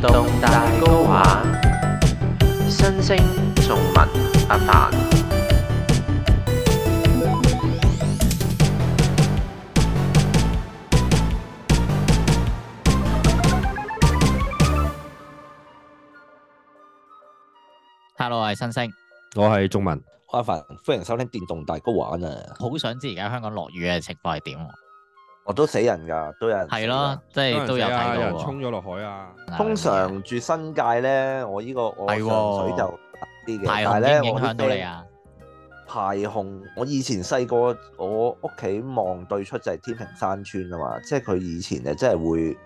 電動大 GO 玩，新星仲文阿凡。Hello，我係新星，我係仲文阿凡，歡迎收聽電動大 GO 玩啊！好想知而家香港落雨嘅情況係點。我都死人噶，都有人係咯，即係都有人，人衝咗落海啊！通常住新界咧，我呢、這個我上水就啲嘅，哦、但係咧我排洪影響到你啊？排洪，我以前細個我屋企望對出就係天平山村啊嘛，即係佢以前咧真係會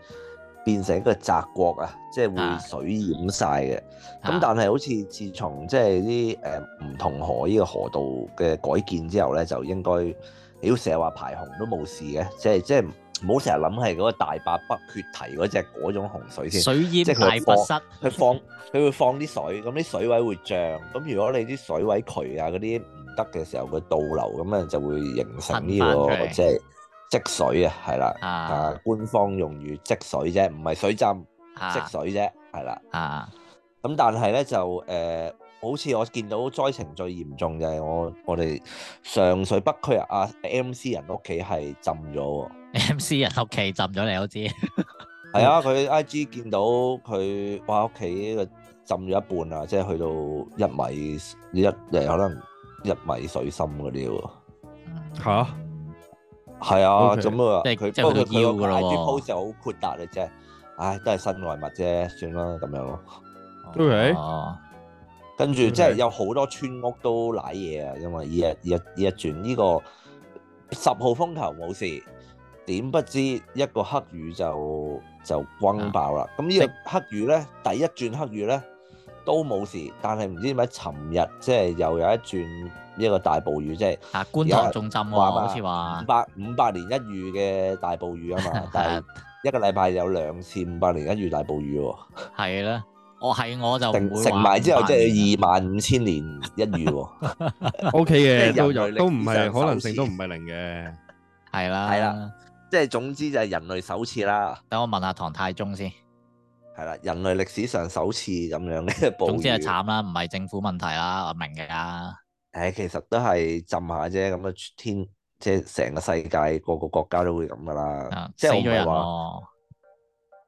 變成一個澤國啊，即係會水淹晒嘅。咁、啊、但係好似自從即係啲誒唔同河呢個河道嘅改建之後咧，就應該。嗯嗯嗯嗯嗯你要成日話排洪都冇事嘅，即係即係唔好成日諗係嗰個大壩不缺堤嗰隻嗰種洪水先。水淹排不塞，佢放佢會放啲水，咁啲水位會漲。咁如果你啲水位渠啊嗰啲唔得嘅時候，佢倒流咁樣就會形成呢個即係積水啊，係啦。啊，官方用語積水啫，唔係水浸，積水啫，係啦。啊，咁但係咧就誒。好似我見到災情最嚴重就係我我哋上水北區啊，阿 M C 人屋企係浸咗 M C 人屋企浸咗你好知，係 啊，佢 I G 見到佢哇屋企浸咗一半啊，即係去到一米一，可能一,一,一米水深嗰啲喎，嚇，係啊，咁啊，Okay. 即係佢不過佢個 I G post 好闊達嘅啫，唉、哎，都係身外物啫，算啦，咁樣咯，都 Okay.、啊跟住即係有好多村屋都瀨嘢啊！因為日一、一轉呢個十號風球冇事，點不知一個黑雨就就轟爆啦！咁呢、嗯、個黑雨咧，第一轉黑雨咧都冇事，但係唔知點解尋日即係又有一轉呢個大暴雨，即係啊觀塘仲浸喎，好似話五百五百年一遇嘅大暴雨啊嘛，係一個禮拜有兩次五百年一遇大暴雨喎，係啦、嗯。嗯 我係我就食埋之後，即係二萬五千年一遇喎。OK 嘅，都有都唔係可能性都 了，都唔係零嘅，係啦，係啦。即係總之就係人類首次啦。等我問下唐太宗先。係啦，人類歷史上首次咁樣嘅暴雨。總之係慘啦，唔係政府問題啦，我明㗎。誒，其實都係浸下啫，咁啊天，即係成個世界，個個國家都會咁㗎啦。即係唔係話，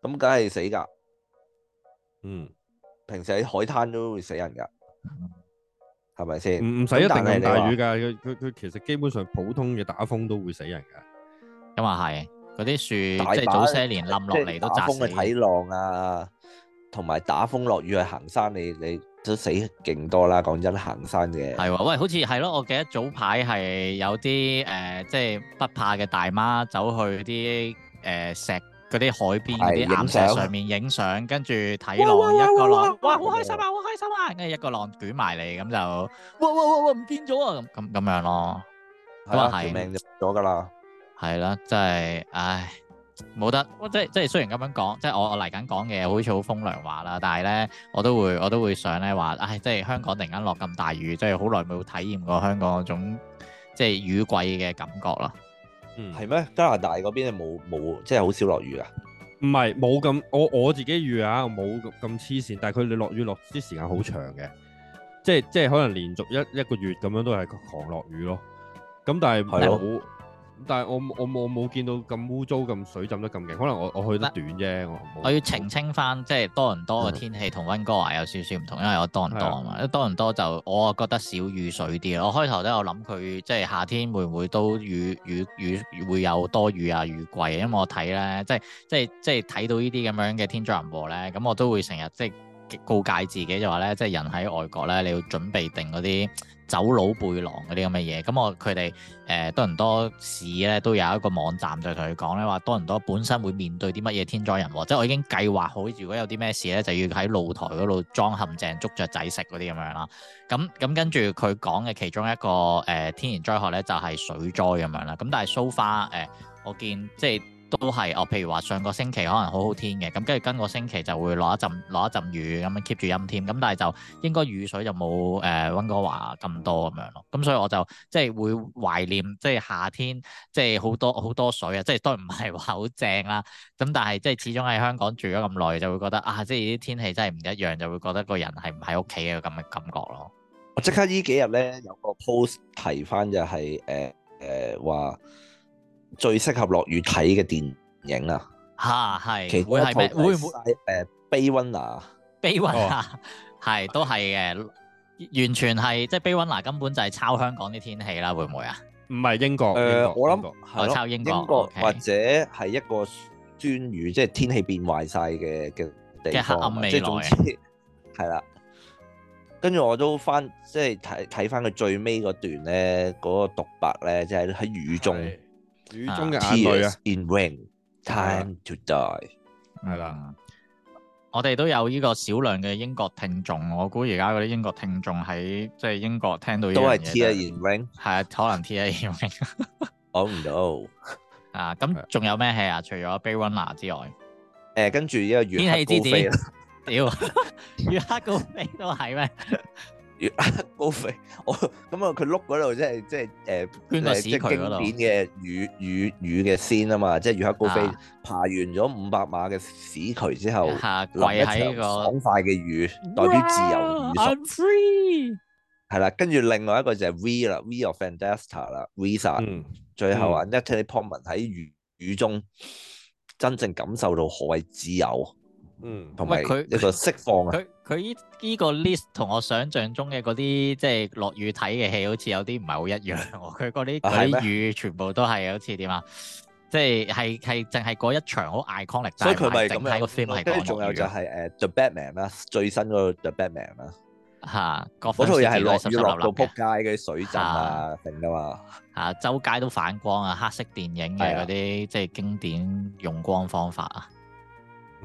咁梗係死㗎。嗯。平時喺海灘都會死人噶，係咪先？唔唔使一定係大雨噶，佢佢佢其實基本上普通嘅打風都會死人噶。咁啊係，嗰啲樹即係早些年冧落嚟都砸死。打風嘅睇浪啊，同埋打風落雨去行山，你你都死勁多啦。講真，行山嘅係喎，喂，好似係咯。我記得早排係有啲誒、呃，即係不怕嘅大媽走去嗰啲誒、呃、石。嗰啲海邊嗰啲岩石上面影相，跟住睇落一個浪，喂喂喂喂哇！好開心啊，好開心啊，跟住一個浪捲埋嚟，咁就哇唔見咗啊！咁咁咁樣咯，咁啊係條命入咗㗎啦，係啦，真係唉冇得，即係即係雖然咁樣講，即係我嚟緊講嘅嘢好似好風涼話啦，但係咧我都會我都會想咧話，唉，即係香港突然間落咁大雨，即係好耐冇體驗過香港嗰種即係雨季嘅感覺啦。嗯，係咩？加拿大嗰邊冇冇，即係好少落雨啊？唔係，冇咁，我我自己預下冇咁黐線，但係佢哋落雨落啲時間好長嘅，即係即係可能連續一一個月咁樣都係狂落雨咯。咁但係冇。但係我我冇冇見到咁污糟咁水浸得咁勁，可能我我去得短啫。我要澄清翻，嗯、即係多倫多嘅天氣同温哥華有少少唔同，因為我多倫多啊嘛。嗯、多倫多就我覺得少雨水啲啊。我開頭都有諗佢即係夏天會唔會都雨雨雨，雨會有多雨啊雨季啊，因為我睇咧即係即係即係睇到呢啲咁樣嘅天災人禍咧，咁我都會成日即係。告戒自己就話咧，即係人喺外國咧，你要準備定嗰啲走佬背囊嗰啲咁嘅嘢。咁我佢哋誒多倫多市咧都有一個網站就同佢講咧，話多倫多本身會面對啲乜嘢天災人禍，即係我已經計劃好，如果有啲咩事咧，就要喺露台嗰度裝陷阱捉雀仔食嗰啲咁樣啦。咁咁跟住佢講嘅其中一個誒、呃、天然災害咧，就係、是、水災咁樣啦。咁但係 so far 誒，我見即係。都係哦，譬如話上個星期可能好好天嘅，咁跟住今個星期就會落一陣落一陣雨，咁樣 keep 住陰天，咁但係就應該雨水就冇誒溫哥華咁多咁樣咯。咁所以我就即係、就是、會懷念即係、就是、夏天，即係好多好多水啊！即、就、係、是、都唔係話好正啦，咁但係即係始終喺香港住咗咁耐，就會覺得啊，即係啲天氣真係唔一樣，就會覺得個人係唔喺屋企嘅咁嘅感覺咯。我即刻幾呢幾日咧有個 post 提返就係誒誒話。呃呃最適合落雨睇嘅電影啊！嚇係，會係咩？會唔會誒 Blade Runner 啊？Blade Runner 係都係嘅，完全係即係 Blade Runner 啊！根本就係抄香港啲天氣啦，會唔會啊？唔係英國誒，我諗係抄英國或者係一個專雨即係天氣變壞晒嘅嘅地，即係黑暗未來係啦。跟住我都翻即係睇睇翻佢最尾嗰段咧，嗰個獨白咧，即係喺雨中。雨中嘅眼淚啊！Tears in rain, time to die。係啦、啊，我哋都有呢個少量嘅英國聽眾，我估而家嗰啲英國聽眾喺即係英國聽到都係 Tears in Rain，係啊，可能 Tears in Rain。 Oh no！啊，咁仲有咩戲啊？除咗 Blade Runner 之外，誒、啊，跟住呢個《天氣之子》屌《雨黑高飛、啊》都係咩？ 月黑高飛，我咁啊，佢碌嗰度即係即係誒即係經典嘅雨雨雨嘅先啊嘛，即係月黑高飛爬完咗五百碼嘅屎渠之後，淋一場爽快嘅雨代表自由。Unfree 係啦，跟住另外一個就係 V 啦，V for Vendetta 啦，Visa。Isa，嗯，最後啊，Natalie Portman 喺雨雨中真正感受到何謂自由。嗯，同埋佢一個釋放啊！佢佢依依個 list 同我想象中嘅嗰啲即係落雨睇嘅戲，好似有啲唔係好一樣，佢嗰啲睇雨全部都係好似點啊？即係係係淨係嗰一場好 iconic，所以佢咪整體個 film 係講雨嘅。仲有就係誒 The Batman 啦，最新嗰個 The Batman 啦，嚇嗰套嘢係落雨落到撲街嗰啲水浸啊，定噶嘛嚇周街都反光啊，黑色電影嘅嗰啲即係經典用光方法啊。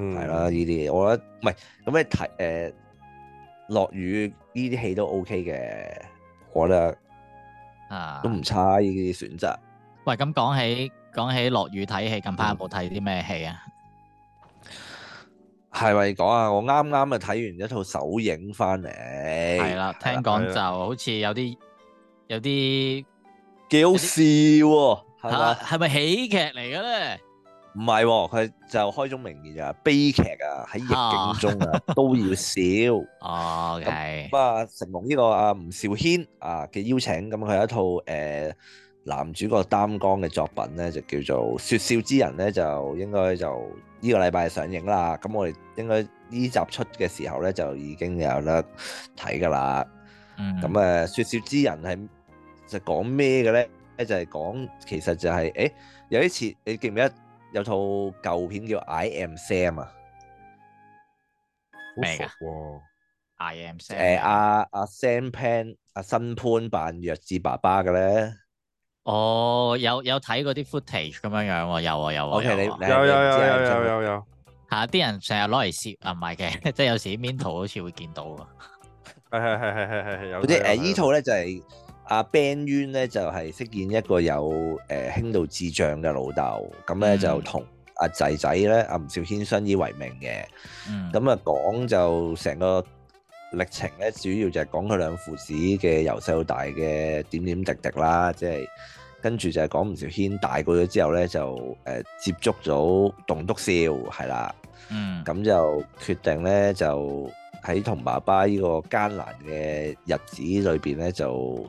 嗯，係啦，呢啲嘢我覺得，唔係咁你睇，誒，落雨呢啲戲都 O K 嘅，我覺得，嗯 OK、我覺得啊，都唔差呢啲選擇。喂，咁講起講起落雨睇戲，近排有冇睇啲咩戲啊？係咪講啊？我啱啱啊睇完一套首映翻嚟，係啦，聽講就好似有啲有啲幾好笑喎，吓係咪喜劇嚟嘅咧？唔係喎，佢、哦、就開宗明義就話悲劇啊，喺逆境中啊、oh. 都要笑。Oh, OK 咁啊，成龍呢個阿、啊、吳兆軒啊嘅邀請，咁佢有一套誒、呃、男主角擔綱嘅作品咧，就叫做《説笑之人》咧，就應該就呢個禮拜上映啦。咁我哋應該呢集出嘅時候咧，就已經有得睇㗎啦。咁誒、mm.，《説笑之人》係就講咩嘅咧？咧就係講其實就係、是、誒、欸、有一次你記唔記得？有套舊片叫《I Am Sam 啊啊、哎》啊，明啊，《I Am Sam》誒阿阿 Sam Pan 阿新潘扮弱智爸爸嘅咧，哦有有睇嗰啲 footage 咁樣樣喎，有啊有啊，OK 你有有有。唔知啊？嚇啲人成日攞嚟攝啊，唔係嘅，即係有時啲面圖好似會見到啊，係係係係係係有。啲 誒 呢套咧就係、係。阿 Ben Yuen 咧就係、是、飾演一個有誒、呃、輕度智障嘅老豆，咁咧、嗯、就同阿仔仔咧阿吳肇軒相依為命嘅，咁啊講就成個歷程咧，主要就係講佢兩父子嘅由細到大嘅點點滴滴啦，即係跟住就係、是、講吳肇軒大個咗之後咧就誒、呃、接觸咗棟篤笑係啦，咁、嗯、就決定咧就。喺同爸爸呢個艱難嘅日子裏邊咧，就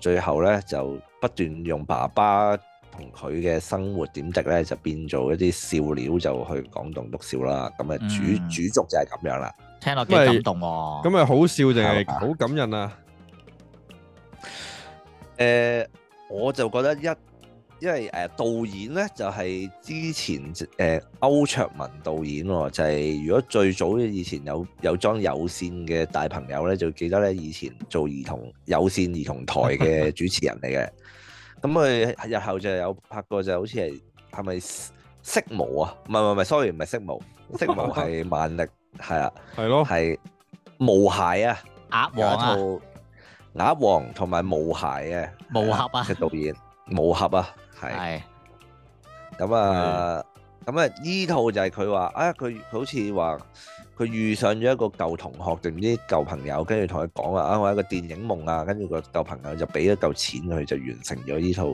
最後咧就不斷用爸爸同佢嘅生活點滴咧，就變做一啲笑料就去講棟篤笑啦。咁啊，嗯、主主軸就係咁樣啦。聽落幾感動喎、哦！咁咪好笑定係好感人啊？誒吧、呃，我就覺得一。因為誒、呃、導演咧就係、是、之前誒、呃、歐卓文導演喎，就係、是、如果最早以前有有裝有線嘅大朋友咧，就記得咧以前做兒童有線兒童台嘅主持人嚟嘅。咁佢、 嗯、日後就有拍過就好似係係咪色毛啊？唔係唔係，sorry，唔係色毛，色毛係萬力係啊。係咯。係毛俠啊，啊鴨王啊，鴨王同埋毛俠嘅毛俠啊嘅、啊、導演，毛俠啊。係，咁啊，咁咧呢套就係佢話啊，佢好似話佢遇上咗一個舊同學定唔知舊朋友，跟住同佢講啊，我有一個電影夢啊，跟住個舊朋友就俾咗嚿錢佢，就完成咗呢套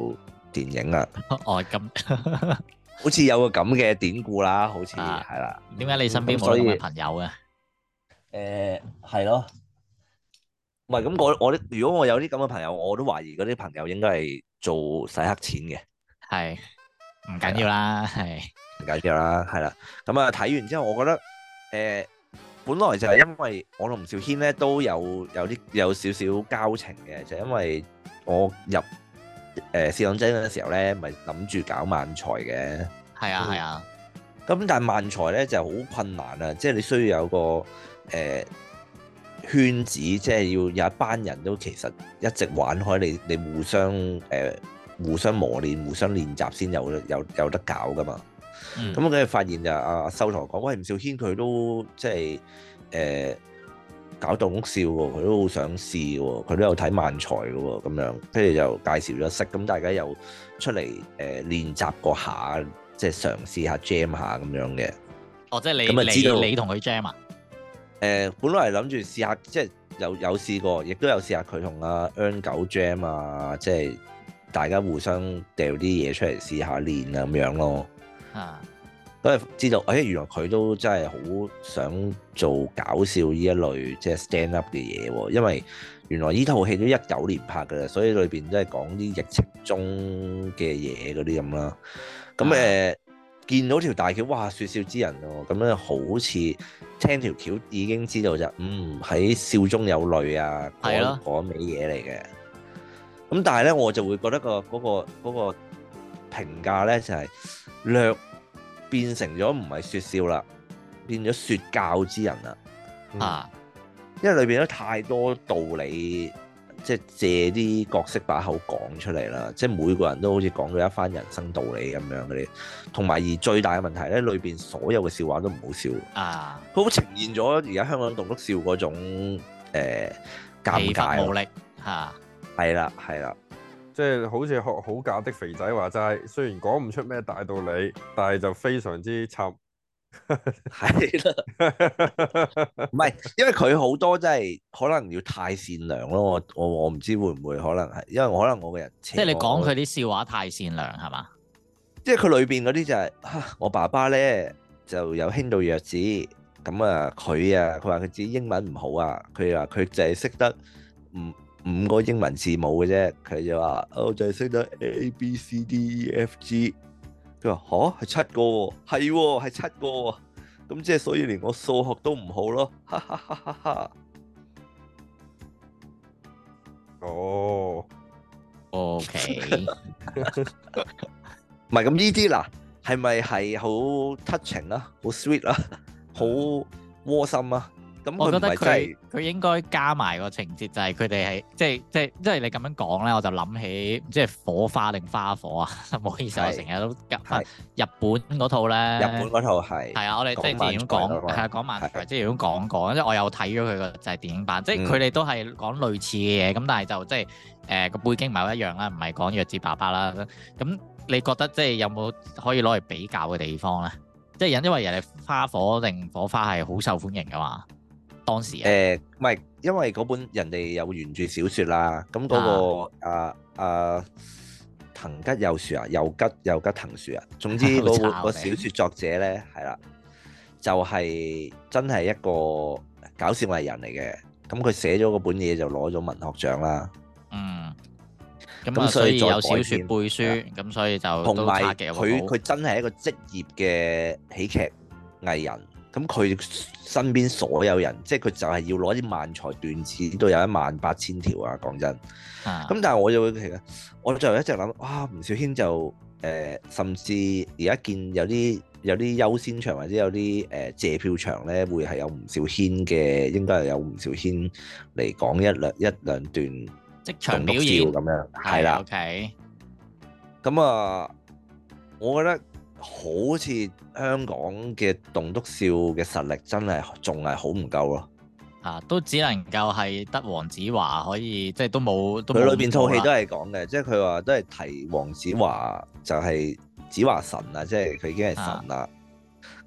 電影啊。哦，咁，好似有個咁嘅典故啦，好似係啦。點解、啊、了你身邊冇咁嘅朋友啊？誒，係、呃、咯，唔係咁，我我如果我有啲咁嘅朋友，我都懷疑嗰啲朋友應該係做洗黑錢嘅。係唔緊要啦，係唔緊要啦，係啦的。咁啊， 睇完之後，我覺得誒、呃，本來就係因為我同吳兆軒咧都有有啲有少少交情嘅，就是、因為我入誒四兩真嗰時候咧，咪諗住搞漫才嘅。係啊，係啊。咁但係漫才咧就好、是、困難啊，即、就、係、是、你需要有個誒、呃、圈子，即、就、係、是、要有一班人都其實一直玩開，你你，你互相誒。呃呃互相磨練、互相練習先有有有得搞㗎嘛。咁佢哋發現就阿修台講，喂，吳兆軒佢都即係誒搞棟篤笑喎，佢都好想試喎，佢都有睇漫才㗎喎，咁樣跟住就介紹咗識，咁大家又出嚟誒練習個下，即係嘗試下 jam 下咁樣嘅。哦，即係你你你同佢 jam 啊？誒，本來諗住試下，即係有有試過，亦都有試下佢同阿 Ang 九 jam 啊，即係。大家互相掉啲嘢出嚟試下練啊咁樣咯，啊，都係知道，哎原來佢都真係好想做搞笑呢一類即係、就是、stand up 嘅嘢喎，因為原來呢套戲都一九年拍嘅啦，所以裏邊都係講啲疫情中嘅嘢嗰啲咁啦。咁誒、啊呃、見到條大橋，哇！説笑之人喎，咁咧好似聽條橋已經知道就，嗯喺笑中有淚啊，講講嗰味嘢嚟嘅。的咁但係咧，我就會覺得、嗰個、嗰個、嗰個評價咧就係、係、略變成咗唔係説笑啦，變咗説教之人啦、嗯、啊！因為裏邊咧太多道理，即係借啲角色把口講出嚟啦，即係每個人都好似講咗一番人生道理咁樣嗰啲。同埋而最大嘅問題咧，裏邊所有嘅笑話都唔好笑啊！佢好呈現咗而家香港棟篤笑嗰種誒尷、呃、尬無力啊！係啦，係啦，即係好似學好假的肥仔話齋，雖然講唔出咩大道理，但係就非常之沉，係啦，唔係，因為佢好多真係可能要太善良咯，我我我唔知會唔會可能係，因為我可能我嘅人即係你講佢啲笑話太善良係嘛，即係佢裏邊嗰啲就係、是、我爸爸咧就有輕度弱智，咁啊佢啊佢話佢自己英文唔好啊，佢話佢淨係識得唔。嗯五個英文字母嘅啫，佢就話：我、哦、就係識得 A B C D E F G。佢話：嚇、啊，係七個、喎，係、喎，係七個、喎。咁即係所以連我數學都唔好咯。哈哈哈！哦，OK。唔係咁呢啲嗱，係咪係好 touching 啦，好 sweet 啦，好窩心啊？是就是，我覺得佢佢應該加埋個情節，就係佢哋係即係即係即係你咁樣講咧，我就諗起即係火花定花火啊！唔 好意思，是我成日都夾日本嗰套咧，日本嗰套係係啊，我哋即係電影講啊，講漫才，是即係已經講過，即係我有睇咗佢個就係電影版，即係佢哋都係講類似嘅嘢，咁但係就即係誒個背景唔係好一樣啦，唔係講弱智爸爸啦。咁你覺得即係有冇可以攞嚟比較嘅地方咧？即係因因為人哋花火定火花係好受歡迎㗎嘛。當時啊，誒，唔係，因為嗰本人哋有原著小説啦，咁嗰個啊啊藤吉有樹啊，又吉又吉藤樹啊，總之個個小説作者咧，係啦，就係真係一個搞笑藝人嚟嘅，咁佢寫咗嗰本嘢就攞咗文學獎啦。嗯，咁所以有小説背書，咁所以就同埋佢佢真係一個職業嘅喜劇藝人。咁佢、嗯、身邊所有人，即係佢就係要攞啲萬財段子，都有一萬八千條啊！講真，咁但係我就會其實，我就一直諗，啊，吳小軒就誒、呃，甚至而家見有啲有啲優先場或者有啲誒謝票場咧，會係有吳小軒嘅，應該係有吳小軒嚟講一兩一兩段即場表演咁樣，係啦的。O K，咁啊，我覺得。好似香港嘅棟篤笑嘅實力真係仲係好唔夠咯，啊，都只能夠係得黃子華可以，即係都冇。佢裏邊套戲都係講嘅，即係佢話都係提黃子華就係子華神啊，即係佢已經係神啦。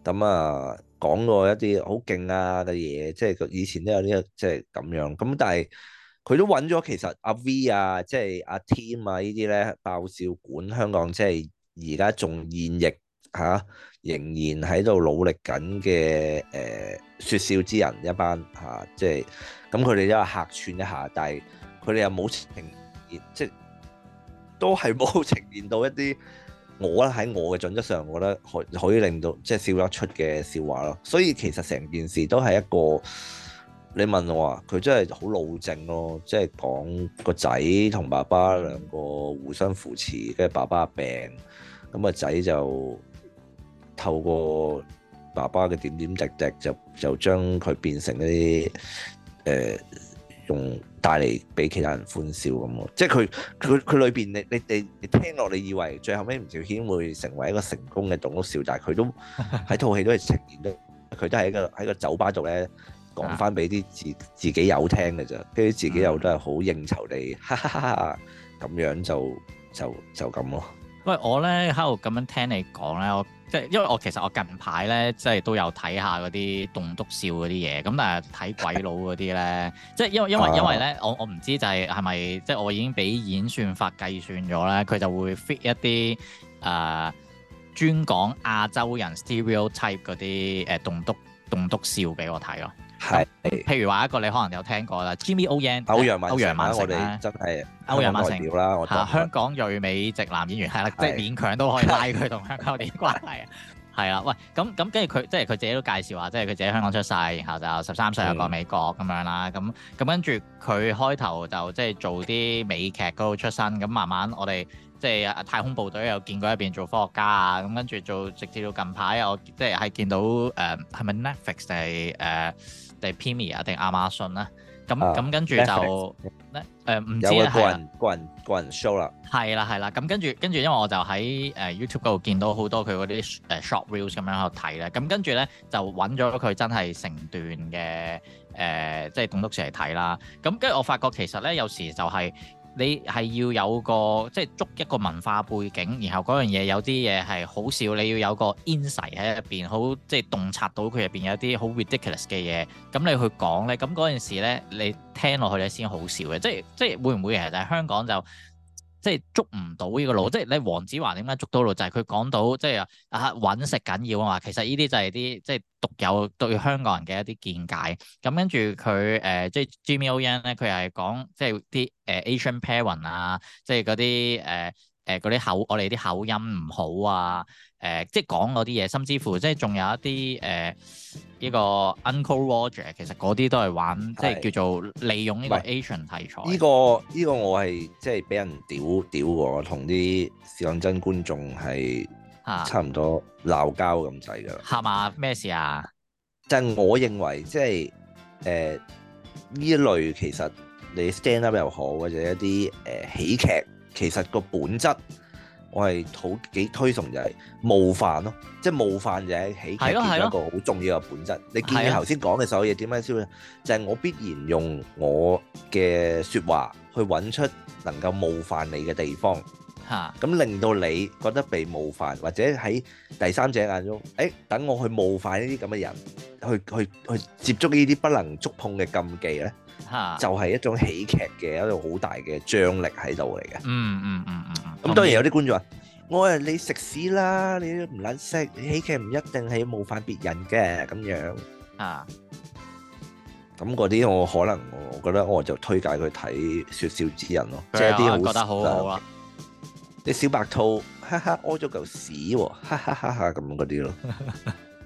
咁啊，講過一啲好勁啊嘅嘢，即係以前都有呢個，即係咁樣。咁但係佢都揾咗，其實阿 V 啊，即係阿 Tim 啊呢啲咧爆笑館香港即係。而家仲現役嚇、啊，仍然喺度努力緊嘅誒，說、呃、笑之人一班嚇、啊，即係咁佢哋都係客串一下，但係佢哋又冇呈現，即係都係冇呈現到一啲我喺我嘅準則上，我覺得可可以令到即係笑得出嘅笑話咯。所以其實成件事都係一個你問我話，佢真係好老正咯，即係講個仔同爸爸兩個互相扶持，跟住爸爸病。咁阿仔就透過爸爸嘅點點滴滴，就就將佢變成一啲誒用帶嚟俾其他人歡笑咁咯。即係佢佢佢裏邊，你你你你聽落，你以為最後尾吳兆軒會成為一個成功嘅棟篤笑，但係佢都喺套 戲都係呈現都，佢都喺一個喺個酒吧度咧講返俾啲自自己友聽嘅啫。跟住自己友都係好應酬你。哈哈哈咁樣就就就咁咯。喂，我咧喺度咁樣聽你講咧，我即係因為我其實我近排咧即係都有睇下嗰啲棟篤笑嗰啲嘢，咁但係睇鬼佬嗰啲咧，即係因為因為因為咧，我我唔知就係係咪即係我已經俾演算法計算咗咧，佢就會 fit 一啲誒、呃、專講亞洲人 stereotype 嗰啲誒、呃、棟篤棟篤笑俾我睇咯。係，譬如話一個你可能有聽過啦，Jimmy O. Yang，歐陽曼、啊呃、歐陽萬成、啊、啦，真係歐陽萬成啦，我覺得。嚇、啊，香港裔美籍男演員係啦，的即係勉強都可以拉佢同香港有啲關係。係啦， 喂，咁咁跟住佢即係佢自己都介紹話，即係佢自己香港出世，出嗯、然後就十三歲又過美國咁樣啦。咁咁跟住佢開頭就即係做啲美劇嗰度出身，咁慢慢我哋即係太空部隊又見佢入邊做科學家啊，咁跟住做直至到近排，我即係係見到誒係咪 Netflix 係誒？呃是定 Premiere 定亞馬遜啦，咁咁跟住就咧誒唔知啊，有個人個人個人 show 啦，係啦係啦，咁、啊啊啊、跟住跟住，因為我就喺誒 YouTube 度見到好多佢嗰啲誒 short reels 咁樣去睇、呃就是、啦，咁跟住咧就揾咗佢真係成段嘅誒，即係棟篤笑嚟睇啦，咁跟住我發覺其實咧有時就係、是。你係要有個即係捉一個文化背景，然後嗰樣嘢有啲嘢係好笑，你要有個 insight 喺入邊，好即係洞察到佢入邊有啲好 ridiculous 嘅嘢，咁你去講咧，咁嗰件事咧，你聽落去咧先好笑嘅，即係即係會唔會其實、就係、香港就？即係捉唔到呢個路，即係你黃子華點解捉到路就係、是、佢講到即係啊揾食緊要啊嘛，其實呢啲就係啲即係獨有對香港人嘅一啲見解。咁跟住佢誒，即係 Jimmy O Yang 咧，佢又係講即係啲誒 Asian parent 啊，即係嗰啲誒誒嗰啲口，我哋啲口音唔好啊。誒、呃，即係講嗰啲嘢，甚至乎即係仲有一啲誒，依、呃、個 Uncle Roger，其實嗰啲都係玩，是即係叫做利用呢個 Asian 題材。呢、這個依、這個我係即係俾人屌屌我，同啲視真觀眾係差唔多鬧交咁滯㗎啦。係嘛？咩事啊？就係我認為，即係誒呢一類其實你 stand up 又好，或者一啲誒、呃、喜劇，其實個本質。我係好幾推崇就係冒犯咯，即係冒犯就係喜劇其中一個好重要嘅本質。你見你頭先講嘅所有嘢點樣先會？就係我必然用我嘅説話去揾出能夠冒犯你嘅地方，嚇咁令到你覺得被冒犯，或者喺第三者眼中，誒等我去冒犯呢啲咁嘅人，去去去接觸呢啲不能觸碰嘅禁忌咧。esta 就係一種喜劇嘅一個好大嘅張力喺度嚟嘅。嗯嗯嗯嗯。咁、mm mm mm, 當然有啲觀眾話：我誒你食屎啦！你都唔撚識喜劇唔一定係冒犯別人嘅咁樣。啊。咁嗰啲我可能我覺得我就推介佢睇《説笑之人》咯，即係啲好，覺得好好啊。你小白兔哈哈屙咗嚿屎喎，哈哈哈咁嗰啲咯。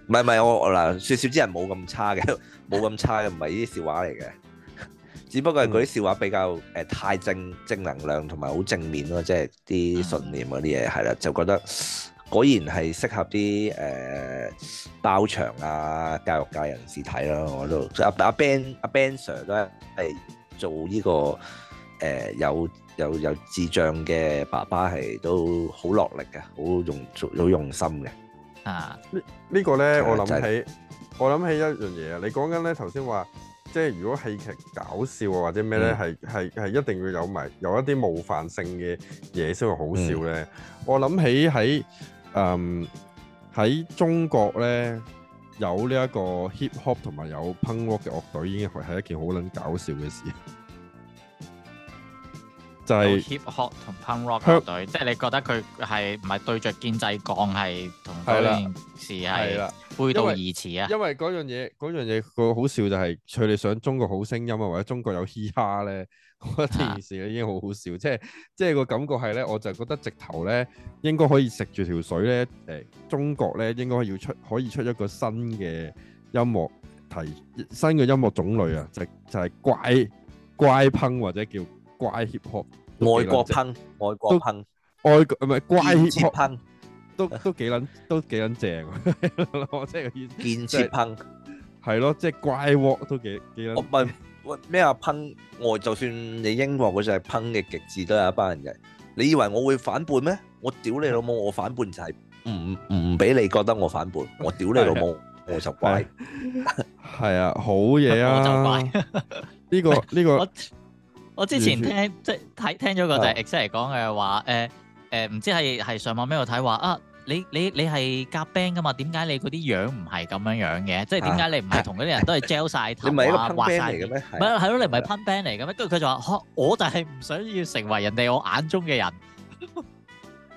唔係唔係我嗱，《説笑之人》冇咁差嘅，冇咁差嘅，唔係呢啲笑話嚟嘅。只不過係嗰啲笑話比較誒、呃、太正正能量同埋好正面咯，即係啲信念嗰啲嘢係啦，就覺得果然係適合啲誒、呃、包場啊、教育界人士睇咯。我都阿阿、啊啊、Ben 阿、啊、Ben Sir 咧係做呢個誒、呃、有有有智障嘅爸爸係都好落力嘅，好用好用心嘅啊！呢呢個咧其實我諗起，就是、我諗起一樣嘢啊！你講緊咧頭先話。即係如果戲劇搞笑啊或者咩咧，係係係一定要有埋有一啲冒犯性嘅嘢先會好笑咧。我諗起喺誒喺中國咧有呢一個 hip hop 同埋有 punk rock 嘅樂隊已經係一件好撚搞笑嘅事。就係 hip hop 同 punk rock 樂隊，即係你覺得佢係唔係對著建制講係同嗰件事係？背道而馳啊！因為，因為嗰樣嘢，嗰樣嘢個好笑就係，佢哋想《中國好聲音》啊，或者《中國有嘻哈》咧，嗰啲電視咧已經好好笑，啊、即係即係個感覺係咧，我就覺得直頭咧應該可以食住條水咧，誒、呃，中國咧應該要出可以出一個新嘅音樂題，新嘅音樂種類啊，就、就係怪怪烹或者叫怪 hip hop，外國烹，都外國唔係怪 hip hop 烹。都都幾撚都幾撚正，我即係建設 punk，係咯，即係怪喎都幾幾撚。我問咩啊 punk 我，就算你英國嗰隻 punk 嘅極致，都有一班人嘅。你以為我會反叛咩？我屌你老母！我反叛就係唔唔唔俾你覺得我反叛。我屌你老母！我就乖。係啊，好嘢啊！我就乖。呢個呢個，我之前聽即係睇聽咗個就係 exactly 嚟講嘅話誒。誒，唔知係係上網邊度睇話啊，你你你係夾 band 噶嘛？點解你嗰啲樣唔係咁樣樣嘅？即係點解你唔係同嗰啲人都係 gel 晒頭啊？ 你唔係一個噴嘅咩？咪係咯，你唔係噴 band 嚟嘅咩？跟住佢就話，我就係唔想要成為人哋我眼中嘅人。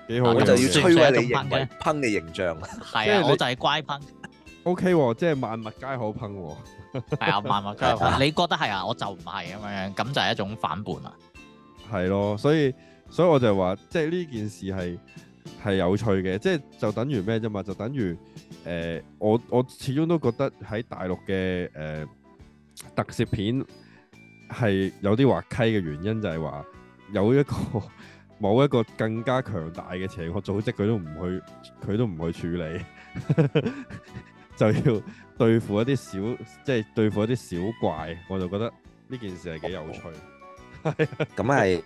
幾 好，我就要摧毀你嘅噴嘅形象。係啊，我就係乖噴。OK，即係萬物皆可噴。係啊，萬物皆可噴。你覺得係啊，我就唔係咁樣樣，咁就係一種反叛啊。係咯，所以。所以我就話，即係呢件事係係有趣嘅，即係就等於咩啫嘛？就等於誒、呃，我我始終都覺得喺大陸嘅誒、呃、特攝片係有啲滑稽嘅原因，就係、是、話有一個 某一個更加強大嘅邪惡組織，佢都唔去，佢都唔去處理， 就要對付一啲小，即係對付一啲小怪，我就覺得呢件事係幾有趣。咁係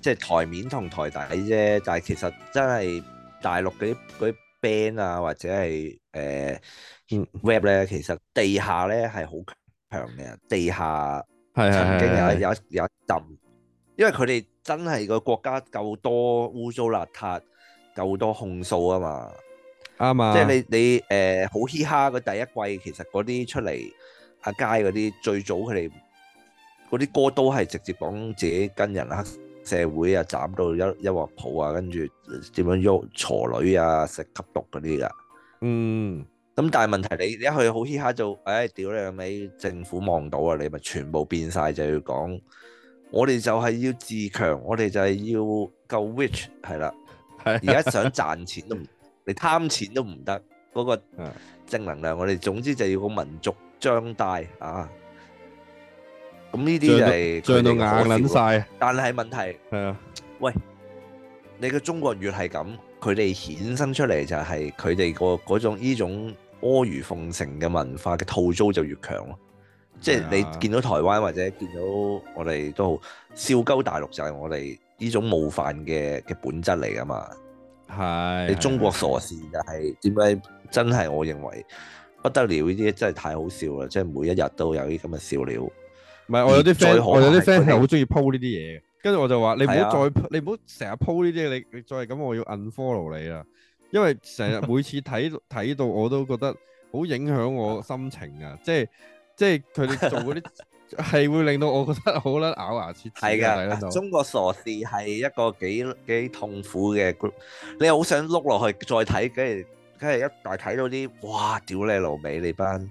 即係台面同台底啫，但係其實真係大陸嗰啲啲 band 啊，或者係誒、呃、rap 咧，其實地下咧係好強嘅，地下曾經，有有有一陣，因為佢哋真係個國家夠多污糟邋遢，夠多控訴啊嘛，啱啊， 即係你你誒好嘻哈嘅第一季，其實嗰啲出嚟阿佳嗰啲最早佢哋。嗰啲歌都係直接講自己跟人黑、啊、社會啊，斬到一一鑊鋪啊，跟住點樣喐坐女啊，食吸毒嗰啲㗎。嗯，咁、嗯、但係問題你，你一去好嘻哈就，唉、哎，屌你尾政府望到啊，你咪全部變晒，就要講，我哋就係要自強，我哋就係要夠 rich 係啦。而家 想賺錢都唔，你貪錢都唔得嗰個正能量。我哋總之就要個民族張大啊！咁呢啲就係戇到眼癲曬，但係問題係啊，的喂，你嘅中國越係咁，佢哋衍生出嚟就係佢哋個嗰種呢種阿諛奉承嘅文化嘅套租就越強咯。即係你見到台灣的或者見到我哋都好笑鳩大陸，就係我哋呢種冒犯嘅嘅本質嚟噶嘛。係的你中國傻事就係點解真係？我認為不得了呢啲真係太好笑啦！即係每一日都有啲咁嘅笑料。唔係，我有啲 friend，我有啲 friend 係好中意 po 呢啲嘢，跟住我就話你唔好再，你唔好成日 po 呢啲，你你再係咁，我要 unfollow 你啦，因為成日每次睇睇到我都覺得好影響我心情啊，即係即係佢哋做嗰啲係會令到我覺得好撚咬牙切齒，係噶，中國傻事係一個幾幾痛苦嘅 group，你好想碌落去再睇，跟住跟住一但睇到啲哇，屌你老味你班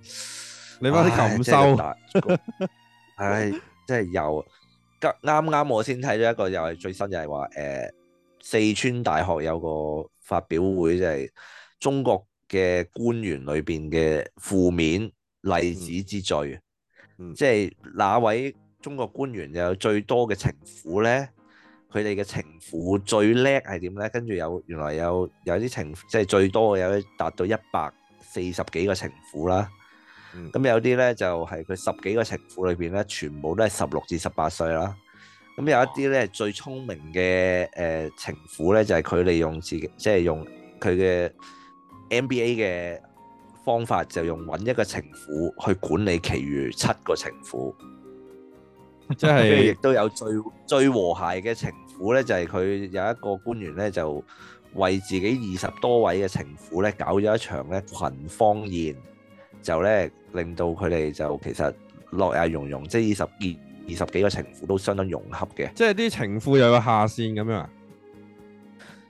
你班啲禽獸。唉、哎，即係又啱啱我先睇咗一個，又係最新就，就係話誒，四川大學有個發表會，即、就、係、是、中國嘅官員裏邊嘅負面例子之最，嗯、即係哪位中國官員有最多嘅情婦咧？佢哋嘅情婦最叻係點咧？跟住有原來有有啲情，即係最多有達到一百四十幾個情婦啦。咁有啲咧就係、是、佢十幾個情婦裏邊咧，全部都係十六至十八歲啦。咁有一啲咧最聰明嘅誒、呃、情婦咧，就係、是、佢利用自己即係、就是、用佢嘅 MBA 嘅方法，就用揾一個情婦去管理其餘七個情婦。即係是亦都有最最和諧嘅情婦咧，就係、是、佢有一個官員咧，就為自己二十多位嘅情婦咧，搞咗一場咧群芳宴。就咧，令到佢哋就其實樂也融融，即係二十二二十幾個情婦都相當融洽嘅。即係啲情婦又有下線咁樣，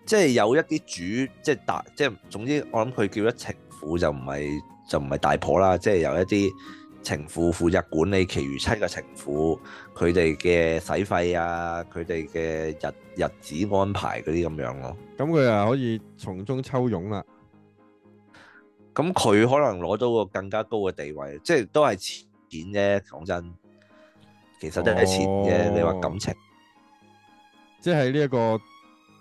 即係有一啲主，即係大，即係總之，我諗佢叫咗情婦就唔係就唔係大婆啦。即係有一啲情婦負責管理，其餘七個情婦佢哋嘅使費啊，佢哋嘅日日子安排嗰啲咁樣咯。咁佢又可以從中抽傭啦。咁佢可能攞到個更加高嘅地位，即係都係錢啫。講真，其實都係錢啫。你話感情，即係呢一個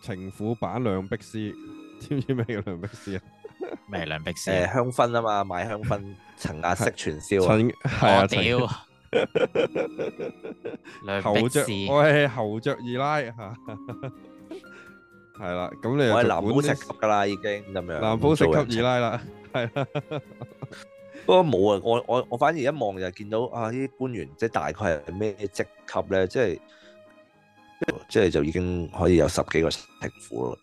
情婦版梁碧詩，知唔知咩叫梁碧詩啊？咩梁碧詩？誒，香薰啊嘛，賣香薰，陳亞色傳銷啊，係啊，屌！侯爵士，我係侯爵二奶吓，係啦。咁你又南埔食級噶啦，已經咁樣，南埔食級二奶啦。係不過冇啊，我我我反而一望就係見到啊啲官員，即係大概係咩職級咧？即係即係就已經可以有十幾個情婦咯。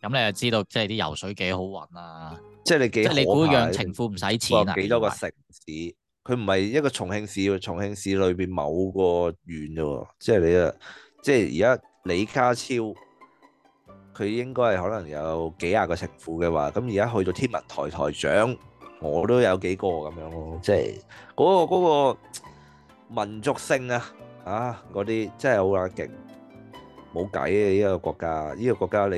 咁你就知道即係啲游水幾好運啊？即係你幾？即係你估養情婦唔使錢啊？幾多個城市？佢唔係一個重慶市，重慶市裏邊某個縣啫喎。即係你啊，即係而家李家超，佢應該係可能有幾廿個城府嘅話，咁而家去到天文台台長，我都有幾個咁樣咯。即係嗰個嗰個民族性啊，啊嗰啲真係好撚勁，冇計呀，呢個國家。呢個國家你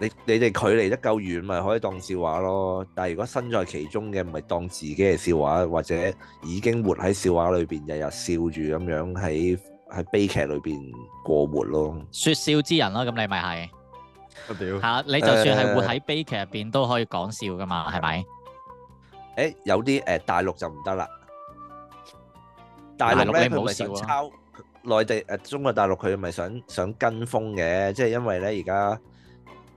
你你哋距離得夠遠，咪可以當笑話咯。但係如果身在其中嘅，唔係當自己嘅笑話，或者已經活喺笑話裏邊，日日笑住咁樣喺喺悲劇裏邊過活咯。説笑之人咯，咁你咪係。吓，你就算係活喺悲劇入邊都可以講笑㗎嘛，係咪？誒，有啲誒大陸就唔得啦，大陸呢佢咪想抄內地誒中國大陸，佢咪想想跟風嘅，即係因為呢而家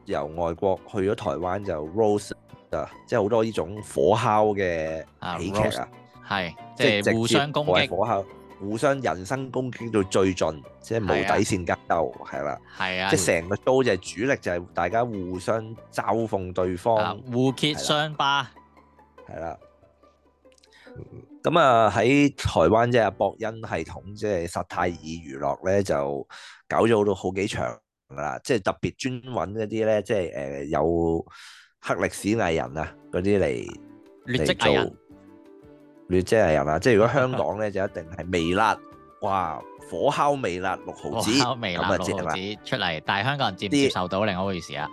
由外國去咗台灣就 roast 啊，即係好多呢種火烤嘅喜劇啊，係即係互相攻擊。互相人身攻擊到最盡，即係冇底線交鬥，係啦，係啊，啊即係成個 show 就係主力就係大家互相嘲諷對方，啊、互揭傷疤，係啦、啊。咁啊喺、嗯、台灣即係博恩系統，即係薩泰爾娛樂咧就搞咗好多好幾場啦，即係特別專揾嗰啲咧，即係誒、呃、有黑歷史藝人啊嗰啲嚟嚟做。你即係有啦，即係如果香港咧就一定係微辣，哇，火烤微辣六毫子，咁啊，六毫子出嚟，但係香港人接唔接受到另外一回事啊。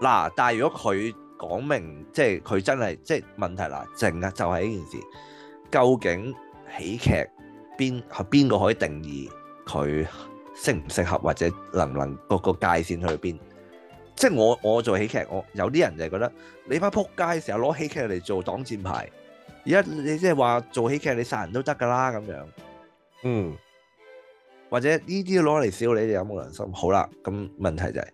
嗱，但係如果佢講明，即係佢真係，即係問題嗱，正啊，就係、是、呢件事，究竟喜劇邊邊個可以定義佢適唔適合或者能唔能嗰個界線去邊？即係我我做喜劇，我有啲人就係覺得你班撲街成日攞喜劇嚟做擋箭牌。而家你即係話做喜劇，你殺人都得噶啦咁樣，嗯，或者呢啲攞嚟笑，你哋有冇良心？好啦，咁問題就係、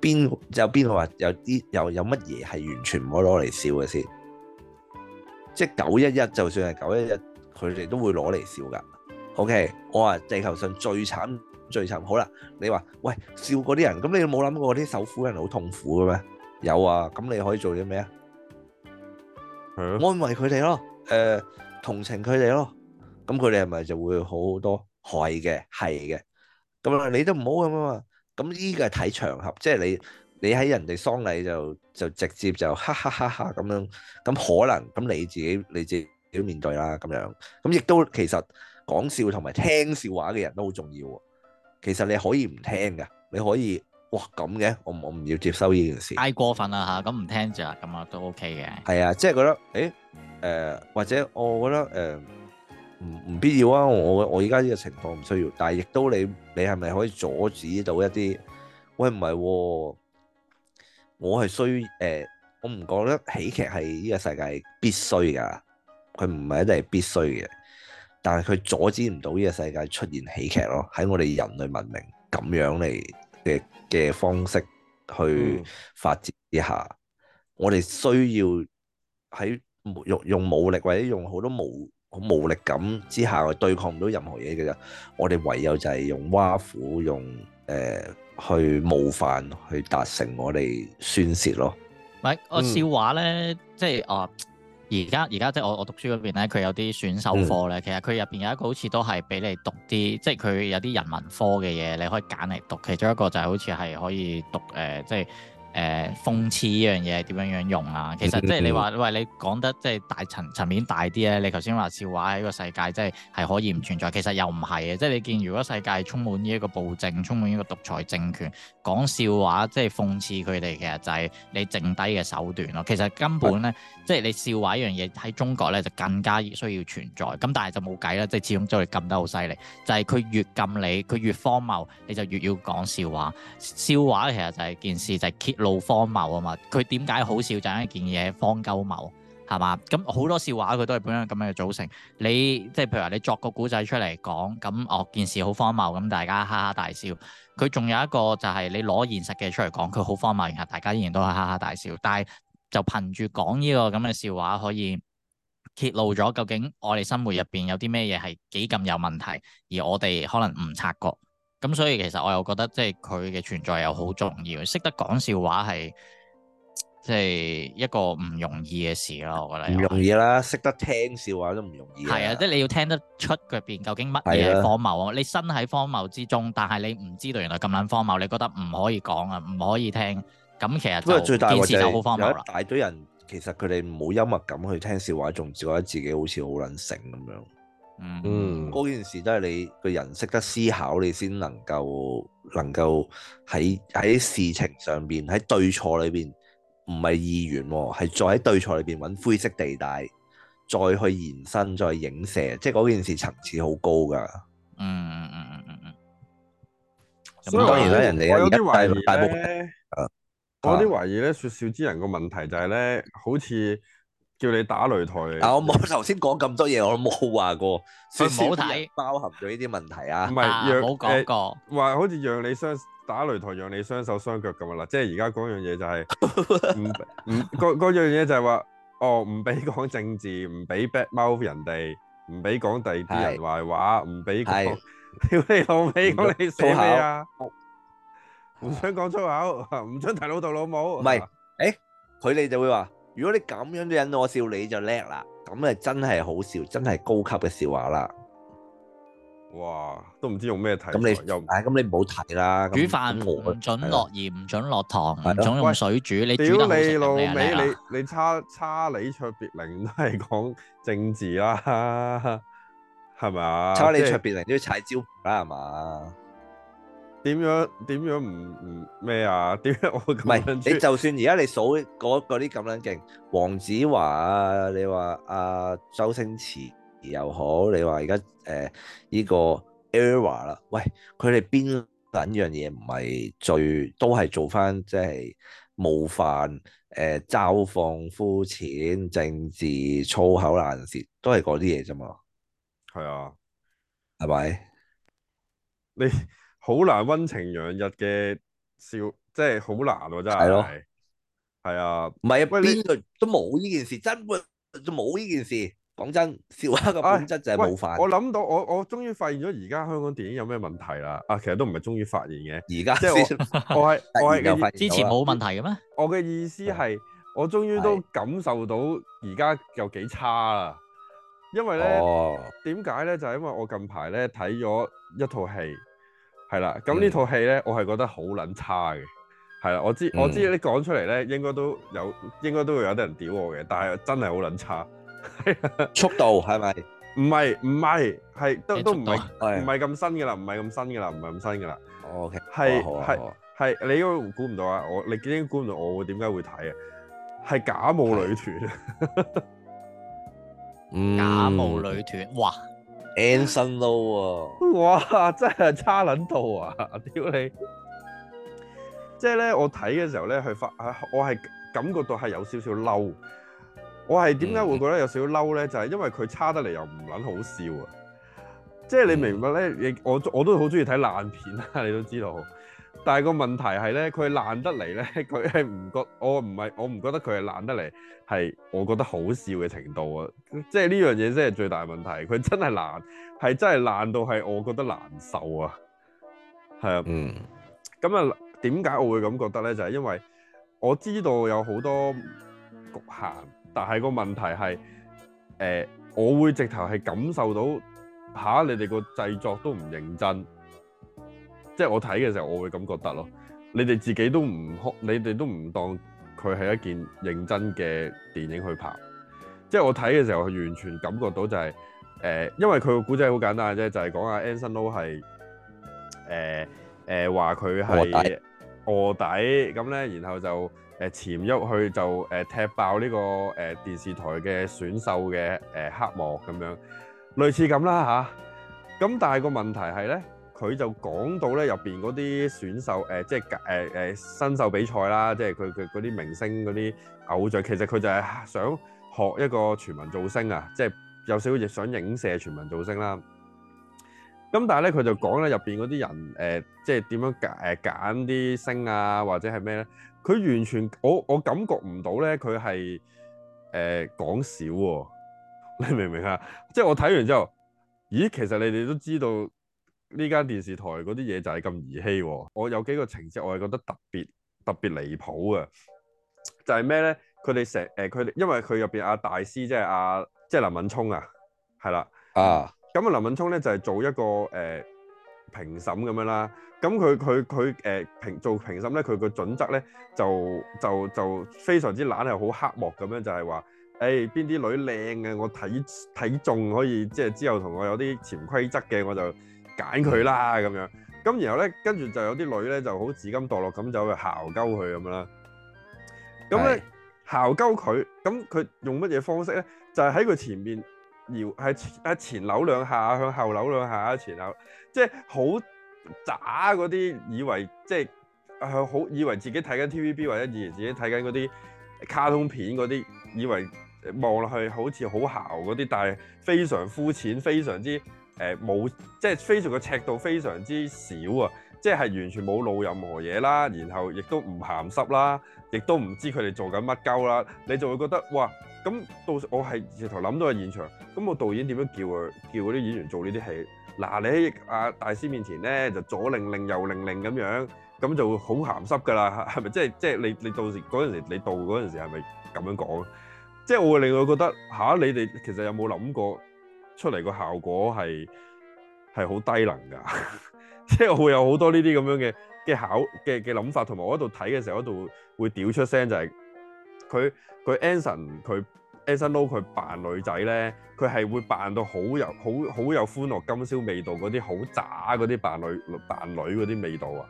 邊、邊有邊個話有啲又有乜嘢係完全唔可以攞嚟笑嘅先？即係九一一，就算係九一一，佢哋都會攞嚟笑噶。OK，我話地球上最慘最慘。好啦，你話喂，笑嗰啲人，咁你冇諗過啲受苦人好痛苦嘅咩？有啊，咁你可以做啲咩啊？安慰佢哋咯，誒、呃、同情佢哋咯，咁佢哋係咪就會好好多害嘅係嘅，咁你都唔好咁啊嘛，咁呢個係睇場合，即係你你喺人哋喪禮就就直接就哈哈哈哈咁樣，咁可能咁你自己你自己面對啦咁樣，咁亦都其實講笑同埋聽笑話嘅人都好重要，其實你可以唔聽噶，你可以。哇咁嘅，我我唔要接收呢件事，太過分啦吓，咁唔聽住啦，咁啊都 OK 嘅。係啊，OK、即係覺得，誒、欸、誒、呃，或者我覺得誒，唔、呃、唔必要啊！我我依家呢個情況唔需要，但係亦都你你係咪可以阻止到一啲？喂唔係、啊，我係衰誒，我唔覺得喜劇係呢個世界必須㗎，佢唔係一定係必須嘅，但係佢阻止唔到呢個世界出現喜劇咯。喺我哋人類文明咁樣嚟嘅。嘅方式去發展之下，嗯、我哋需要喺用用武力或者用好多無無力感之下，去對抗唔到任何嘢嘅啫。我哋唯有就係用挖苦，用誒、呃、去冒犯，去達成我哋宣泄咯。咪個、right，笑話咧，嗯、即係啊～、uh 而家而家即係我我讀書嗰邊咧，佢有啲選修課咧，嗯、其實佢入邊有一個好似都係俾你讀啲，即係佢有啲人文科嘅嘢，你可以揀嚟讀。其中一個就係好似係可以讀誒、呃，即係。誒、呃、諷刺呢樣嘢點樣樣用啊？其實即係你話喂，你講得即係大層層面大啲咧，你頭先話笑話喺個世界即係係可以唔存在，其實又唔係嘅，即係你見如果世界充滿呢一個暴政、充滿呢個獨裁政權，講笑話即係諷刺佢哋，其實就係你剩低嘅手段咯。其實根本咧， 即係你笑話呢樣嘢喺中國咧就更加需要存在。咁但係就冇計啦，即係始終都會禁得好犀利。就係、係、佢越禁你，佢越荒謬，你就越要講笑話。笑話其實就係件事就 keep，就係 keep。路荒謬啊嘛，佢點解好笑就係一件嘢荒鳩謬係嘛，咁好多笑話佢都係本身咁樣嘅組成，你即係譬如話你作個古仔出嚟講，咁哦件事好荒謬，咁大家哈哈大笑。佢仲有一個就係你攞現實嘅出嚟講，佢好荒謬，然後大家依然都係哈哈大笑。但係就憑住講呢個咁嘅、這個、笑話，可以揭露咗究竟我哋生活入邊有啲咩嘢係幾咁有問題，而我哋可能唔察覺。咁、嗯、所以其實我又覺得即係佢嘅存在又好重要，識得講笑話係即係一個唔容易嘅事咯，我覺得唔容易啦，識得聽笑話都唔容易。係啊，即係你要聽得出入邊究竟乜嘢係荒謬啊！的你身喺荒謬之中，但係你唔知道原來咁撚荒謬，你覺得唔可以講啊，唔可以聽。咁其實都係最大件事就好荒謬啦。有大堆人其實佢哋冇幽默感去聽笑話，仲覺得自己好似好撚醒咁樣。Mm hmm. 嗯，嗰件事都係你個人識得思考，你先能夠能夠喺喺事情上邊喺對錯裏邊唔係二元喎、哦，係再喺對錯裏邊揾灰色地帶，再去延伸再影射，即係嗰件事層次好高㗎。嗯嗯嗯嗯嗯嗯。所以當然啦，人哋而家大部分咧。我有啲懷疑咧，說笑之人個、啊、問題就係、是、咧，好似。叫你打擂台，嗱我冇頭先講咁多嘢，我冇話過，少少人包含咗呢啲問題啊，唔係，冇講過，話好似讓你雙打擂台，讓你雙手雙腳咁啊，嗱，即係而家嗰樣嘢就係唔唔，嗰嗰樣嘢就係話，哦，唔俾講政治，唔俾 bad mouth 人哋，唔俾講第二啲人壞話，唔俾講，屌你老味，你寫咩啊？唔想講粗口，唔想提老豆老母，唔係，誒，佢哋就會話。如果你咁樣都引到我笑，你就叻啦。咁啊，真係好笑，真係高級嘅笑話啦。哇，都唔知用咩睇。咁你又唔係，咁、啊、你唔好睇啦。煮飯唔準落鹽，唔準落糖，唔的準用水煮。的你煮，喂你，煮你老味，你差差差你差差利卓別靈都係講政治啦，係咪啊？差利卓別靈都要踩蕉啦，係嘛？點樣，點樣，唔唔咩啊？點樣，我咁撚唔係，你就算而家你數嗰啲咁撚勁，黃子華啊，你話阿周星馳又好，你話而家誒依個 era 啦，喂，佢哋邊樣嘢唔係最都係做翻，即係冒犯誒、呃、嘲諷、膚淺、政治粗口、爛舌，都係嗰啲嘢啫嘛？係啊，係咪你？好難溫情洋溢嘅笑，即係好難喎，真係係咯，係啊，唔係啊，不過呢度都冇呢件事，真就冇呢件事。講真，笑話嘅本質就係冒犯。我諗到我我終於發現咗而家香港電影有咩問題啦。啊，其實都唔係終於發現嘅，而家即先。我係我係之前冇問題嘅咩？我嘅意思係我終於都感受到而家有幾差啦，啊。因為咧，點解咧？就係、係，因為我近排咧睇咗一套戲。係啦，咁呢套戲咧，我係覺得好撚差嘅。係啦，我知我知你講出嚟咧，應該都有，應該都會有啲人屌我嘅。但係真係好撚差。 速度係咪？唔係唔係，係都都唔係唔係咁新嘅啦，唔係咁新嘅啦，唔係咁新嘅啦。哦 Okay. 是，係係係，你應該估唔到啊！我你竟然估唔到，我,到我會點解會睇啊？係假冒女團。假冒女團，哇！Anson Lou 啊！哇，真係差撚到啊！屌、啊、你！即係咧，我睇嘅時候咧，佢發，我係感覺到係有少少嬲。我係點解會覺得有少少嬲咧？就係因為佢差得嚟又唔撚好笑啊！即係你明白咧？ 你我我都好中意睇爛片啊，你都知道。但係個問題係咧，佢爛得嚟咧，佢係唔覺得，我唔係，我唔覺得佢係爛得嚟，係我覺得好笑嘅程度啊！即係呢樣嘢先係最大問題，佢真係爛，係真係爛到係我覺得難受啊！係啊，嗯，咁啊，點解我會咁覺得咧？就係、是、因為我知道有好多局限，但係個問題係，誒、呃，我會直頭係感受到嚇、啊、你哋個製作都唔認真。即係我睇嘅時候，我會咁覺得咯。你哋自己都唔，哭，你哋都唔當佢係一件認真嘅電影去拍。即係我睇嘅時候，佢完全感覺到就係、是、誒、呃，因為佢個古仔好簡單嘅啫，就係、是、講阿 Anson Lo 係誒誒話佢係臥底，臥底咁咧，然後就誒潛入去就誒踢爆呢個誒電視台嘅選秀嘅誒黑幕咁樣，類似咁啦吓？咁、啊、但係個問題係咧。佢就講到咧入邊嗰啲選、呃呃、新秀，誒即係誒誒新秀比賽啦，即係佢佢啲明星嗰啲偶像，其實佢就係想學一個全民造星啊，即係有少少亦想影射全民造星啦。咁但係咧，佢就講咧入邊嗰啲人，誒、呃、即係點樣揀誒啲星啊，或者係咩咧？佢完全我我感覺唔到咧，佢係誒講笑喎。你明唔明啊？即係我睇完之後，咦，其實你哋都知道。呢間電視台嗰啲嘢就係咁兒戲喎。我有幾個情節，我係覺得特別特別離譜嘅，就係咩咧？佢哋成誒佢，因為佢入邊阿大師即係阿即係林敏聰啊，係啦啊。咁啊、嗯，林敏聰咧就係做一個誒、呃、評審咁樣啦。咁佢佢佢誒評做評審咧，佢個準則咧就就就、就非常之懶，係好黑幕咁樣，就係話誒邊啲女靚嘅、啊，我睇睇中可以即係、就是、之後同我有啲潛規則嘅，我就，揀佢啦咁樣，咁然後咧，跟住就有啲女咧就好自甘墮落咁走去姣鳩佢咁啦。咁咧姣鳩佢，咁佢、哎嗯、用乜嘢方式咧？就係喺佢前面搖，喺啊前扭兩下向後扭兩下前扭，即係好渣嗰啲，以為即係啊好，以為自己睇緊 TVB 或者以前自己睇緊嗰啲卡通片嗰啲，以為望落去好似好姣嗰啲，但係非常膚淺，非常之。誒冇、呃、即係非常嘅尺度非常之少啊！即係完全冇露任何嘢啦，然後亦都唔鹹濕啦，亦都唔知佢哋做緊乜鳩啦，你就會覺得哇！咁到時我係直頭諗到個現場，咁我導演點樣叫啊？叫嗰啲演員做呢啲戲。嗱，你喺阿大師面前咧就左令令、右令令咁樣，咁就會好鹹濕噶啦，係咪？即係即係你你到時嗰陣時你到嗰陣時係咪咁樣講？即係我會令佢覺得吓、啊，你哋其實有冇諗過？出嚟個效果係係好低能㗎，即 係我會有好多呢啲咁樣嘅嘅考嘅嘅諗法，同埋我喺度睇嘅時候，喺度會屌出聲就係、是、佢佢 Anson 佢 Anson Lo 佢扮女仔咧，佢係會扮到好有好好有歡樂今宵味道嗰啲好渣嗰啲扮女扮女嗰啲味道啊！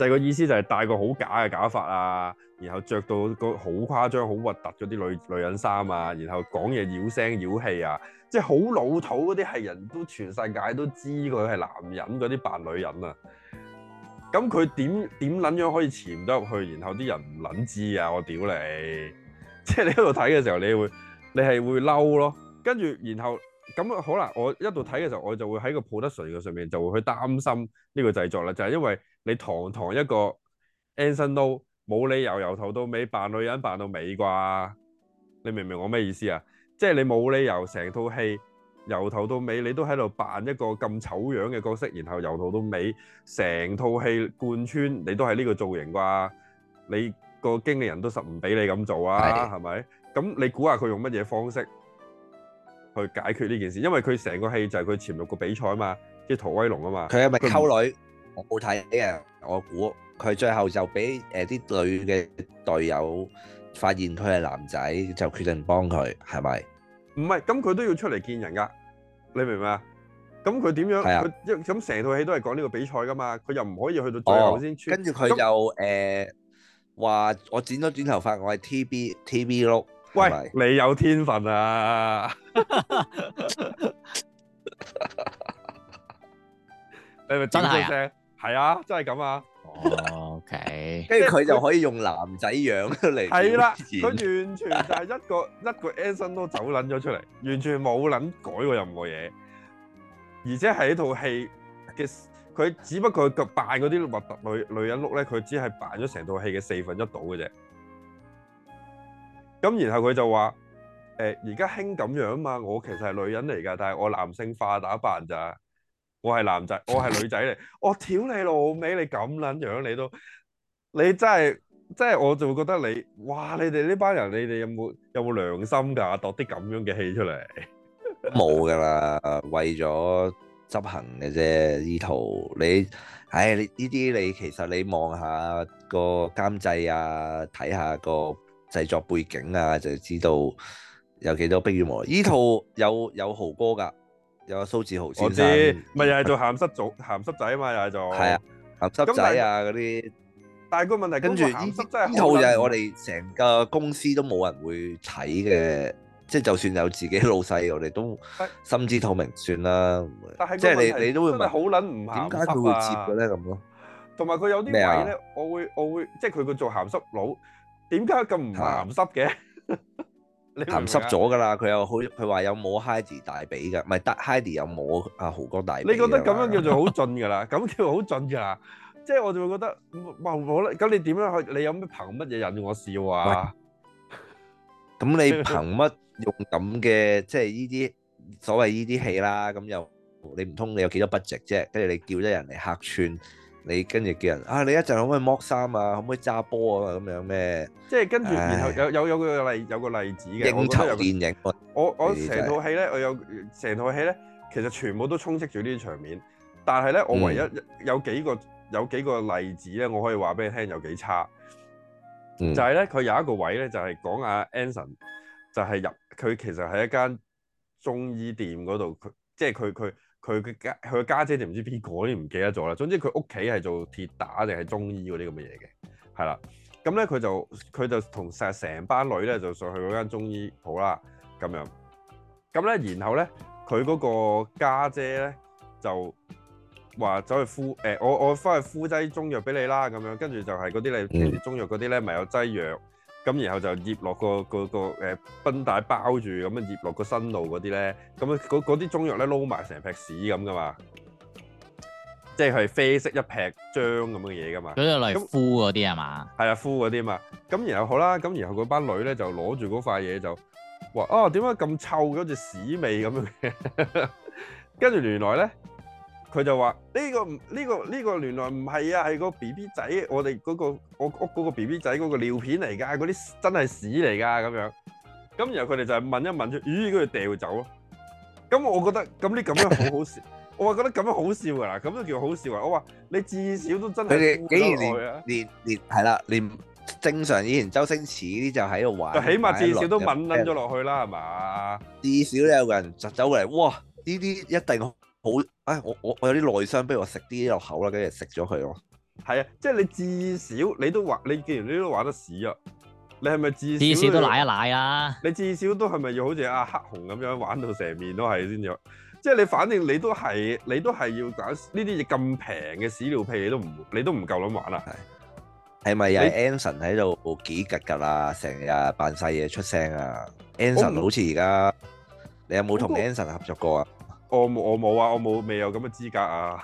就係個意思，就係戴個好假嘅假髮啊，然後着到個好誇張、好核突嗰啲女女人衫啊，然後講嘢妖聲妖氣啊，即係好老土嗰啲係人都全世界都知佢係男人嗰啲扮女人啊。咁佢點點撚樣可以潛得入去，然後啲人唔撚知啊！我屌你！即係你喺度睇嘅時候你，你會你係會嬲咯。跟住然後咁好啦，我一度睇嘅時候，我就會喺個 production 嘅上面就會去擔心呢個製作啦，就係因為，你堂堂一個 Anson Lo 都冇理由由頭到尾扮女人扮到尾啩？你明唔明我咩意思啊？即係你冇理由成套戲由頭到尾你都喺度扮一個咁醜樣嘅角色，然後由頭到尾成套戲貫穿你都係呢個造型啩？你個經理人都實唔俾你咁做啊？係咪的？咁你估下佢用乜嘢方式去解決呢件事？因為佢成個戲就係佢潛入個比賽啊嘛，即係逃威龍啊嘛。佢係咪溝女？我冇睇嘅，我估佢最後就俾誒啲女嘅隊友發現佢係男仔，就決定幫佢，係咪？唔係，咁佢都要出嚟見人噶，你明唔明啊？咁佢點樣？係啊，咁成套戲都係講呢個比賽噶嘛，佢又唔可以去到最後先。跟住佢就誒話，我剪咗短頭髮，我係 TB TB look。喂，你有天分啊！你咪尖咗聲。係啊，真係咁啊！OK，跟住佢就可以用男仔樣出嚟。係啦，佢完全就係一個一個 Anson 都走捻咗出嚟，完全冇捻改過任何嘢。而且係呢套戲嘅，佢只不過佢扮嗰啲模特女女人 look 咧，佢只係扮咗成套戲嘅四分一到嘅啫。咁然後佢就話，誒，而家興咁樣啊嘛，我其實係女人嚟噶，但係我男性化打扮咋。我係男仔，我係女仔嚟。我屌你老味，你咁撚樣，你都你真係真係，我就會覺得你哇！你哋呢班人，你哋有冇有冇良心㗎？度啲咁樣嘅戲出嚟冇㗎啦，為咗執行嘅啫。呢套你唉，呢啲你其實你望下個監製啊，睇下個製作背景啊，就知道有幾多迫於無奈。呢套有有豪哥㗎。有蘇志豪先生，唔係又係做鹹濕做鹹濕仔啊嘛，又係做係啊鹹濕仔啊嗰啲，但係個問題跟住鹹濕真係好難，呢套又係我哋成個公司都冇人會睇嘅，即係就算有自己老細，我哋都心知肚明算啦。但係個問題真係好撚唔鹹濕啊！點解佢會接嘅咧咁咯？同埋佢有啲位咧，我會我會即係佢個做鹹濕佬，點解咁唔鹹濕嘅？鹹濕咗噶啦，佢有好，佢話有摸 Heidi 大髀噶，唔係得 Heidi 有摸啊豪哥大髀。你覺得咁樣叫做好進好盡噶啦？咁 叫好盡噶？即係我就會覺得冇啦。咁你點樣去？你有咩憑乜嘢引我笑啊？咁你憑乜用咁嘅？即係呢啲所謂呢啲戲啦。咁又你唔通你有幾多筆值啫？跟住你叫咗人嚟客串。你跟住叫人啊！你一陣可唔可以剝衫啊？可唔可以揸波啊？咁樣咩？即係跟住，然後有唉 有有個例，有個例子嘅。影酬電影、啊我，我我成套戲咧，我有成套戲咧，其實全部都充斥住呢啲場面，但係咧，我唯一有幾個、嗯、有幾個例子咧，我可以話俾你聽，有幾差。就係、是、咧，佢有一個位咧，就係、是、講阿 Anson，就係入佢其實係一間中醫店嗰度，佢即係佢佢。佢佢家佢個家姐定唔知邊個，我都唔記得咗啦。總之佢屋企係做鐵打定係中醫嗰啲咁嘅嘢嘅，係啦。咁咧佢就佢就同成成班女咧就上去嗰間中醫鋪啦，咁樣。咁咧然後咧佢嗰個家姐咧就話走去敷、欸、我我返去敷劑中藥給、嗯、中藥俾你啦，咁樣。跟住就係嗰啲你中藥嗰啲咧，咪有劑藥，咁然後就摿落個個個誒繃帶包住，咁樣摿落個身度嗰啲咧，咁啊嗰嗰啲中藥咧撈埋成劈屎咁噶嘛，即係佢啡色一劈漿咁嘅嘢噶嘛，嗰啲嚟敷嗰啲係嘛？係啊，敷嗰啲嘛。咁然後好啦，咁然後嗰班女咧就攞住嗰塊嘢就話：哦，點解咁臭嘅，好似屎味咁樣嘅？跟住原來咧。佢就話：呢個唔呢個呢個原來唔係啊，係個 BB 仔，我哋嗰個我屋嗰個 BB 仔嗰個尿片嚟㗎，嗰啲真係屎嚟㗎咁樣。咁然後佢哋就係聞一聞出，咦，嗰度掉走咯。咁我覺得咁呢咁樣好好笑，我話覺得咁樣好笑㗎啦，咁都叫好笑啊！我話你至少都真係，佢哋竟然連連連係啦，連正常以前周星馳啲就喺度玩，起碼至少都吻吞咗落去啦，係嘛？至少有個人就走過嚟，哇！呢啲一定。好，哎，我我我有啲內傷，不如我食啲落口啦，跟住食咗佢咯。係啊，即係你至少你都玩，你既然你都玩得屎啊，你係咪至少都奶一奶啊？你至少都係咪要好似阿黑熊咁樣玩到成面都係先至？即係你反正你都係你都係要打呢啲嘢咁平嘅屎尿屁，你都唔你都唔夠撚玩啊？係咪啊？Anson 喺度幾吉吉啊？成日扮晒嘢出聲啊我！Anson 好似而家，我你有冇同 Anson 合作過啊？我冇我冇啊！我冇未有咁嘅資格啊！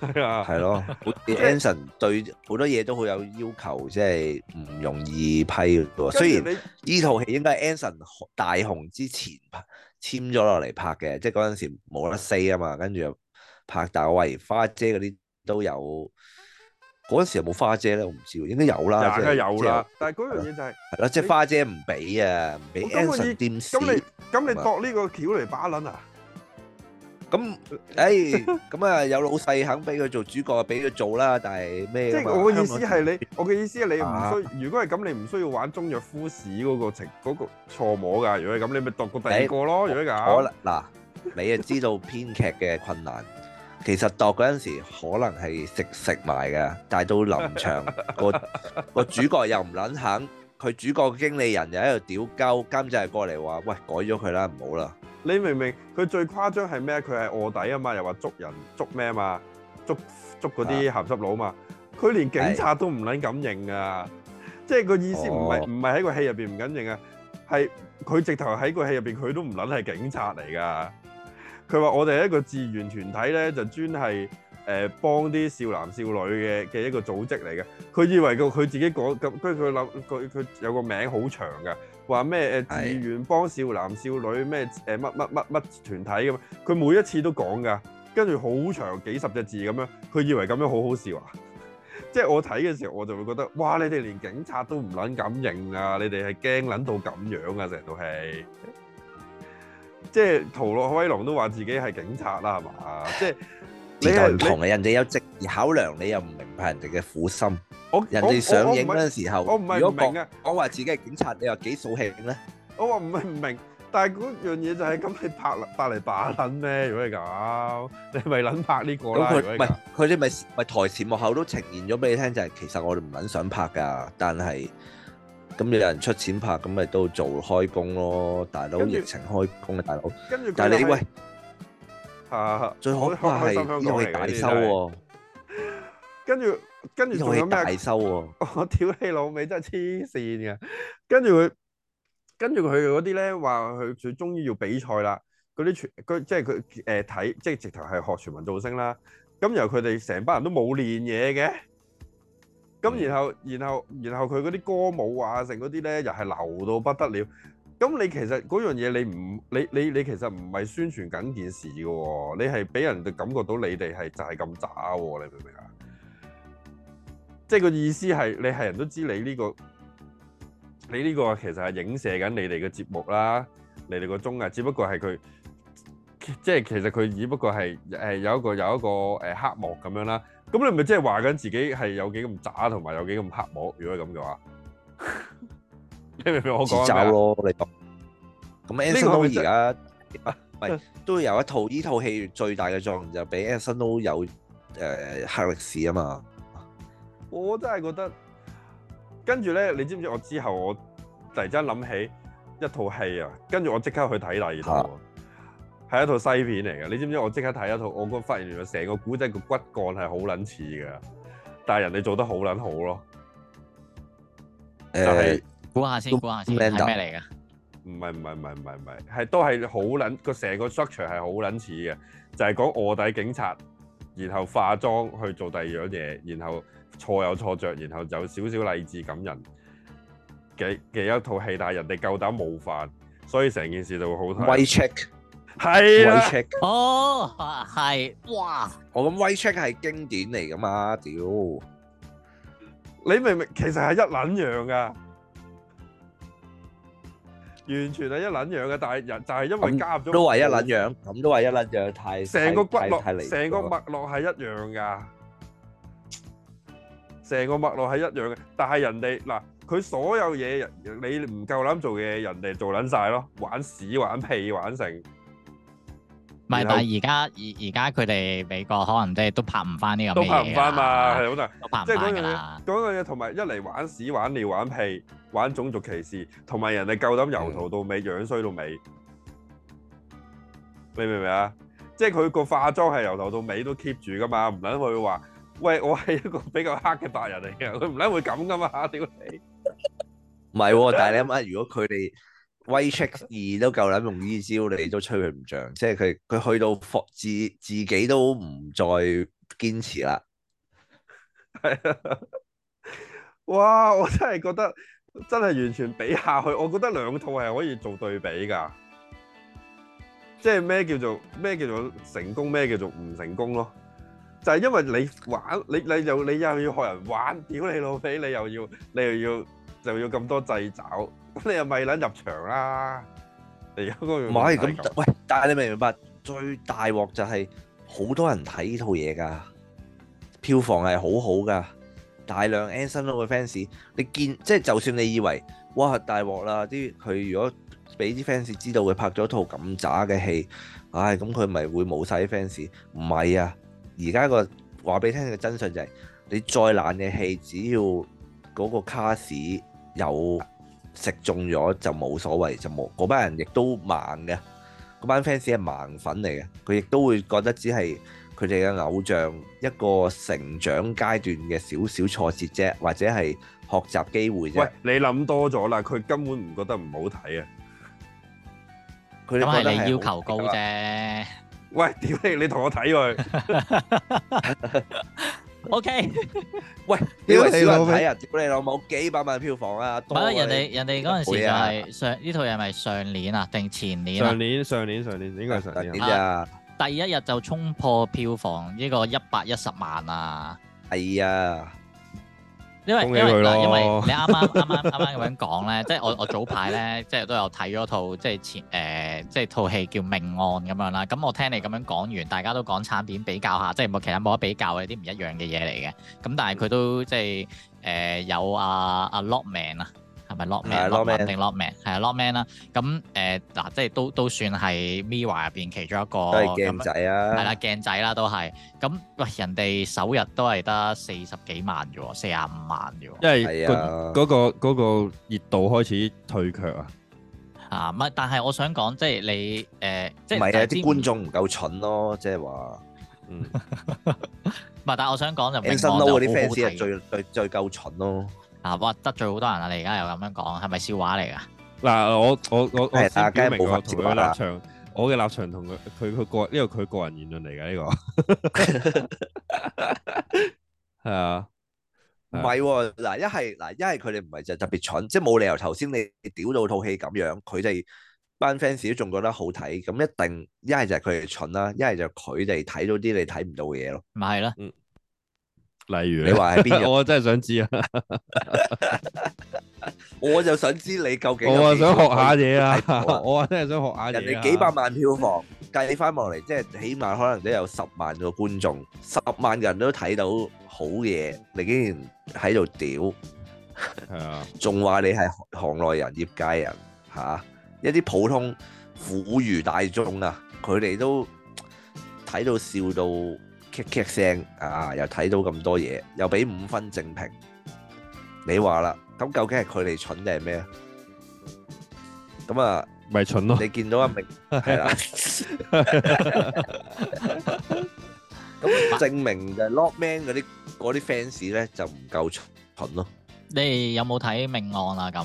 係啊，係咯 Anson 對好多嘢都好有要求，即係唔容易批喎。雖然呢套戲應該係 Anson 大紅之前簽咗落嚟拍嘅，即係嗰陣時冇得 say 啊嘛。跟住又拍大係花姐嗰啲都有，嗰陣時有冇花姐咧？我唔知喎，應該有啦。大家有啦。有，但係嗰樣嘢就係係啦，即係花姐唔俾啊，唔俾 Anson 掂事。咁、嗯、你咁你踱呢個橋嚟把撚啊？咁，哎，咁啊，有老細肯俾佢做主角，俾佢做啦。但係咩？即係我嘅意思係你，我嘅意思你唔需。啊、如果係咁，你唔需要玩中藥敷屎嗰個情，嗰、嗰個錯摸噶。如果係咁，你咪度個第二個咯。如果咁，嗱，你啊知道編劇嘅困難。其實度嗰陣時可能係食食埋噶，但係到臨場 個個主角又唔捻肯，佢主角嘅經理人又喺度屌鳩，監製係過嚟話，喂，改咗佢啦，唔好啦。你明唔明佢最誇張係咩？佢係卧底啊嘛，又話捉人捉咩嘛，捉捉嗰啲鹹濕佬嘛。佢連警察都唔撚敢認啊！的即係個意思唔係唔係喺個戲入邊唔敢認啊，係佢直頭喺個戲入邊佢都唔撚係警察嚟噶。佢話我哋係一個志願團體咧，就專係誒、呃、幫啲少男少女嘅嘅一個組織嚟嘅。佢以為個佢自己講咁，跟住佢諗佢佢有個名好長嘅。話咩誒？志願幫少男少女咩誒？乜乜乜乜團體咁？佢每一次都講㗎，跟住好長幾十隻字咁樣。佢以為咁樣好好笑啊！ 即係我睇嘅時候，我就會覺得哇！你哋連警察都唔撚敢認啊！你哋係驚撚到咁樣啊！成日都係， 即係逃學威龍都話自己係警察啦，係嘛？即係。你就唔同嘅，人哋有職業考量，你又唔明白人哋嘅苦心。我人哋上映嗰陣時候，如果我我唔係唔明啊！我話自己係警察，你又幾掃興咧？我話唔係唔明，但係嗰樣嘢就係咁，你拍嚟拍嚟把撚咩？如果係咁，你咪撚拍呢個啦。咁佢唔係佢哋咪咪台前幕後都呈現咗俾你聽，就係其實我哋唔撚想拍噶，但係咁有人出錢拍，咁咪都做開工咯，大佬疫情開工啊，大佬。跟住但係你喂。好啊！最可怕係大收喎、哦，跟住跟住仲有咩大收喎、哦？ 我屌你老味，真係黐線嘅！跟住佢，跟住佢嗰啲咧，話佢最終於要比賽啦。嗰啲全，佢即係佢誒睇，即係直頭係學全民造星啦。咁由佢哋成班人都冇練嘢嘅，咁然後然後然後佢嗰啲歌舞啊，成嗰啲咧又係流到不得了。咁你其實嗰樣嘢你唔你你你其實唔係宣傳緊件事嘅喎，你係俾人哋感覺到你哋係就係咁渣喎，你明唔明啊？即係個意思係你係人都知你呢個你呢個其實係影射緊你哋嘅節目啦，你哋個綜藝，只不過係佢即係其實佢只不過係誒有一個有一個誒黑幕咁樣啦。咁你咪即係話緊自己係有幾咁渣同埋有幾咁黑幕？如果係咁嘅話。 你明唔明我講咩？咁，咁 Anderson 而家唔係，都有一套呢套戲最大嘅作用就俾 Anderson 都有誒、呃、黑歷史啊嘛。我真係覺得，跟住咧，你知唔知我之後我突然間諗起一套戲啊？跟住我即刻去睇第二套，係、啊、一套西片嚟嘅。你知唔知我即刻睇一套？我發現原來成個古仔個骨幹係好撚似嘅，但係人哋做得好撚好咯。誒、呃。估下先，估下先，係咩嚟嘅？唔係唔係唔係唔係唔係，係都係好捻個成個 structure 係好捻似嘅，就係講卧底警察，然後化妝去做第二樣嘢，然後錯有錯着，然後就有少少勵志感人嘅嘅一套戲，但係人哋夠膽冒犯，所以成件事就會好睇。White Chicks 係 White Chicks 哦、oh,，係哇，我諗 White Chicks 係經典嚟噶嘛？屌，你明明其實係一捻樣噶。完全係一撚樣嘅，但係人就係因為加入咗都係一撚樣，咁都係一撚樣太成個骨落，成個脈絡係一樣噶，成個脈絡係一樣嘅。但係人哋嗱，佢所有嘢，你唔夠膽做嘅嘢，人哋做撚晒咯，玩屎玩屁玩成。唔係，但係而家而而家佢哋美國可能即係都拍唔翻呢，咁嘅嘢都拍唔翻嘛，係好啦，即係嗰樣嘢。嗰樣嘢同埋一嚟玩屎玩尿玩屁玩，玩種族歧視，同埋人哋夠膽由頭到尾樣衰、嗯、到尾，明唔明啊？即係佢個化妝係由頭到尾都 keep 住噶嘛，唔撚會話喂，我係一個比較黑嘅白人嚟噶，佢唔撚會咁噶嘛，屌你！唔係，但係你諗下，如果佢哋 We check 二都夠捻用 e 招，Z, 你都吹佢唔漲，即係佢佢去到服自自己都唔再堅持啦。係 哇！我真係覺得真係完全比下去，我覺得兩套係可以做對比噶。即係咩叫做咩叫做成功，咩叫做唔成功咯？就係、是、因為你玩你你,你又你又要學人玩，屌你老味，你又要你又要就要咁多掣爪。你又咪撚入場啦？唔係咁，喂！但係你明唔明白？最大鑊就係好多人睇呢套嘢㗎，票房係好好㗎，大量 Anson Lo 嘅 fans。你見即係、就是、就算你以為哇大鑊啦，啲佢如果俾啲 fans 知道佢拍咗套咁渣嘅戲，唉咁佢咪會冇晒啲 fans？唔係啊！而家、個話俾你聽嘅真相就係、是，你再爛嘅戲，只要嗰個卡士有。食中咗就冇所謂，就冇嗰班人亦都盲嘅，嗰班 fans 係盲粉嚟嘅，佢亦都會覺得只係佢哋嘅偶像一個成長階段嘅少少挫折啫，或者係學習機會啫。喂，你諗多咗啦，佢根本唔覺得唔好睇啊！佢哋係要求高啫。喂，屌你，你同我睇佢。O Okay . K， 喂，呢位 小老闆啊，接過 你攞冇幾百萬票房啊？係、就是、啊，人哋人哋嗰陣時就係上呢套嘢，係咪上年啊定前年啊？上年上年上年應該係上年啊！啊第一日就衝破票房呢、呢個一百一十萬啊！係啊、哎！因為因為因為你啱啱啱啱咁樣講咧， 即係我我早排咧，即係都有睇咗套即係前誒、呃，即係套戲叫命案咁樣啦。咁我聽你咁樣講完，大家都講產點比較下，即係冇其他冇得比較嘅啲唔一樣嘅嘢嚟嘅。咁但係佢都即係誒、呃、有啊阿、啊、Lockman 啊。咪 Lockman，Lockman 定 Lockman，係啊 Lockman 啦。咁誒嗱，即係都都算係 Mirror 入邊其中一個鏡仔啊，係啦鏡仔啦都係。咁喂，人哋首日都係得四十幾萬啫喎，四十五萬啫喎。因為嗰嗰個熱度開始退卻啊。啊，唔係，但係我想講，即係你誒，即係啲觀眾唔夠蠢咯，即係話唔係，但係我想講就唔係講就啲 fans 係最最最夠蠢咯。嗱、啊，我得罪好多人啦！你而家又咁樣講，係咪笑話嚟噶？嗱，我我我我先表明我同佢立場，我嘅立場同佢佢佢個，因為佢個人言論嚟噶呢個，係 啊，唔係嗱，一係嗱，一係佢哋唔係就特別蠢，即係冇理由頭先你屌到套戲咁樣，佢哋班 fans 都仲覺得好睇，咁一定一係就係佢哋蠢啦，一係就佢哋睇到啲你睇唔到嘅嘢咯，唔係咯，例如你話係邊個， 我真係想知啊！ 我就想知你究竟我啊想學下嘢啊！ 我啊真係想學下嘢，人哋幾百萬票房計翻望嚟，即係起碼可能都有十萬個觀眾，十萬人都睇到好嘢，你竟然喺度屌，係啊！仲話 你係行內人、業界人吓、啊，一啲普通苦魚大眾啊，佢哋都睇到笑到。咔咔聲啊！又睇到咁多嘢，又俾五分正評，你話啦，咁究竟係佢哋蠢定係咩？咁啊，咪蠢咯！你見到阿明係啦，咁證明就係《Lockman》嗰啲嗰啲 fans 咧就唔夠蠢咯。你哋有冇睇《命案》啊？咁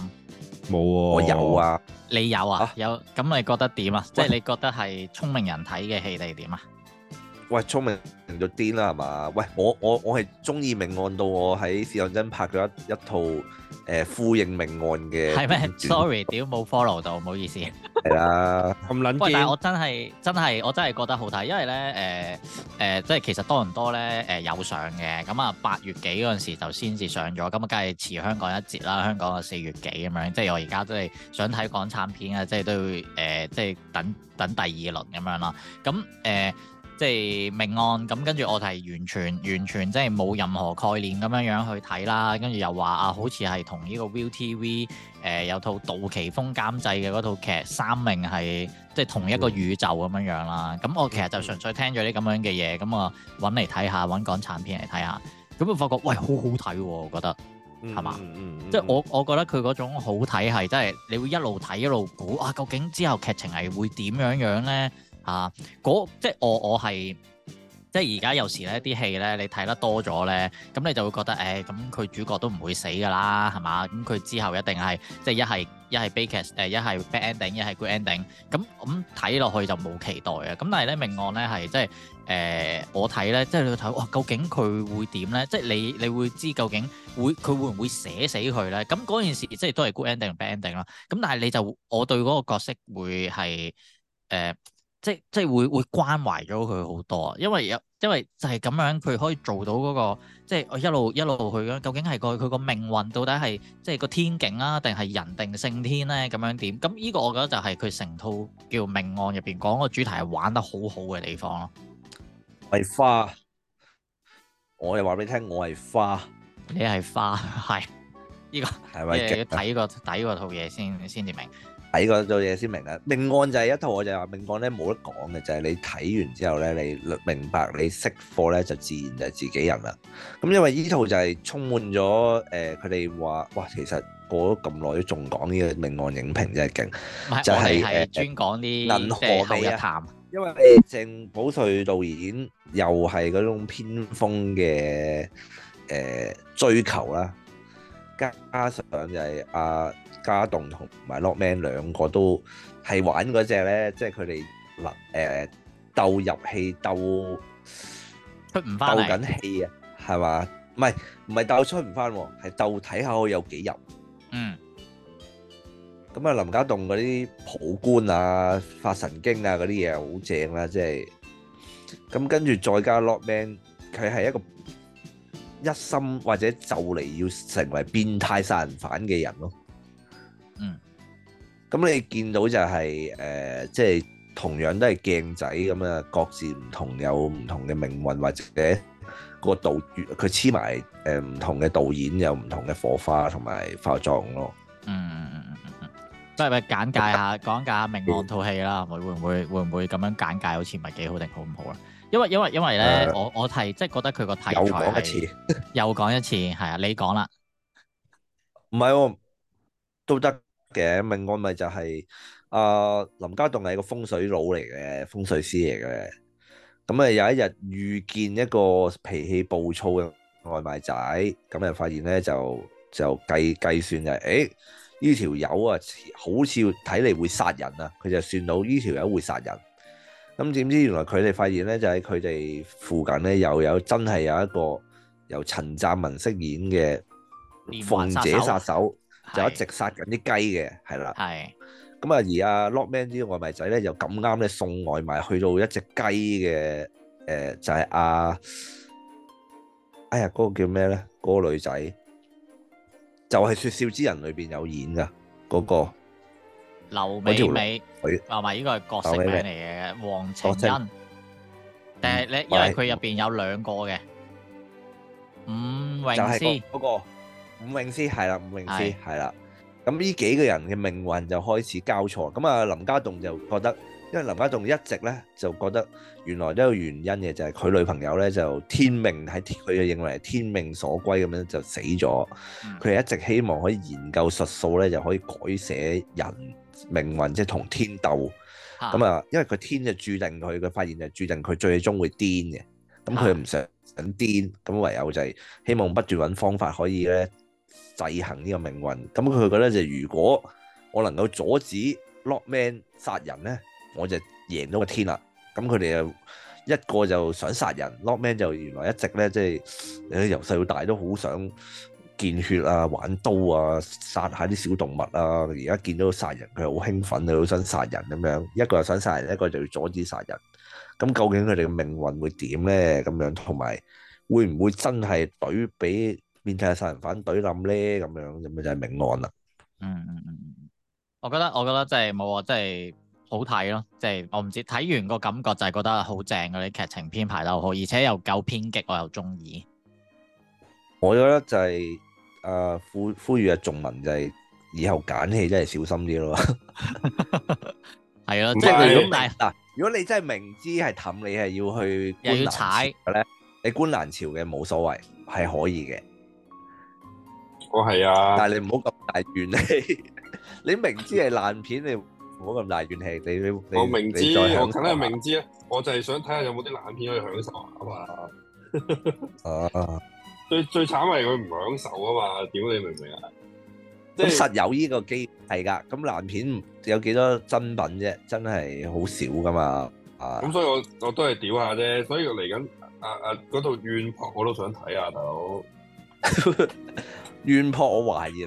冇喎，我有啊，你有啊？有，咁你覺得點啊？即係你覺得係聰明人睇嘅戲定係點啊？喂，聰明明就癲啦，係嘛？喂，我我我係中意命案到我喺史耀珍拍咗一一套誒、呃、呼應命案嘅。係咩？Sorry，屌冇 follow 到，唔好意思。係啦、啊，咁撚。 喂，但係我真係真係我真係覺得好睇，因為咧誒誒，即、呃、係、呃、其實多倫多咧誒、呃、有上嘅。咁啊，八月幾嗰陣時就先至上咗，咁梗係遲香港一節啦。香港啊四月幾咁樣，即係我而家都係想睇港產片啊，即係都會誒即係等等第二輪咁樣啦。咁、嗯、誒。即係命案咁，跟住我就係完全完全即係冇任何概念咁樣樣去睇啦。跟住又話啊，好似係同呢個 ViuTV 誒、呃、有套杜琪峯監製嘅嗰套劇《三命》係即係同一個宇宙咁樣樣啦。咁我其實就純粹聽咗啲咁樣嘅嘢，咁啊揾嚟睇下，揾港產片嚟睇下。咁我發覺喂，好好睇喎，我覺得係嘛？即係我我覺得佢嗰種好睇係真係，就是、你會一路睇一路估啊，究竟之後劇情係會點樣樣呢？」啊！嗰即係我我係即係而家有時咧啲戲咧你睇得多咗咧，咁你就會覺得誒，咁、欸、佢主角都唔會死噶啦，係嘛？咁佢之後一定係即係一係一係悲劇誒，一係 bad ending，一係 good ending。咁咁睇落去就冇期待嘅。咁但係咧，命案咧係即係誒、呃，我睇咧即係你睇，哇、就是呃！究竟佢會點咧？即係你你會知究竟會佢會唔會寫死佢咧？咁嗰件事即係都係 good ending，bad ending 啦。咁但係你就，你就我對嗰個角色會係誒。呃呃呃即即會會關懷咗佢好多，因為有因為就係咁樣，佢可以做到嗰個即係我一路一路去咁，究竟係個佢個命運到底係即係個天境啊，定係人定勝天呢？咁樣點？咁呢個我覺得就係佢成套叫命案入邊講個主題係玩得好好嘅地方咯。係花，我又話俾你聽，我係花，你係花，係呢個，即係要睇個底個套嘢先先至明。睇過套嘢先明啊！命案就係一套，我就話命案咧冇得講嘅，就係你睇完之後咧，你明白你識貨咧，就自然就係自己人啦。咁因為呢套就係充滿咗誒，佢哋話哇，其實過咗咁耐都仲講呢個命案影評真係勁，就係專講啲後日談。因為鄭保瑞導演又係嗰種偏鋒嘅誒追求啦，加上就係啊。家棟同埋 Lockman 兩個都係玩嗰隻咧，即係佢哋能誒鬥入戲鬥，出唔翻嚟，鬥緊戲啊，係嘛？唔係唔係鬥出唔翻，係鬥睇下佢有幾入。嗯。咁啊，林家棟嗰啲普官啊、發神經啊嗰啲嘢好正啦，即係。咁跟住再加 Lockman，佢係一個一心或者就嚟要成為變態殺人犯嘅人咯。咁你見到就係誒，即係同樣都係鏡仔咁啊，各自唔同有唔同嘅命運，或者個導佢黐埋誒唔同嘅導演有唔同嘅火花同埋化妝咯。嗯嗯嗯嗯嗯嗯，即係咪簡介下講下《命案》套戲啦？會會唔會會唔會咁樣簡介好似唔係幾好定好唔好啊？因為因為因為咧，我我係即係覺得佢個題材係又講一次，又講一次，係啊，你講啦，唔係，都得。嘅命案咪就係、是、阿、呃、林家棟係個風水佬嚟嘅風水師嚟嘅，咁、嗯、啊有一日遇見一個脾氣暴躁嘅外賣仔，咁、嗯、啊發現咧就就計計算嘅，誒呢條友啊好似睇嚟會殺人啊，佢就算到呢條友會殺人，咁點知原來佢哋發現咧就係佢哋附近咧又有真係有一個由陳湛文飾演嘅鳳姐殺手。就一直殺緊啲雞嘅，係啦。係。咁啊，而阿 Lockman 呢個外賣仔咧，又咁啱咧送外賣去到一隻雞嘅，誒就係阿，哎呀嗰個叫咩咧？嗰個女仔就係説笑之人裏邊有演噶嗰個劉美美，係咪？呢個係角色名嚟嘅，黃晴欣。但係你因為佢入邊有兩個嘅，伍永詩嗰個。伍詠詩係啦，伍詠詩係啦，咁呢的幾個人嘅命運就開始交錯。咁啊，林家棟就覺得，因為林家棟一直咧就覺得原來都有原因嘅，就係佢女朋友咧就天命喺佢嘅認為天命所歸咁樣就死咗。佢、嗯、一直希望可以研究術數咧，就可以改寫人命運，即、就、係、是、同天鬥。咁啊、嗯，因為佢天就注定佢，佢發現就注定佢最終會癲嘅。咁佢唔想癲，咁、嗯嗯、唯有就係希望不斷揾方法可以咧。制衡呢個命運，咁佢覺得就如果我能夠阻止 Lockman 殺人咧，我就贏咗個天啦。咁佢哋又一個就想殺人，Lockman 就 原來一直咧即係誒由細到大都好想見血啊、玩刀啊、殺下啲小動物啊。而家見到殺人，佢好興奮，佢好想殺人咁樣。一個又想殺人，一個就要阻止殺人。咁究竟佢哋嘅命運會點咧？咁樣同埋會唔會真係對比？邊睇係殺人犯隊冧咧？咁樣就咪就係命案啦。嗯嗯嗯，我覺得我覺得真係冇啊，真係好睇咯。即係我唔知睇完個感覺就係覺得好正嗰啲劇情編排得好，而且又夠偏激，我又中意。我覺得就係、是、誒、就是啊、呼呼籲啊眾文就係、是、以後揀戲真係小心啲咯。係咯，即係如果嗱，但如果你真係明知係氹你係要去觀瀾，咧你觀瀾潮嘅冇所謂，係可以嘅。我係啊，但係你唔好咁大怨氣，你明知係爛片，你唔好咁大怨氣。你你我明知，我肯定明知啊！我就係想睇下有冇啲爛片可以享受下啊嘛！啊，最最慘係佢唔享受啊嘛！屌你明唔明啊？咁實有呢個機係噶，咁爛片有幾多真品啫？真係好少噶嘛啊！咁所以我我都係屌下啫，所以嚟緊啊啊嗰套怨撲，我都想睇啊，大佬。冤魄，願我懷疑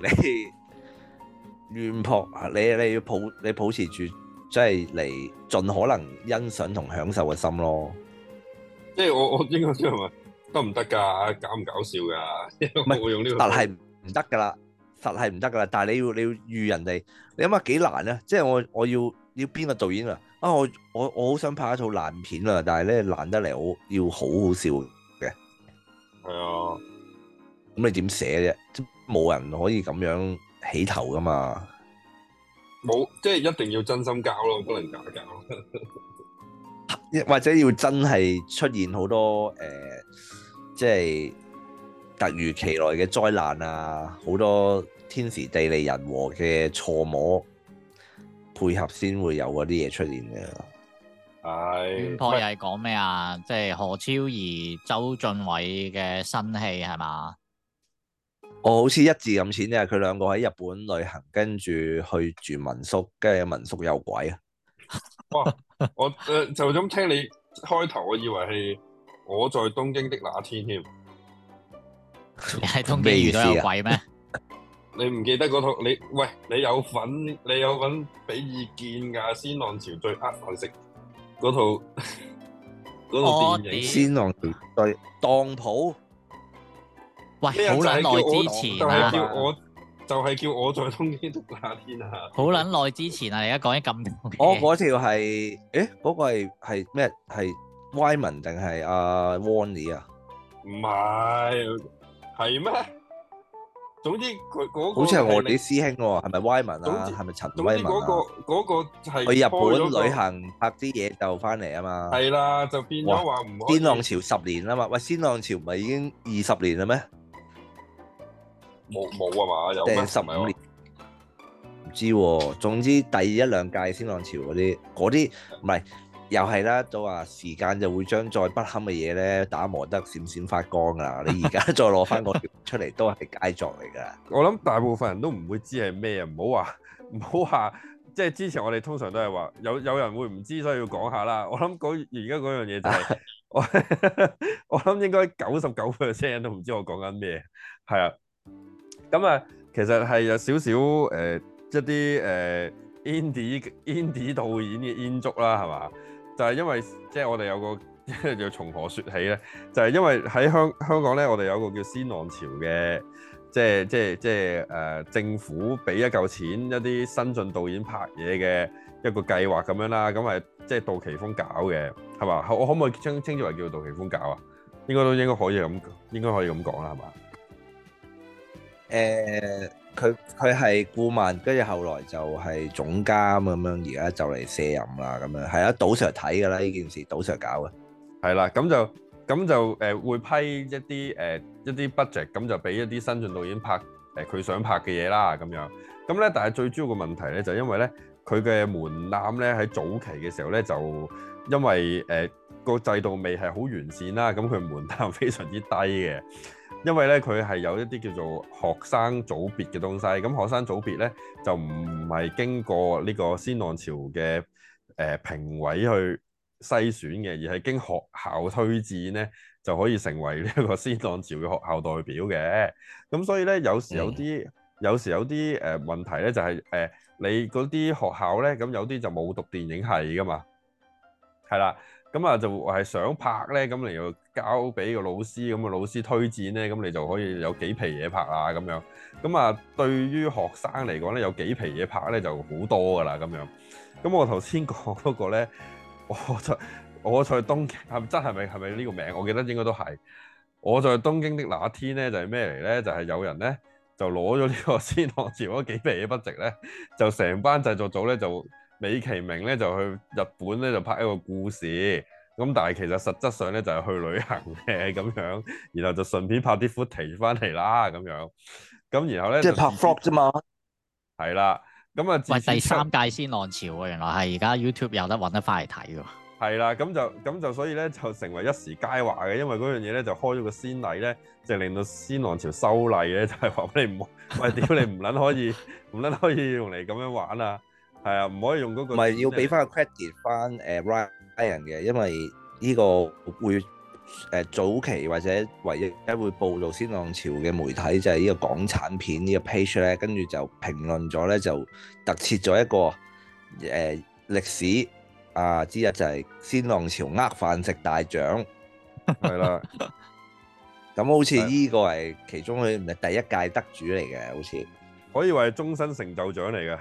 你冤魄，你你要抱你保持住，即係嚟盡可能欣賞同享受嘅心咯。即係、欸、我我應該即係話得唔得噶？搞唔搞笑噶？唔係，但係唔得噶啦，實係唔得噶啦。但係你要你要預人哋，你諗下幾難咧、啊？即係我我要要邊個導演啊？啊我我我好想拍一套爛片啊，但係呢爛得嚟好要好好笑嘅。係啊。咁你點寫啫？即冇人可以咁樣起頭噶嘛？冇，即係一定要真心交咯，不能假交。 或者要真係出現好多誒、呃，即係突如其來嘅災難啊，好多天時地利人和嘅錯摸配合，先會有嗰啲嘢出現嘅。係、哎。原本又係講咩啊？即係、就是、何超儀、周俊偉嘅新戲，係嘛？我好似一字咁淺啫，佢兩個喺日本旅行，跟住去住民宿，跟住民宿有鬼啊！我誒，就咁聽你開頭，我以為係我在東京的那天添，喺東京遇到有鬼咩？你唔記得嗰套？你喂，你有份，你有份俾意見噶《鮮浪潮》最呃飯食嗰套，嗰套電影《鮮浪潮》對當鋪。喂！好撚耐之前啦，就係叫我，就係叫我，在冬天讀夏天啊！好撚耐之前啊！而家講緊咁，我嗰條係誒，嗰個係係咩係 Wyman 定係阿 Wanney 啊？唔係係咩？總之佢嗰好似係我哋師兄喎，係咪 Wyman 啊？係咪陳 Wyman 啊？嗰個嗰個係去日本旅行拍啲嘢就翻嚟啊嘛，係啦就變咗話唔好。天浪潮十年啊嘛，喂！先浪潮唔係已經二十年啦咩？冇冇啊嘛，有咩啊？十五年唔知喎，總之第一兩屆先浪潮嗰啲嗰啲，唔係又係啦，就話時間就會將再不堪嘅嘢咧打磨得閃閃發光噶啦。你而家再攞翻個出嚟， 都係佳作嚟噶。我諗大部分人都唔會知係咩啊，唔好話唔好話，即係、就是、之前我哋通常都係話有有人會唔知，所以要講下啦。我諗而家嗰樣嘢就係、是、 我我我諗應該九十九 percent 人都唔知我講緊咩，係啊。咁啊、嗯，其實係有少少誒一啲誒、呃、indie、indie 導演嘅煙燭啦，係嘛？就係、是、因為即係、就是、我哋有個叫 從何說起咧，就係、是、因為喺香香港咧，我哋有個叫鮮浪潮嘅，即係即係即係誒政府俾一嚿錢一啲新晉導演拍嘢嘅一個計劃咁樣啦。咁係即係杜琪峰搞嘅，係嘛？我可唔可以將稱，稱之為叫杜琪峰搞啊？應該都應該可以咁，應該可以咁講啦，係嘛？誒佢佢係顧問，跟住後來就係總監咁樣，而家就嚟卸任啦咁樣。係啊，杜 Sir 睇㗎啦，呢件事杜 Sir 搞嘅。係啦，咁就咁就誒會批一啲誒、呃、一啲 budget，咁就俾一啲新晉導演拍誒佢、呃、想拍嘅嘢啦咁樣。咁咧，但係最主要嘅問題咧、就是，就因為咧佢嘅門檻咧喺早期嘅時候咧，就因為誒個制度未係好完善啦，咁佢門檻非常之低嘅。因為咧，佢係有一啲叫做學生組別嘅東西。咁學生組別咧，就唔係經過呢個鮮浪潮嘅誒、呃、評委去篩選嘅，而係經學校推薦咧，就可以成為呢一個鮮浪潮嘅學校代表嘅。咁所以咧，有時有啲，有時有啲誒、呃、問題咧、就係，就係誒你嗰啲學校咧，咁有啲就冇讀電影系㗎嘛，係啦。咁啊，就係想拍咧，咁你要交俾個老師，咁啊老師推薦咧，咁你就可以有幾皮嘢拍啊咁樣。咁啊，對於學生嚟講咧，有幾皮嘢拍咧就好多噶啦咁樣。咁我頭先講嗰個咧，我在我在東京，真係咪係咪呢個名？我記得應該都係。我在東京的那天咧，就係咩嚟咧？就係、是、有人咧就攞咗呢個先學潮攞幾皮嘢筆直咧，就成班製作組咧就，美其名咧就去日本咧就拍一個故事，咁但係其實實質上咧就係、是、去旅行嘅咁樣，然後就順便拍啲 footage 翻嚟啦咁樣，咁然後咧即係拍 vlog 啫嘛，係啦，咁啊，咪第三屆鮮浪潮啊，原來係而家 YouTube 有得揾得翻嚟睇㗎，係啦，咁就咁就所以咧就成為一時佳話嘅，因為嗰樣嘢咧就開咗個先例咧，就令到鮮浪潮修例嘅，就係、是、話你唔， 喂屌你唔撚可以，唔撚可以用嚟咁樣玩啊！係啊，唔可以用嗰句。唔係要俾翻個 credit 翻，誒 Ryan 嘅，因為依個會誒，早期或者唯一一會報道先浪潮嘅媒體就係依個港產片依個 page 咧，跟住就評論咗咧，就特設咗一個誒歷史啊之一就係先浪潮呃飯食大獎，係啦。咁好似依個係其中，佢唔係第一屆得主嚟嘅，好似可以話係終身成就獎嚟嘅。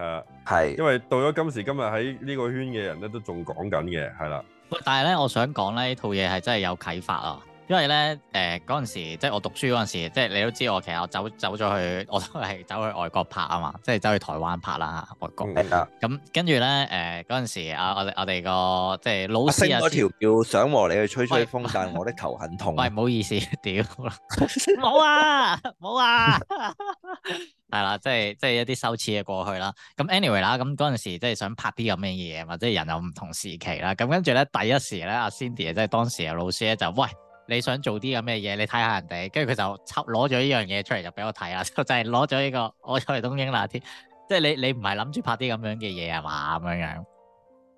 係，係，因為到咗今時今日喺呢個圈嘅人咧都仲講緊嘅，係啦。但係咧，我想講咧呢套嘢係真係有啟發啊！因為咧，誒嗰陣時即係我讀書嗰陣時，即係你都知我其實我走走咗去，我都係走去外國拍啊嘛，即係走去台灣拍啦，外國。明啦的。咁跟住咧，誒嗰陣時啊，我哋我哋個即係老師有啊。升嗰條叫，想和你去吹吹風，喂但我的頭很痛，啊喂。喂，唔好意思，屌，冇 啊，冇啊。 係啦，即係即係一啲羞恥嘅過去啦。咁 anyway 啦，咁嗰陣時即係想拍啲咁嘅嘢，或者人有唔同時期啦。咁跟住咧，第一時咧，阿 Cindy 即係當時嘅老師咧就喂，你想做啲咁嘅嘢，你睇下人哋。跟住佢就插攞咗呢樣嘢出嚟就俾我睇啦。就係攞咗呢個，我嚟東京那天，即 係你你唔係諗住拍啲咁樣嘅嘢啊嘛？咁樣樣。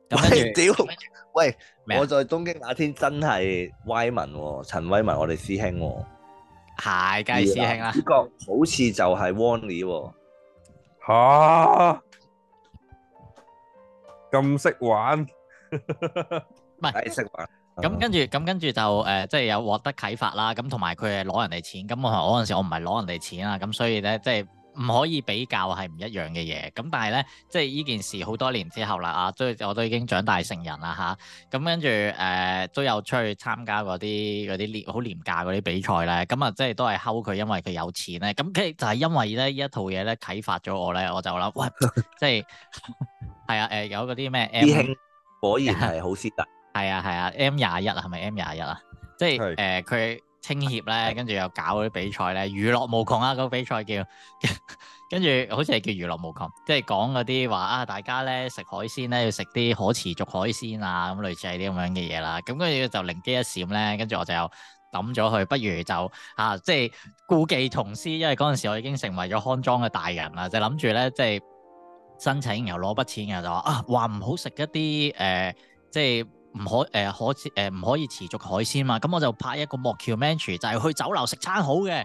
咁屌， 喂，我在東京那天真係歪文、喎，陳威文，我哋師兄、喎。太雞師兄啦，呢個好似就係 Wally 喎，吓，咁識玩，唔係，識玩。咁跟住，咁跟住就誒，即係有獲得啟發啦。咁同埋佢係攞人哋錢，咁我嗰陣時我唔係攞人哋錢啊。咁所以咧，即係。唔可以比較係唔一樣嘅嘢，咁但係呢，即係呢件事好多年之後啦啊，都我都已經長大成人啦吓，咁、啊、跟住誒、呃、都有出去參加啲嗰啲廉好廉價嗰啲比賽咧，咁啊、嗯、即係都係睺佢，因為佢有錢咧，咁佢就係因為呢一套嘢呢，啟發咗我呢。我就諗喂， 即係係啊誒有嗰啲咩 M 果然係好先得，係啊係啊 M 廿一啊，係咪 M 廿一啊？21, 係啊即係佢。呃青協咧，跟住又搞嗰啲比賽咧，娛樂無窮啊！嗰、那個比賽叫，跟 住好似係叫娛樂無窮，即係講嗰啲話啊，大家咧食海鮮咧要食啲可持續海鮮啊，咁類似係啲咁樣嘅嘢啦。咁跟住就靈機一閃咧，跟住我就又揼咗佢，不如就啊，即係故技重施，因為嗰陣時我已經成為咗康莊嘅大人啦，就諗住咧即係申請，然後攞筆錢，然後就話啊，話唔好食一啲誒、呃，即係。唔可誒、呃、可誒唔、呃、可以持續海鮮嘛？咁我就派一個莫喬曼廚，就係去酒樓食餐好嘅。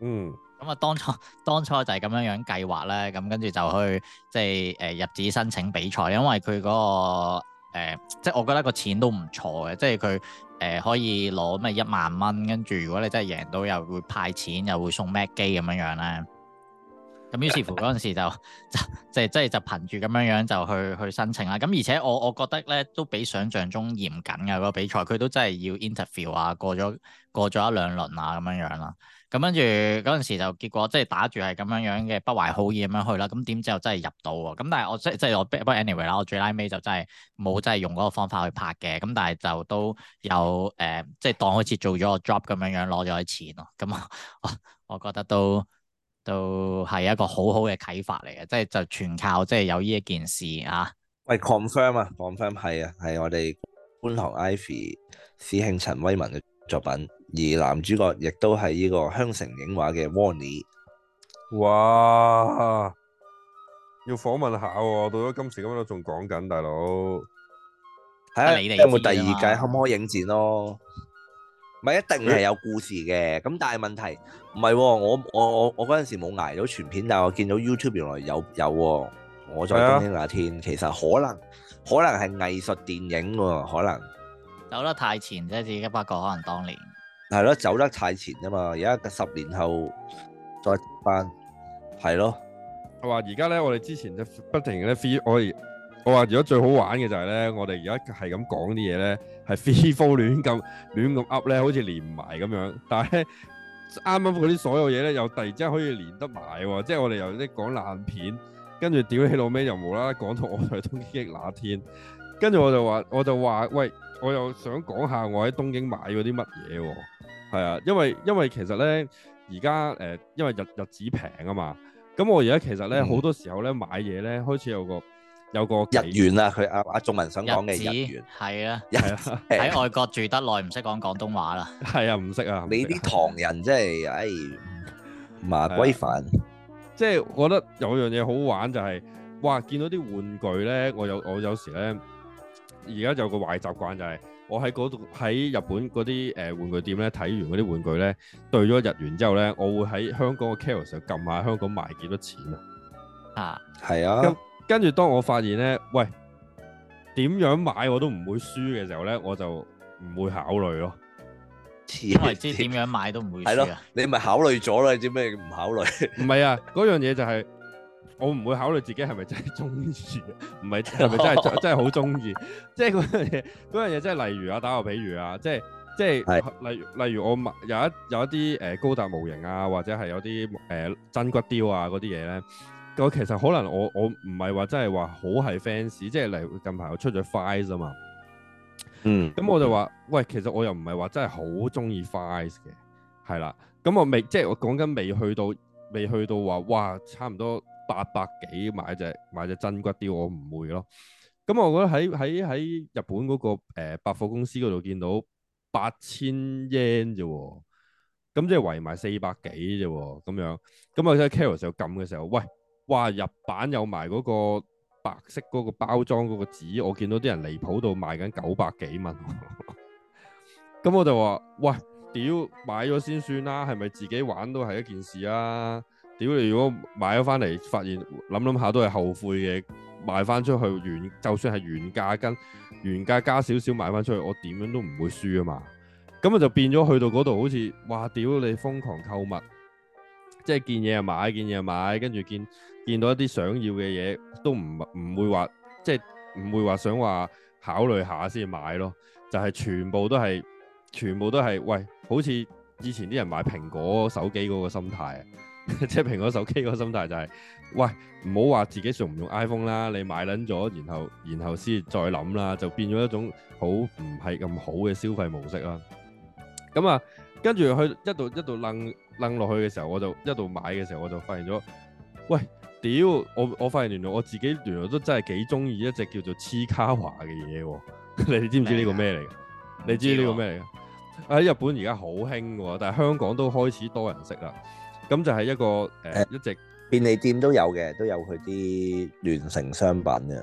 嗯。咁啊當初當初就係咁樣樣計劃咧，咁跟住就去即係誒、呃、入紙申請比賽，因為佢嗰、嗰個、呃、即係我覺得個錢都唔錯嘅，即係佢誒可以攞咩一萬蚊，跟住如果你真係贏到又會派錢，又會送咩機咁樣樣咧。咁於是乎嗰陣時就就即係即係就憑住咁樣樣就去去申請啦。咁而且我我覺得咧都比想象中嚴謹㗎個比賽，佢都真係要 interview 啊，過咗過咗一兩輪啊咁樣樣啦。咁跟住嗰陣時就結果即係打住係咁樣樣嘅不懷好意咁樣去啦。咁點知又真係入到喎？咁但係我即即係我 by anyway 啦。我, anyway, 我最拉尾就真係冇真係用嗰個方法去拍嘅。咁但係就都有誒、呃，即係當好似做咗個 job 咁樣樣攞咗啲錢咯。咁我我我覺得都。都係一個好好嘅啟發嚟嘅，即係就全靠即係有呢一件事啊。喂，confirm 啊，confirm 係啊，係我哋觀塘 Ivy 史慶陳威文嘅作品，而男主角亦都係呢個香城影畫嘅 Winnie。哇！要訪問下喎，啊，到咗今時今日仲講緊，大佬睇下你哋有冇第二屆《康哥影子》咯。唔係一定係有故事嘅，咁但係問題唔係喎，我我我我嗰陣時冇捱到全片，但係我見到 YouTube 原來有有喎，我再講聽下添，其實可能可能係藝術電影喎，可能走得太前啫，自己發覺可能當年係咯，走得太前啊嘛，而家十年後再翻係咯，佢話而家咧，我哋之前就不停咧飛，我哋。我話：如果最好玩嘅就係咧，我哋而家係咁講啲嘢咧，係 free form 亂咁亂咁 up 咧，好似連埋咁樣。但係啱啱嗰啲所有嘢咧，又突然之間可以連得埋喎。即係我哋又啲講爛片，跟住屌起老尾，又冇啦啦講到我去東京那天。跟住我就話，我就話，喂，我又想講下我喺東京買嗰啲乜嘢喎？係啊，因為因為其實咧，而家誒，因為日日子平啊嘛。咁我而家其實咧，好多時候咧買嘢咧開始有個。有個日元啊，佢阿阿中文想講嘅日元係啊，係啊，喺外國住得耐唔識講廣東話啦，係啊，唔識啊，你啲唐人真係唉麻鬼煩。即係我覺得有樣嘢好玩就係哇，見到啲玩具咧，我有我有時咧，而家有個壞習慣就係我喺嗰度喺日本嗰啲誒玩具店咧睇完嗰啲玩具咧兌咗日元之後咧，我會喺香港嘅 Carousell 撳下香港賣幾多錢啊，啊，係啊。跟住，當我發現咧，喂，點樣買我都唔會輸嘅時候咧，我就唔會考慮咯。因為知點樣買都唔會輸。係咯，你咪考慮咗啦？你知咩唔考慮？唔係啊，嗰樣嘢就係、是、我唔會考慮自己係咪真係中意，唔係係咪真係真係好中意？即係嗰樣嘢，嗰樣嘢即係例如啊，打個比喻啊，即係即係例如例如我有一有一啲誒高達模型啊，或者係有啲誒真骨雕啊嗰啲嘢咧。其實可能我我唔係話真係話好係 fans，即係嚟近排我出咗 Fires 啊嘛。嗯，咁我就話喂，其實我又唔係話真係好中意 Fires 嘅，係啦。咁我未即係我講緊未去到，未去到話哇，差唔多八百幾買隻買隻真骨雕，我唔會咯。咁我覺得喺喺喺日本嗰個、呃、百貨公司嗰度見到八千 yen 啫，咁即係圍埋四百幾啫，咁樣咁我，喺 Caros 有撳嘅時候，喂。哇！日版有埋嗰個白色嗰個包裝嗰個紙，我見到啲人離譜到賣緊九百幾蚊，咁、 嗯、我就話：喂，屌，買咗先算啦、啊，係咪自己玩都係一件事啊？屌，你如果買咗翻嚟，發現諗諗下都係後悔嘅，賣翻出去原就算係原價跟原價加少少賣翻出去，我點樣都唔會輸啊嘛！咁、嗯、啊就變咗去到嗰度，好似哇，屌你瘋狂購物，即係見嘢就買，見嘢就買，跟住見。見到一啲想要嘅嘢，都唔唔會話，即係唔會話想話考慮下先買咯，就係全部都係，全部都係，喂，好似以前啲人買蘋果手機嗰個心態啊，即 係蘋果手機個心態就係，喂，唔好話自己用唔用 iPhone 啦，你買撚咗，然後然後先再諗啦，就變咗一種好唔係咁好嘅消費模式啦。咁啊，跟住去，一度一度掹掹落去嘅時候，我就一度買嘅時候，我就發現咗，喂。屌，我我發現原來我自己原來都真係幾中意一隻叫做 Chiikawa 嘅嘢喎。 你知唔知呢個咩嚟？知你知呢個咩嚟嘅？喺 日本而家好興喎，但係香港都開始多人識啦。咁就係一個誒、呃，一直便利店都有嘅，都有佢啲聯乘商品嘅。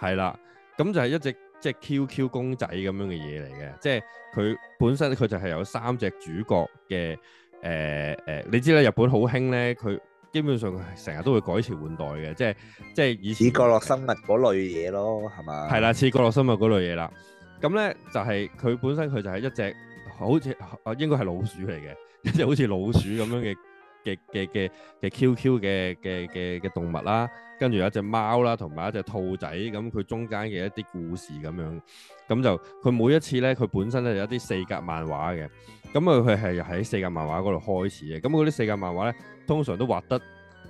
係啦，咁就係一隻即係 QQ 公仔咁樣嘅嘢嚟嘅，即係佢本身佢就係有三隻主角嘅誒誒。你知咧，日本好興咧，佢。基本上係成日都會改朝換代嘅，即係即係以前似角落生物嗰類嘢咯，係嘛？係啦，似角落生物嗰類嘢啦。咁咧就係、是、佢本身，佢就係一隻好似啊，應該係老鼠嚟嘅一隻好似老鼠咁樣嘅。 嘅嘅嘅嘅 QQ 嘅嘅嘅嘅動物啦，跟住有一隻貓啦，同埋一隻兔仔咁，佢中間嘅一啲故事咁樣，咁就佢每一次咧，佢本身咧有一啲四格漫畫嘅，咁啊佢係喺四格漫畫嗰度開始嘅，咁嗰啲四格漫畫咧通常都畫得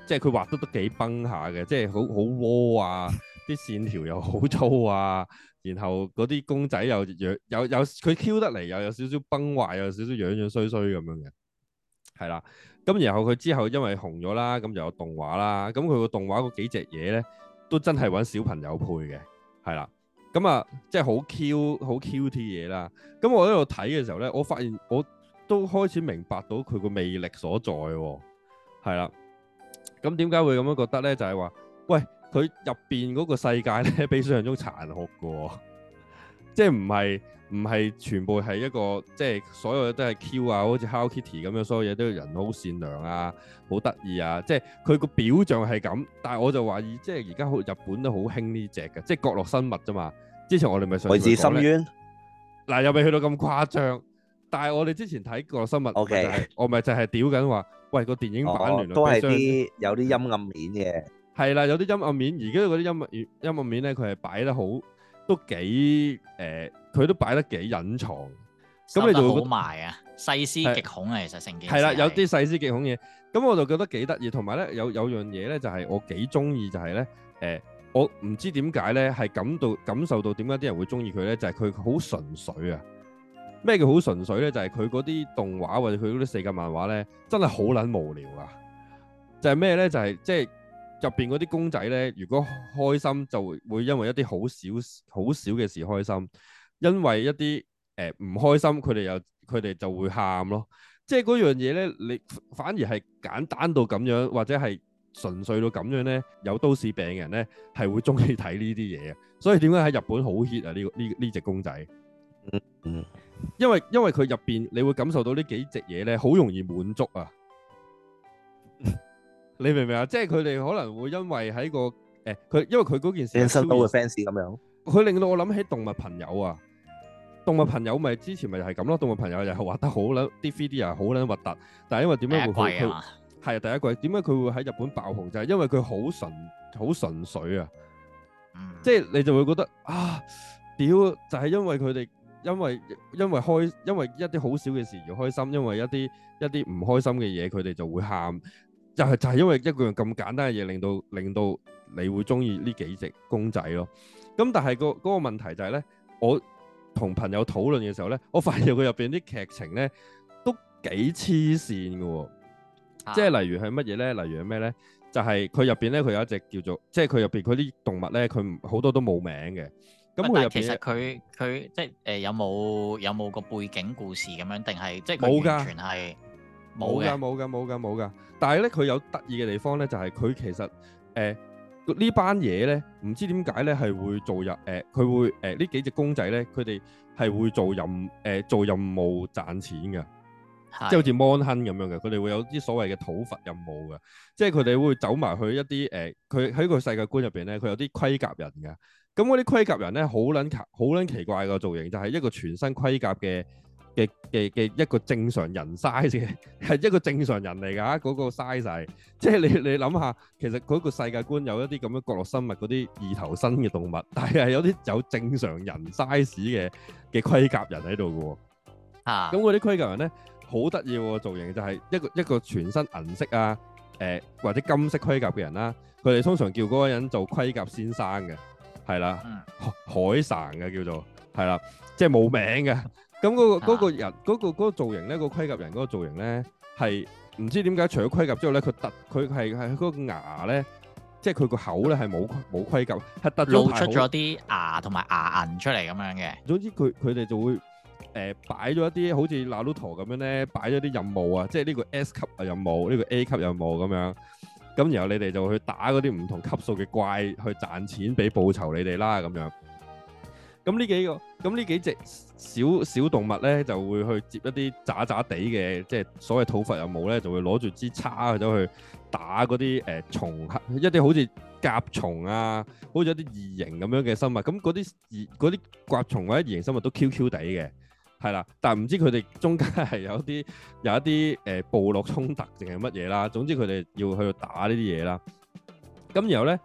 即係佢畫得都幾崩下嘅，即係好好窩啊，啲線 條又好粗啊，然後嗰啲公仔又樣有有佢 Q 得嚟又有少少崩壞，又有少少樣醉醉醉醉樣衰衰咁樣嘅。係啦，咁然後佢之後因為紅咗啦，咁就有動畫啦。咁佢個動畫嗰幾隻嘢咧，都真係搵小朋友配嘅，係啦。咁啊，即係好 Q 好 Q 啲嘢啦。咁我喺度睇嘅時候咧，我發現我都開始明白到佢個魅力所在，哦，係啦。咁點解會咁樣覺得咧？就係、是、話，喂，佢入邊嗰個世界咧，比想象中殘酷噶，哦。即係唔係唔係全部係一個即係所有嘢都係 Q 啊，好似 Hello Kitty 咁樣，所有嘢都係人好善良啊，好得意啊。即係佢個表象係咁，但係我就懷疑，即係而家好日本都好興呢隻嘅，即係角落生物啫嘛。之前我哋咪上來自深淵嗱，又未去到咁誇張，但係我哋之前睇角落生物，我咪就係屌緊話，喂，個電影版都係啲有啲陰暗面嘅，係啦，有啲陰暗面。而家嗰啲陰暗陰暗面咧，佢係擺得好。都幾誒，佢、呃、都擺得幾隱藏，咁你就好埋啊，細思極恐啊，是其實成件事係啦，有啲細思極恐嘢，咁我就覺得幾得意。同埋咧，有有樣嘢咧，就係、是、我幾中意，就係咧誒，我唔知點解咧，係感到感受到點解啲人會中意佢咧，就係佢好純粹啊。咩叫好純粹咧？就係佢嗰啲動畫或者佢嗰啲四格漫畫咧，真係好撚無聊啊！就係咩咧？就係即係。就係入邊嗰啲公仔咧，如果開心就會因為一啲好小好小嘅事開心，因為一啲誒唔開心，佢哋又佢哋就會喊咯。即係嗰樣嘢咧，你反而係簡單到咁樣，或者係純粹到咁樣咧，有都市病嘅人咧係會中意睇呢啲嘢嘅。所以點解喺日本好 hit 啊？呢個呢呢隻公仔，嗯嗯，因為因為佢入邊你會感受到呢幾隻嘢咧，好容易滿足啊。你明唔明啊？即係佢哋可能會因為喺個誒，佢因為佢嗰件事，fans 都會 fans 咁樣。佢令到我諗起動物朋友啊，動物朋友咪之前咪係咁咯。動物朋友又畫得好啦，啲 three D 又好啦，核突。但係因為點解會佢係啊？第一季點解佢會喺日本爆紅就係因為佢好純好純粹啊，即係你就會覺得啊，屌就係因為佢哋因為因為開因為一啲好少嘅事而開心，因為一啲一啲唔開心嘅嘢佢哋就會喊。就係就係因為一個樣咁簡單嘅嘢，令到令到你會中意呢幾隻公仔咯。咁、嗯、但係個嗰、那個問題就係、是、咧，我同朋友討論嘅時候咧，我發現佢入邊啲劇情咧都幾黐線㗎。啊、即係例如係乜嘢咧？例如係咩咧？就係佢入邊咧，佢有一隻叫做，即係佢入邊佢啲動物咧，佢好多都冇名嘅。咁佢入邊其實佢佢即係誒、呃、有冇有冇個背景故事咁樣？定係即係佢完全係？冇噶，冇噶，冇噶的，冇噶。但係咧，佢有得意嘅地方咧，就係、是、佢其實誒、呃、呢班嘢咧，唔知點解咧係會做任誒，佢會誒呢幾隻公仔咧，佢哋係會做任誒做任務賺錢嘅，的即係好似 Mon Han 咁樣嘅，佢哋會有啲所謂嘅討伐任務嘅，即係佢哋會走埋去一啲誒，佢喺個世界觀入邊咧，佢有啲盔甲人嘅。咁嗰啲盔甲人咧，好撚奇好撚奇怪個造型，就係、是、一個全身盔甲嘅。嘅嘅嘅一個正常人 size 嘅，係一個正常人嚟㗎。嗰個 size，即係你你諗下，其實嗰個世界觀有一啲咁樣角落生物嗰啲二頭身嘅動物，但係有啲有正常人 size 嘅嘅盔甲人喺度㗎。嚇，咁嗰啲盔甲人咧好得意喎，造型就係一個一個全身銀色啊，誒或者金色盔甲嘅人啦。佢哋通常叫嗰個人做盔甲先生嘅，係啦，海神嘅叫做，係啦，即係冇名嘅。咁嗰、嗰個嗰個人嗰、嗰個嗰個造型咧，嗰個盔甲人嗰個造型咧，係唔知點解除咗盔甲之後咧，佢突佢係係嗰個牙咧，即係佢個口咧係冇冇盔甲，係突出咗啲牙同埋牙齦出嚟咁樣嘅。總之佢佢哋就會誒擺咗一啲好似《那魯陀》咁樣咧，擺咗啲任務啊，即係呢個 S 級嘅任務，呢、呢個 A 級任務咁樣。咁然後你哋就會去打嗰啲唔同級數嘅怪去賺錢俾報酬你哋啦，咁樣。咁呢幾個，咁呢幾隻小小動物咧，就會去接一啲渣渣地嘅，即係所謂土伐有冇咧，就會攞住支叉去咗去打嗰啲誒蟲，一啲好似甲蟲啊，好似一啲異形咁樣嘅生物。咁嗰啲啲甲蟲或者異形生物都 Q Q 地嘅，係啦。但唔知佢哋中間係有啲有一啲誒部落衝突定係乜嘢啦？總之佢哋要去打呢啲嘢啦。咁然後咧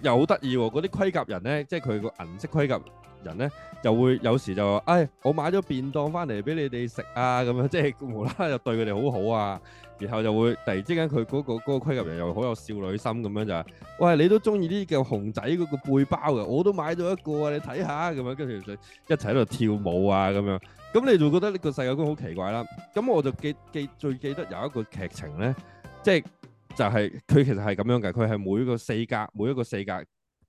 又好得意喎，嗰啲盔甲人咧，即係佢個銀色盔甲。人咧就會有時就話，誒，我買咗便當翻嚟俾你哋食啊，咁樣即係無啦啦又對佢哋好好啊，然後就會突然之間佢嗰個嗰個規格人又好有少女心咁樣就係，喂，你都中意啲叫熊仔嗰個背包嘅，我都買咗一個啊，你睇下咁樣，跟住就一齊喺度跳舞啊咁樣，咁你就覺得呢個世界觀好奇怪啦。咁我就記記最記得有一個劇情咧，即係就係佢其實係咁樣嘅，佢係每一個四格每一個四格。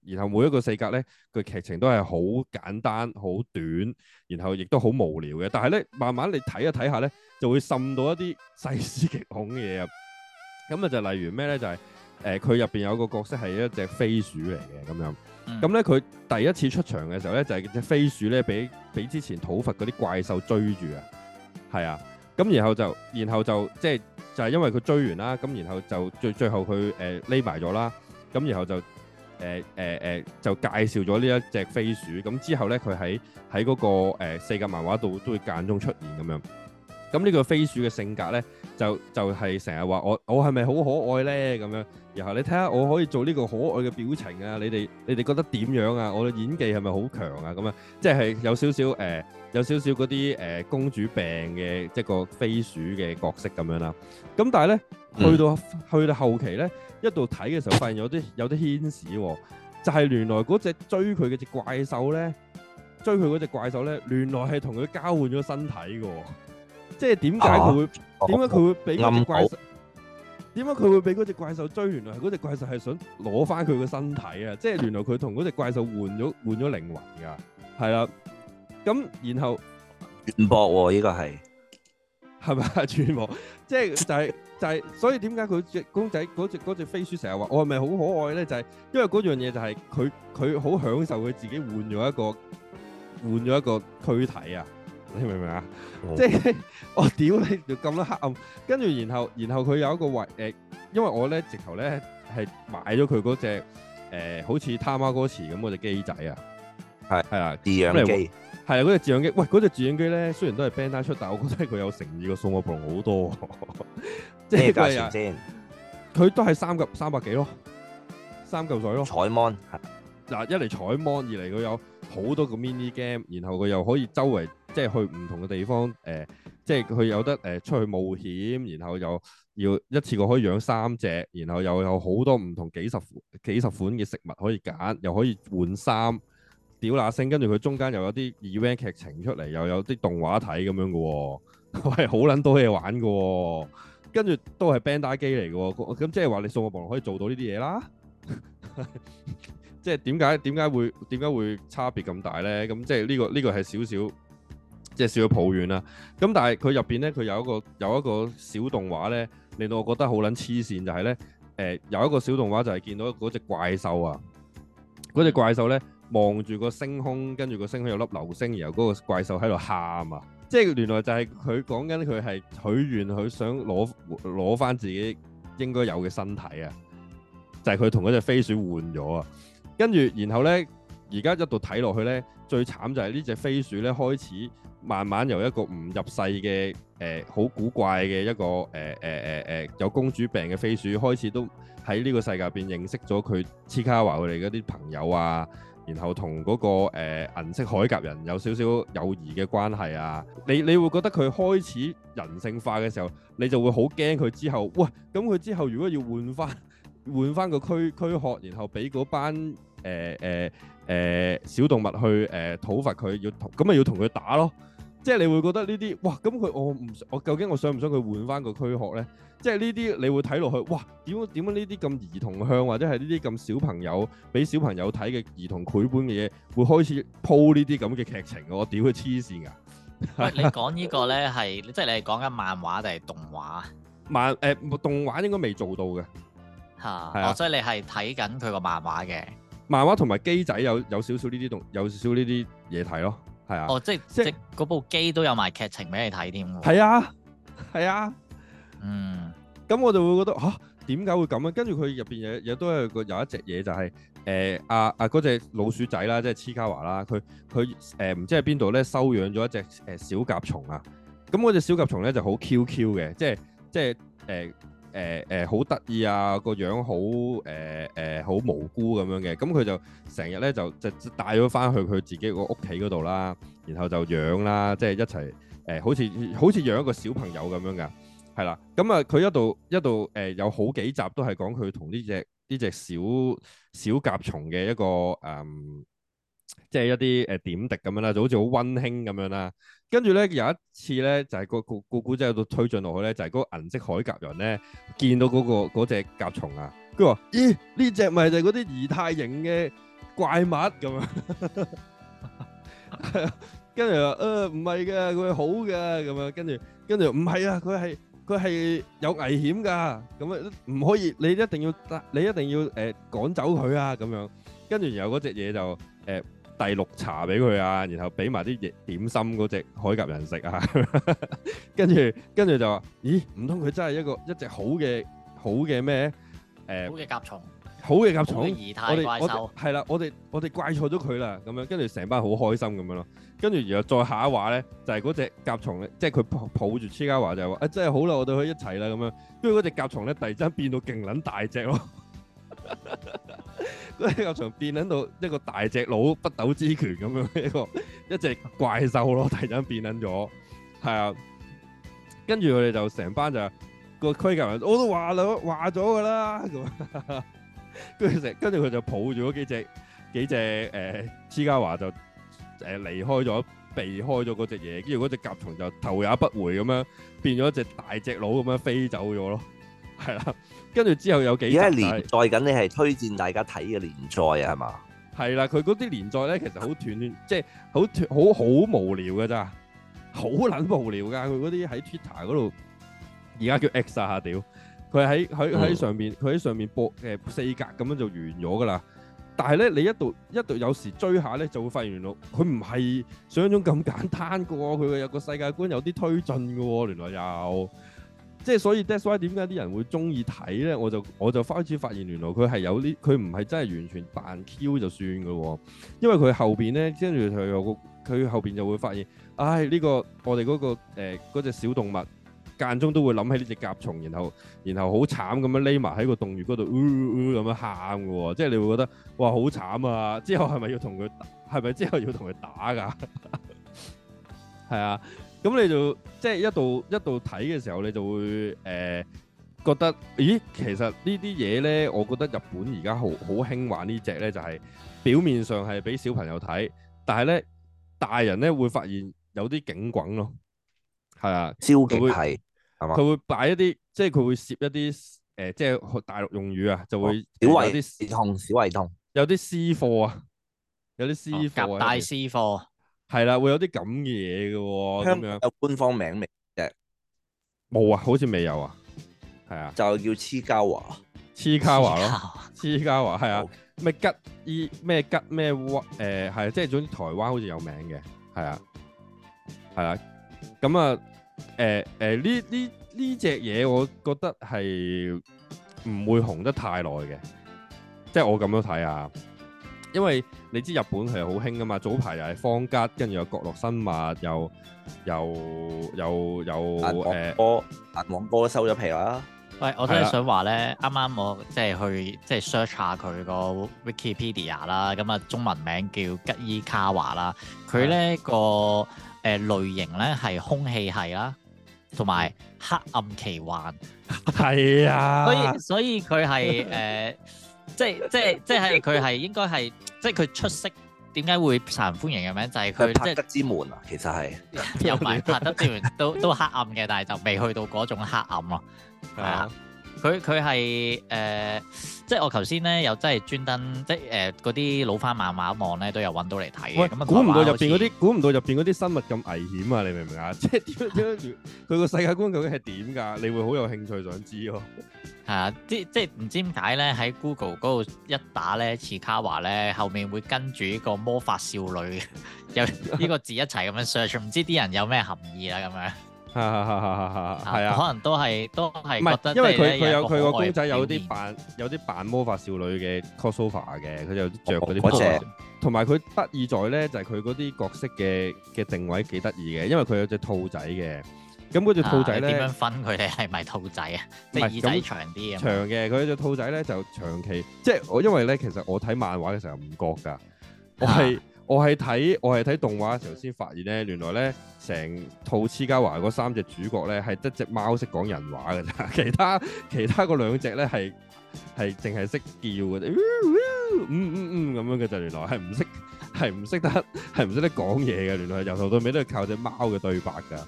然後每一個四格咧，佢劇情都係好簡單、好短，然後亦都好無聊嘅。但係咧，慢慢你睇一睇下咧，就會滲到一啲細思極恐嘅嘢啊。咁、嗯、啊就例如咩咧，就係誒佢入邊有個角色係一隻飛鼠嚟嘅，咁樣。咁咧佢第一次出場嘅時候咧，就係、是、隻飛鼠咧，俾俾之前討伐嗰啲怪獸追住啊。係啊，咁然後就然後就即係就係因為佢追完啦，咁然後就最最後佢誒匿埋咗啦，咁然後就。誒誒誒，就介紹咗呢一隻飛鼠，咁之後咧，佢喺喺嗰個誒四格漫畫度都會間中出現咁樣。咁呢個飛鼠嘅性格咧，就就係成日話我我係咪好可愛咧咁樣？然後你睇下我可以做呢個可愛嘅表情啊！你哋你哋覺得點樣啊？我嘅演技係咪好強啊？咁樣，即係有少少誒，有少少嗰啲誒公主病嘅即係個飛鼠嘅角色咁樣啦。咁但係咧，去到去到後期咧。一度睇嘅時候發現有啲有啲牽絲，就係、是、原來嗰隻追佢嘅隻怪獸咧，追佢嗰隻怪獸咧，原來係同佢交換咗身體嘅、哦，即係點解佢會點解佢會俾怪點解佢會俾嗰隻怪獸追？原來係嗰隻怪獸係想攞翻佢嘅身體啊！即係原來佢同嗰隻怪獸換咗換咗靈魂噶，係啦。咁然後轉播喎、哦，呢、這個係係咪啊？轉播即係就係、就是。 就係、是，所以點解佢隻公仔嗰隻隻飛鼠成日話我係咪好可愛咧？就係、是、因為嗰樣嘢就係佢佢好享受佢自己換咗一個換咗一個軀體啊！你明唔明啊？即係我屌你，咁多黑暗，跟住然後然後佢有一個位誒、呃，因為我咧直頭咧係買咗佢嗰隻誒，好似他媽哥池咁嗰隻機仔啊，係係是啊，自養機係啊，嗰隻自養機。喂，嗰隻自養機咧，雖然都係 Bandai 出，但我覺得佢有誠意過送個暴龍好多、啊。 呢個先，佢都係三嚿三百幾咯，三嚿水咯。彩 m 嗱一嚟，彩 m 二嚟，佢有好多個 mini game，然後佢又可以周圍即係去唔同嘅地方，誒、呃，即係佢有得誒出去冒險，然後又要一次過可以養三隻，然後又有好多唔同幾十款十款嘅食物可以揀，又可以換衫，屌那聲，跟住佢中間又有啲 event 劇情出嚟，又有啲動畫睇咁樣嘅喎、哦，係好撚多嘢玩嘅喎、哦。跟住都係 band 機嚟嘅、哦，咁即係話你送個望可以做到呢啲嘢啦。即係點解點解會點解會差別咁大咧？咁即係呢個呢、這個係少少，即係少少抱怨啦。咁但係佢入邊咧，佢有一個有一個小動畫咧，令到我覺得好捻黐線，就係、是、咧，誒、呃，有一個小動畫就係見到嗰隻怪獸啊，嗰隻怪獸咧望住個星空，跟住個星空有粒流星，然後嗰個怪獸喺度喊啊！即係原來就係佢講緊佢係許願，佢想攞攞翻自己應該有嘅身體啊！就係佢同嗰隻飛鼠換咗啊！跟住然後咧，而家一度睇落去咧，最慘就係呢隻飛鼠咧，開始慢慢由一個唔入世嘅、誒好古怪嘅一個誒誒誒誒有公主病嘅飛鼠，開始都喺呢個世界入邊認識咗佢 Chiikawa 佢哋嗰啲朋友啊。然後同嗰、那個誒、呃、銀色鎧甲人有少少友誼嘅關係啊，你你會覺得佢開始人性化嘅時候，你就會好驚佢之後，喂，咁佢之後如果要換翻換翻個軀軀殼，然後俾嗰班誒誒誒小動物去誒討、呃、伐佢，要同咁咪要同佢打咯。即係你會覺得呢啲哇，咁佢我唔我究竟我想唔想佢換翻個軀殼咧？即係呢啲你會睇落去哇，點點解呢啲咁兒童向或者係呢啲咁小朋友俾小朋友睇嘅兒童繪本嘅嘢，會開始鋪呢啲咁嘅劇情我屌佢黐線㗎！喂，你講呢個咧係 即係你係講緊漫畫定係動畫？漫誒、呃、動畫應該未做到嘅嚇，啊啊、所以你係睇緊佢個漫畫嘅漫畫同埋機仔有有，有少少呢啲動有少少呢啲嘢睇咯。係啊，哦即即嗰即即部機都有埋劇情俾你睇添喎。係啊，係啊，嗯，咁我就會覺得吓點解會咁啊？跟住佢入邊有有都係個有一隻嘢就係誒阿阿嗰隻老鼠仔啦，即係黐卡華啦，佢佢誒唔知喺邊度咧收養咗一隻誒、呃、小甲蟲啊，咁嗰隻小甲蟲咧就好 Q Q 嘅，即係即係誒。呃誒誒、呃呃、好得意啊，個樣好誒誒好無辜咁樣嘅，咁、嗯、佢就成日咧就就帶咗翻去佢自己個屋企嗰度啦，然後就養啦，即係一齊誒、呃，好似好似養一個小朋友咁樣噶，係、嗯、啦，咁啊佢一度一度誒、呃、有好幾集都係講佢同呢隻呢隻小小甲蟲嘅一個嗯。即係一啲誒點滴咁樣啦，就好似好溫馨咁樣啦。跟住咧，有一次咧，就係個個個古仔喺度推進落去咧，就係嗰個銀色海甲人咧見到嗰個嗰隻甲蟲啊，佢話咦，呢隻咪就係嗰啲擬態型嘅怪物咁樣。跟住話誒，唔係嘅，佢係好嘅咁樣。跟住跟住唔係啊，佢係佢係有危險噶，咁啊唔可以，你一定要你一定要誒趕走佢啊咁樣。跟住然後嗰隻嘢就誒。第六茶俾佢啊，然後俾埋啲嘢點心嗰隻海鴿人食啊，跟住跟住就話：咦，唔通佢真係一個一隻好嘅好嘅咩？誒，好嘅、呃、甲蟲，好嘅甲蟲，我哋我哋係啦，我哋我哋怪錯咗佢啦，咁樣跟住成班好開心咁樣咯。跟住然後再下一話咧，就係、是、嗰隻甲蟲咧，即係佢抱住黐嘉華就係話：啊、就是哎，真係好啦，我哋可以一齊啦咁樣。跟住嗰隻甲蟲咧，突然之間變到勁撚大隻咯。 個甲蟲變緊到一個大隻佬北斗之拳咁樣一個一隻怪獸咯，突然間變緊咗，係啊，跟住佢哋就成班就個盔甲人，我都話咗話咗噶啦，咁跟住，跟住佢就抱住嗰幾隻幾隻誒、呃、Chiikawa 就誒離開咗避開咗嗰隻嘢，跟住嗰隻甲蟲就頭也不回咁樣變咗隻大隻佬咁樣飛走咗咯，係啦、啊。跟住之後有幾？而家連載緊，你係推薦大家睇嘅連載，連載 啊，係嘛？係啦，佢嗰啲連載咧，其實好斷，即係好好好無聊嘅咋，好撚無聊噶。佢嗰啲喺 Twitter 嗰度，而家叫 X 啊屌。佢喺佢喺上面，佢喺、嗯、上面播嘅四格咁樣就完咗噶啦。但係咧，你一度一度有時追下咧，就會發現原來佢唔係想像中咁簡單嘅喎。佢有個世界觀有啲推進嘅喎，原來又。即係所以 d a t h l 點解啲人會中意睇咧？我就我就開始發現原來佢係有啲佢唔係真係完全扮 Q 就算嘅喎，因為佢後邊咧跟住佢又佢後邊就會發現，唉、哎、呢、呢個我哋嗰、嗰個嗰隻、呃、小動物間中都會諗起呢隻甲蟲，然後然後好慘咁、呃呃呃呃、樣匿埋喺個洞穴嗰度，咁樣喊嘅喎，即係你會覺得哇好慘啊！之後係咪要同佢係咪之後要同佢打㗎？係 啊。咁你就即係、就是、一度一度睇嘅時候，你就會誒、呃、覺得，咦？其實呢啲嘢咧，我覺得日本而家好好興玩呢隻咧，就係、是、表面上係俾小朋友睇，但係咧大人咧會發現有啲警滾咯，係啊，消極係，係嘛會？佢吧會擺一啲，即係佢會攝一啲誒，即、呃、係、就是、大陸用語啊，就會小胃痛、小胃痛，有啲私貨啊，有啲私貨，啊、夾大私貨。係啦，會有啲咁嘅嘢嘅喎，咁樣有官方名未嘅？冇啊，好似未有啊，係啊，就叫黐膠華，黐膠華咯，黐膠華，係啊，咩 Okay. 吉伊咩吉咩屈誒，啊，即、呃、係總之台灣好似有名嘅，係啊，係啊，咁啊，誒誒呢呢呢隻嘢，呃、我覺得係唔會紅得太耐嘅，即、就、係、是、我咁樣睇啊。因為你知日本係好興噶嘛，早排又係方吉，跟住又角落生物，又又又又波，銀網、呃、波收咗皮啦，啊。喂，我真係想話咧，啱啱、啊、我即係去即係 search 下佢個 Wikipedia 啦，咁啊中文名叫吉伊卡華啦，佢咧個誒類型咧係空氣系啦，同埋黑暗奇幻，係啊 所，所以所以佢係誒。呃 即係即係即係佢係應該係 即係佢出色，點解會受人歡迎嘅名就係佢，即係拍得之門啊，其實係有埋拍得之門都都黑暗嘅，但係就未去到嗰種黑暗咯，係啊。 佢佢係誒，即係我頭先咧又真係專登，即係誒嗰啲老番漫畫望咧，都有揾到嚟睇嘅。咁估唔到入邊嗰啲，估唔像到入邊啲生物咁危險啊！你明唔明啊？即係佢個世界觀究竟係點㗎？你會好有興趣想知喎。係啊，即即係唔知點解咧，喺 Google 嗰度一打咧，Chiikawa 咧，後面會跟住呢個魔法少女有呢 個字一齊咁樣 search，唔知啲人有咩含義啦咁樣。係係係係係係係啊！啊可能都係都係唔係，因為佢佢有佢個公仔有啲扮有啲扮魔法少女嘅 cosova 嘅，佢有着嗰啲。嗰隻同埋佢得意在咧就係佢嗰啲角色嘅嘅定位幾得意嘅，因為佢有隻兔仔嘅。咁、嗯、嗰隻兔仔咧點樣分佢哋係咪兔仔 啊？即耳仔長啲啊？長嘅，佢隻兔仔咧就長期，即係我因為咧其實我睇漫畫嘅時候唔覺㗎，我係。啊我係睇我係睇動畫嘅時候先發現咧，原來咧成套黐膠華嗰三隻主角咧，係得隻貓識講人話㗎咋，其他其他嗰兩隻咧，係係淨係識叫嘅，嗯嗯嗯咁樣嘅就原來係唔識係唔識得係唔識得講嘢嘅，原來由頭到尾都係靠隻貓嘅對白㗎。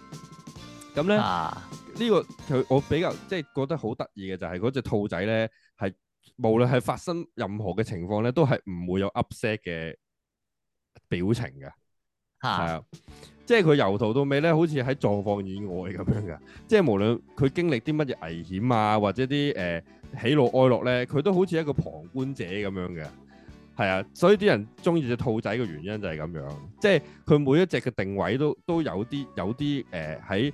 咁咧呢、啊呢個佢我比較即係、就是、覺得好得意嘅就係嗰隻兔仔咧，係無論係發生任何嘅情況咧，都係唔會有 upset 嘅。表情嘅，係啊，即係佢由頭到尾咧，好似喺狀況以外咁樣嘅，即係無論佢經歷啲乜嘢危險啊，或者啲誒、呃、喜怒哀樂咧，佢都好似一個旁觀者咁樣嘅，係啊，所以啲人中意隻兔仔嘅原因就係咁樣，即係佢每一隻嘅定位都都有啲有啲誒喺，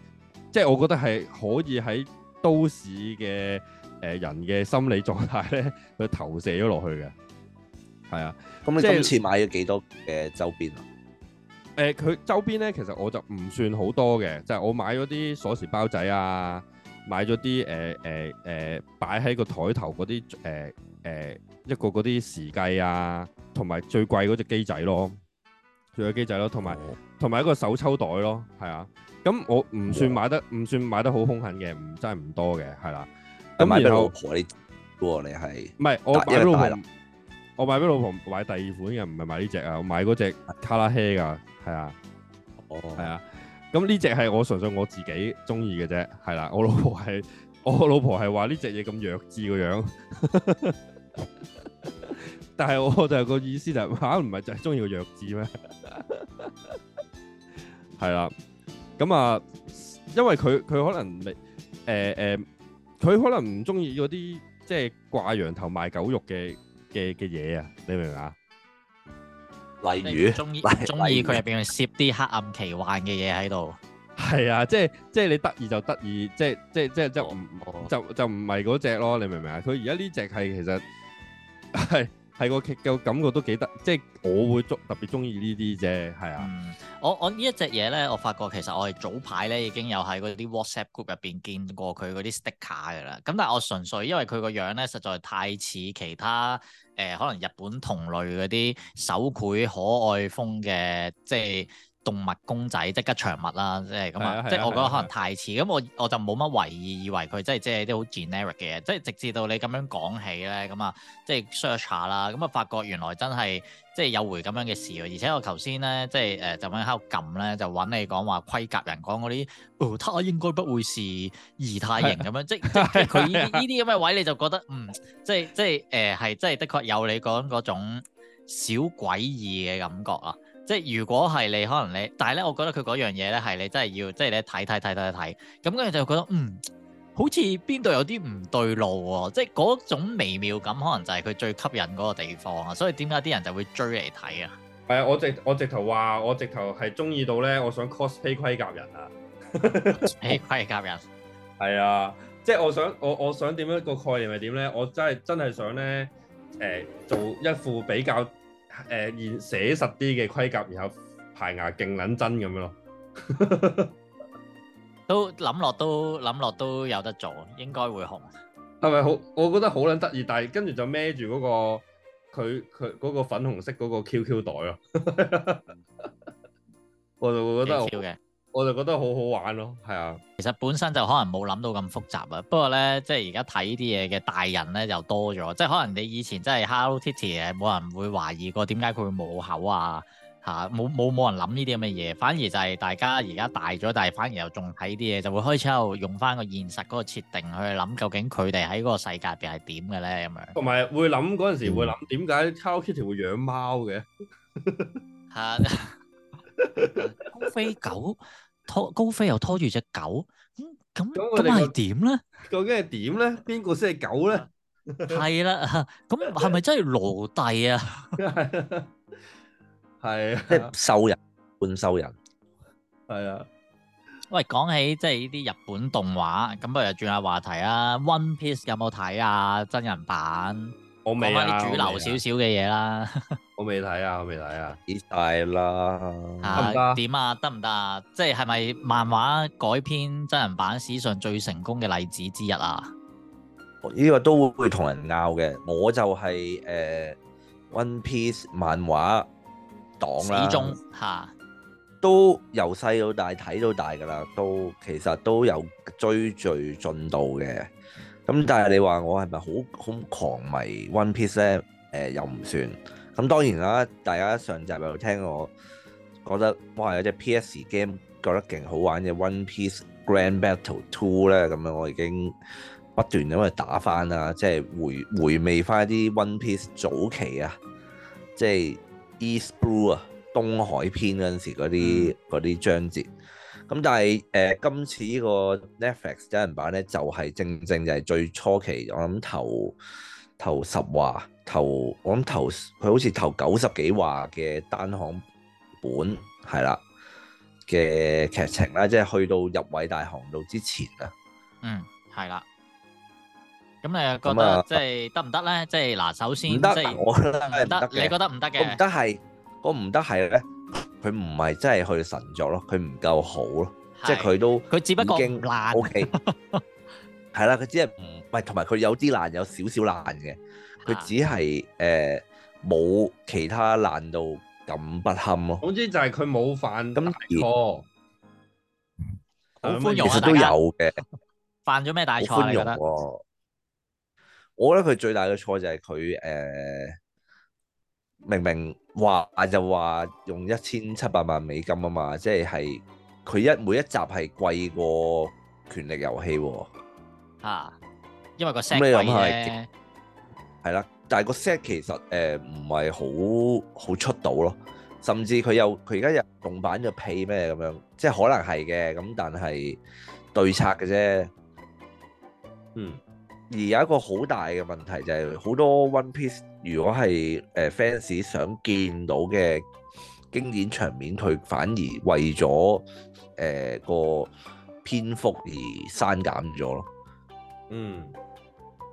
即係我覺得係可以喺都市嘅誒、呃、人嘅心理狀態咧去投射咗落去嘅。係啊，咁你今次買咗幾多嘅周邊啊？誒、呃，佢周邊咧，其實我就唔算好多嘅，就係、是、我買咗啲鎖匙包仔啊，買咗啲誒誒誒擺喺個枱頭嗰啲誒誒一個嗰啲時計啊，同埋最貴嗰隻機仔咯，最貴機仔咯，同埋同埋一個手抽袋咯，係啊，咁我唔算買得唔、哦、算買得好兇狠嘅，唔真係唔多嘅，係啦、啊。咁、嗯、然後我啲喎，你係唔係我我買俾老婆買第二款嘅，唔係買呢隻啊！我買嗰隻卡拉嘿噶，係啊，哦、oh，係啊。咁呢隻係我純粹我自己中意嘅啫，係啦。我老婆係我老婆係話呢隻嘢咁弱智個樣， 但係我就個意思就係，啊唔係就係中意個弱智咩？係啦。咁啊，因為佢佢可能誒誒，佢、呃呃、可能唔中意嗰啲即係掛羊頭賣狗肉嘅。嘅嘅嘢啊，你明唔明啊？例如中意中意佢入邊攝啲黑暗奇幻嘅嘢喺度，係 啊，即係即係你得意就得意，即係即係即係即係、哦，就就唔係嗰隻咯，你明唔明啊？佢而家呢隻係其實係。 係個劇嘅感覺都幾得，即係我會中特別中意呢啲啫，係啊、嗯！我我呢一隻嘢咧，我發覺其實我係早排咧已經有喺嗰啲 WhatsApp group 入邊見過佢嗰啲 sticker 㗎啦。咁但係我純粹因為佢個樣咧實在太似其他誒、呃、可能日本同類嗰啲手繪可愛風嘅，即係。動物公仔即係吉祥物啦，即係咁啊，即係我覺得可能太似咁，我、啊啊啊、我就冇乜懷疑，以為佢即係即係啲好 generic 嘅嘢，即係直至到你咁樣講起咧，咁啊，即係 search 下啦，咁啊，發覺原來真係即係有回咁樣嘅事，而且我頭先咧即係誒就咁喺度撳咧，就揾你講話盔甲人講嗰啲，哦、呃，他應該不會是異態型咁樣，即係佢呢啲咁嘅位你就覺得嗯，即係即係誒係即係的確有你講嗰種小詭異嘅感覺啊。即係如果係你可能你，但係咧，我覺得佢嗰樣嘢咧係你真係要，即係你睇睇睇睇睇，咁跟住就覺得嗯，好似邊度有啲唔對路喎，即係嗰種微妙感，可能就係佢最吸引嗰個地方啊，所以點解啲人就會追嚟睇啊？係啊，我直我直頭話，我直頭係中意到咧， 我想 cosplay 盔甲人啊，盔甲人係啊，即係我想我我想點樣個概念係點咧？我真係真係想咧誒做一副比較。誒，寫、呃、實啲嘅盔甲，然後排牙勁捻真咁樣咯， 都諗落都諗落都有得做，應該會紅。係咪好？我覺得好捻得意，但係跟住就孭住嗰個佢佢、嗰個粉紅色嗰個 QQ 袋咯， 我就會覺得好嘅。我就覺得好好玩咯，係啊，其實本身就可能冇諗到咁複雜啊。不過呢，即係而家睇啲嘢嘅大人呢，就多咗，即係可能你以前真係 Hello Kitty 誒，冇人會懷疑過點解佢會冇口啊嚇，冇冇冇人諗呢啲咁嘅嘢，反而就係大家而家大咗，但係反而又仲睇啲嘢，就會開始有用翻個現實嗰個設定去諗究竟佢哋喺嗰個世界入邊係點嘅呢？咁樣。同埋會諗嗰陣時會諗點解 Hello Kitty 會養貓嘅。係、 啊 高飛狗拖高飛又拖住隻狗咁，咁咁係點咧？究竟係點咧？邊個先係狗咧？係啦，咁係咪真係奴隸啊？係即係獸人，半獸人。係啊，喂，講起即係呢啲日本動畫，咁不如又轉下話題啊！One Piece 有冇睇啊？真人版？我未、講翻啲、啊、主流少少嘅嘢啦， 我未睇啊，我未睇啊，咦，大啦，吓，點啊，得唔得啊？即係係咪漫畫改編真人版史上最成功嘅例子之一啊？呢個都會同人拗嘅，我就係、是、誒、呃、One Piece 漫畫黨啦，始終吓、啊、都由細到大睇到大噶啦，都其實都有追追進度嘅。咁但係你話我係咪好好狂迷 One Piece 咧？誒、呃、又唔算。咁當然啦，大家上集又聽我覺得哇有隻 PS game 覺得勁好玩嘅 One Piece Grand Battle Two 咧，咁、嗯、樣我已經不斷咁去打翻啦，即係回回味翻啲 One Piece 早期啊，即係 East Blue 啊東海篇嗰陣時嗰啲嗰啲章節。咁但係誒、呃，今次呢個 Netflix 真人版咧，就係、是、正正就係最初期，我諗頭頭十話，頭我諗頭佢好似頭九十幾話嘅單行本，係啦嘅劇情啦，即係去到入偉大航道之前啦。嗯，係啦。咁你又覺得即係得唔得咧？即係嗱，首先即係我覺得唔得，你覺得唔得嘅？我唔得係，我唔得係咧。佢唔係真係去神作咯，佢唔夠好咯，的即係佢都佢只不過勁爛 OK，係 啦，佢只係唔唔係同埋佢有啲爛，有少少爛嘅，佢只係誒冇其他爛到咁不堪咯。總之就係佢冇犯咁大過好寬天容、啊。其實都有嘅， 犯咗咩大錯、啊？寬容、啊、我覺得，我覺得佢最大嘅錯就係佢誒。呃明明話就話用一千七百萬美金啊嘛，即係佢一每一集係貴過《權力遊戲》喎。嚇！因為個 set 咁、嗯、你又諗係？係啦呢，但係個 set 其實誒唔係好好出到咯，甚至佢又，佢而家有動版嘅屁咩咁樣，即係可能係嘅，咁但係對策嘅啫。嗯。而有一個好大嘅問題就係好多 One Piece。如果係誒 fans 想見到嘅經典場面，佢反而為咗誒、呃那個篇幅而刪減咗咯。嗯，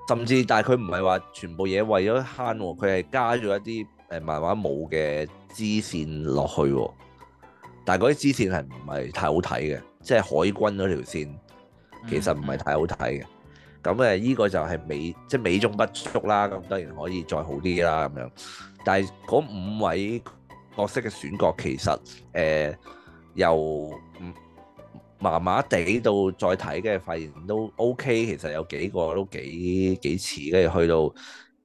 甚至但係佢唔係話全部嘢為咗慳，佢係加咗一啲誒漫畫冇嘅支線落去。但係嗰啲支線係唔係太好睇嘅？即係海軍嗰條線其實唔係太好睇嘅。嗯。咁誒，呢個就係美即係美中不足啦。咁當然可以再好啲啦，咁樣。但係嗰五位角色嘅選角其實誒由唔麻麻地到再睇嘅，發現都 OK。其實有幾個都幾幾似，跟住去到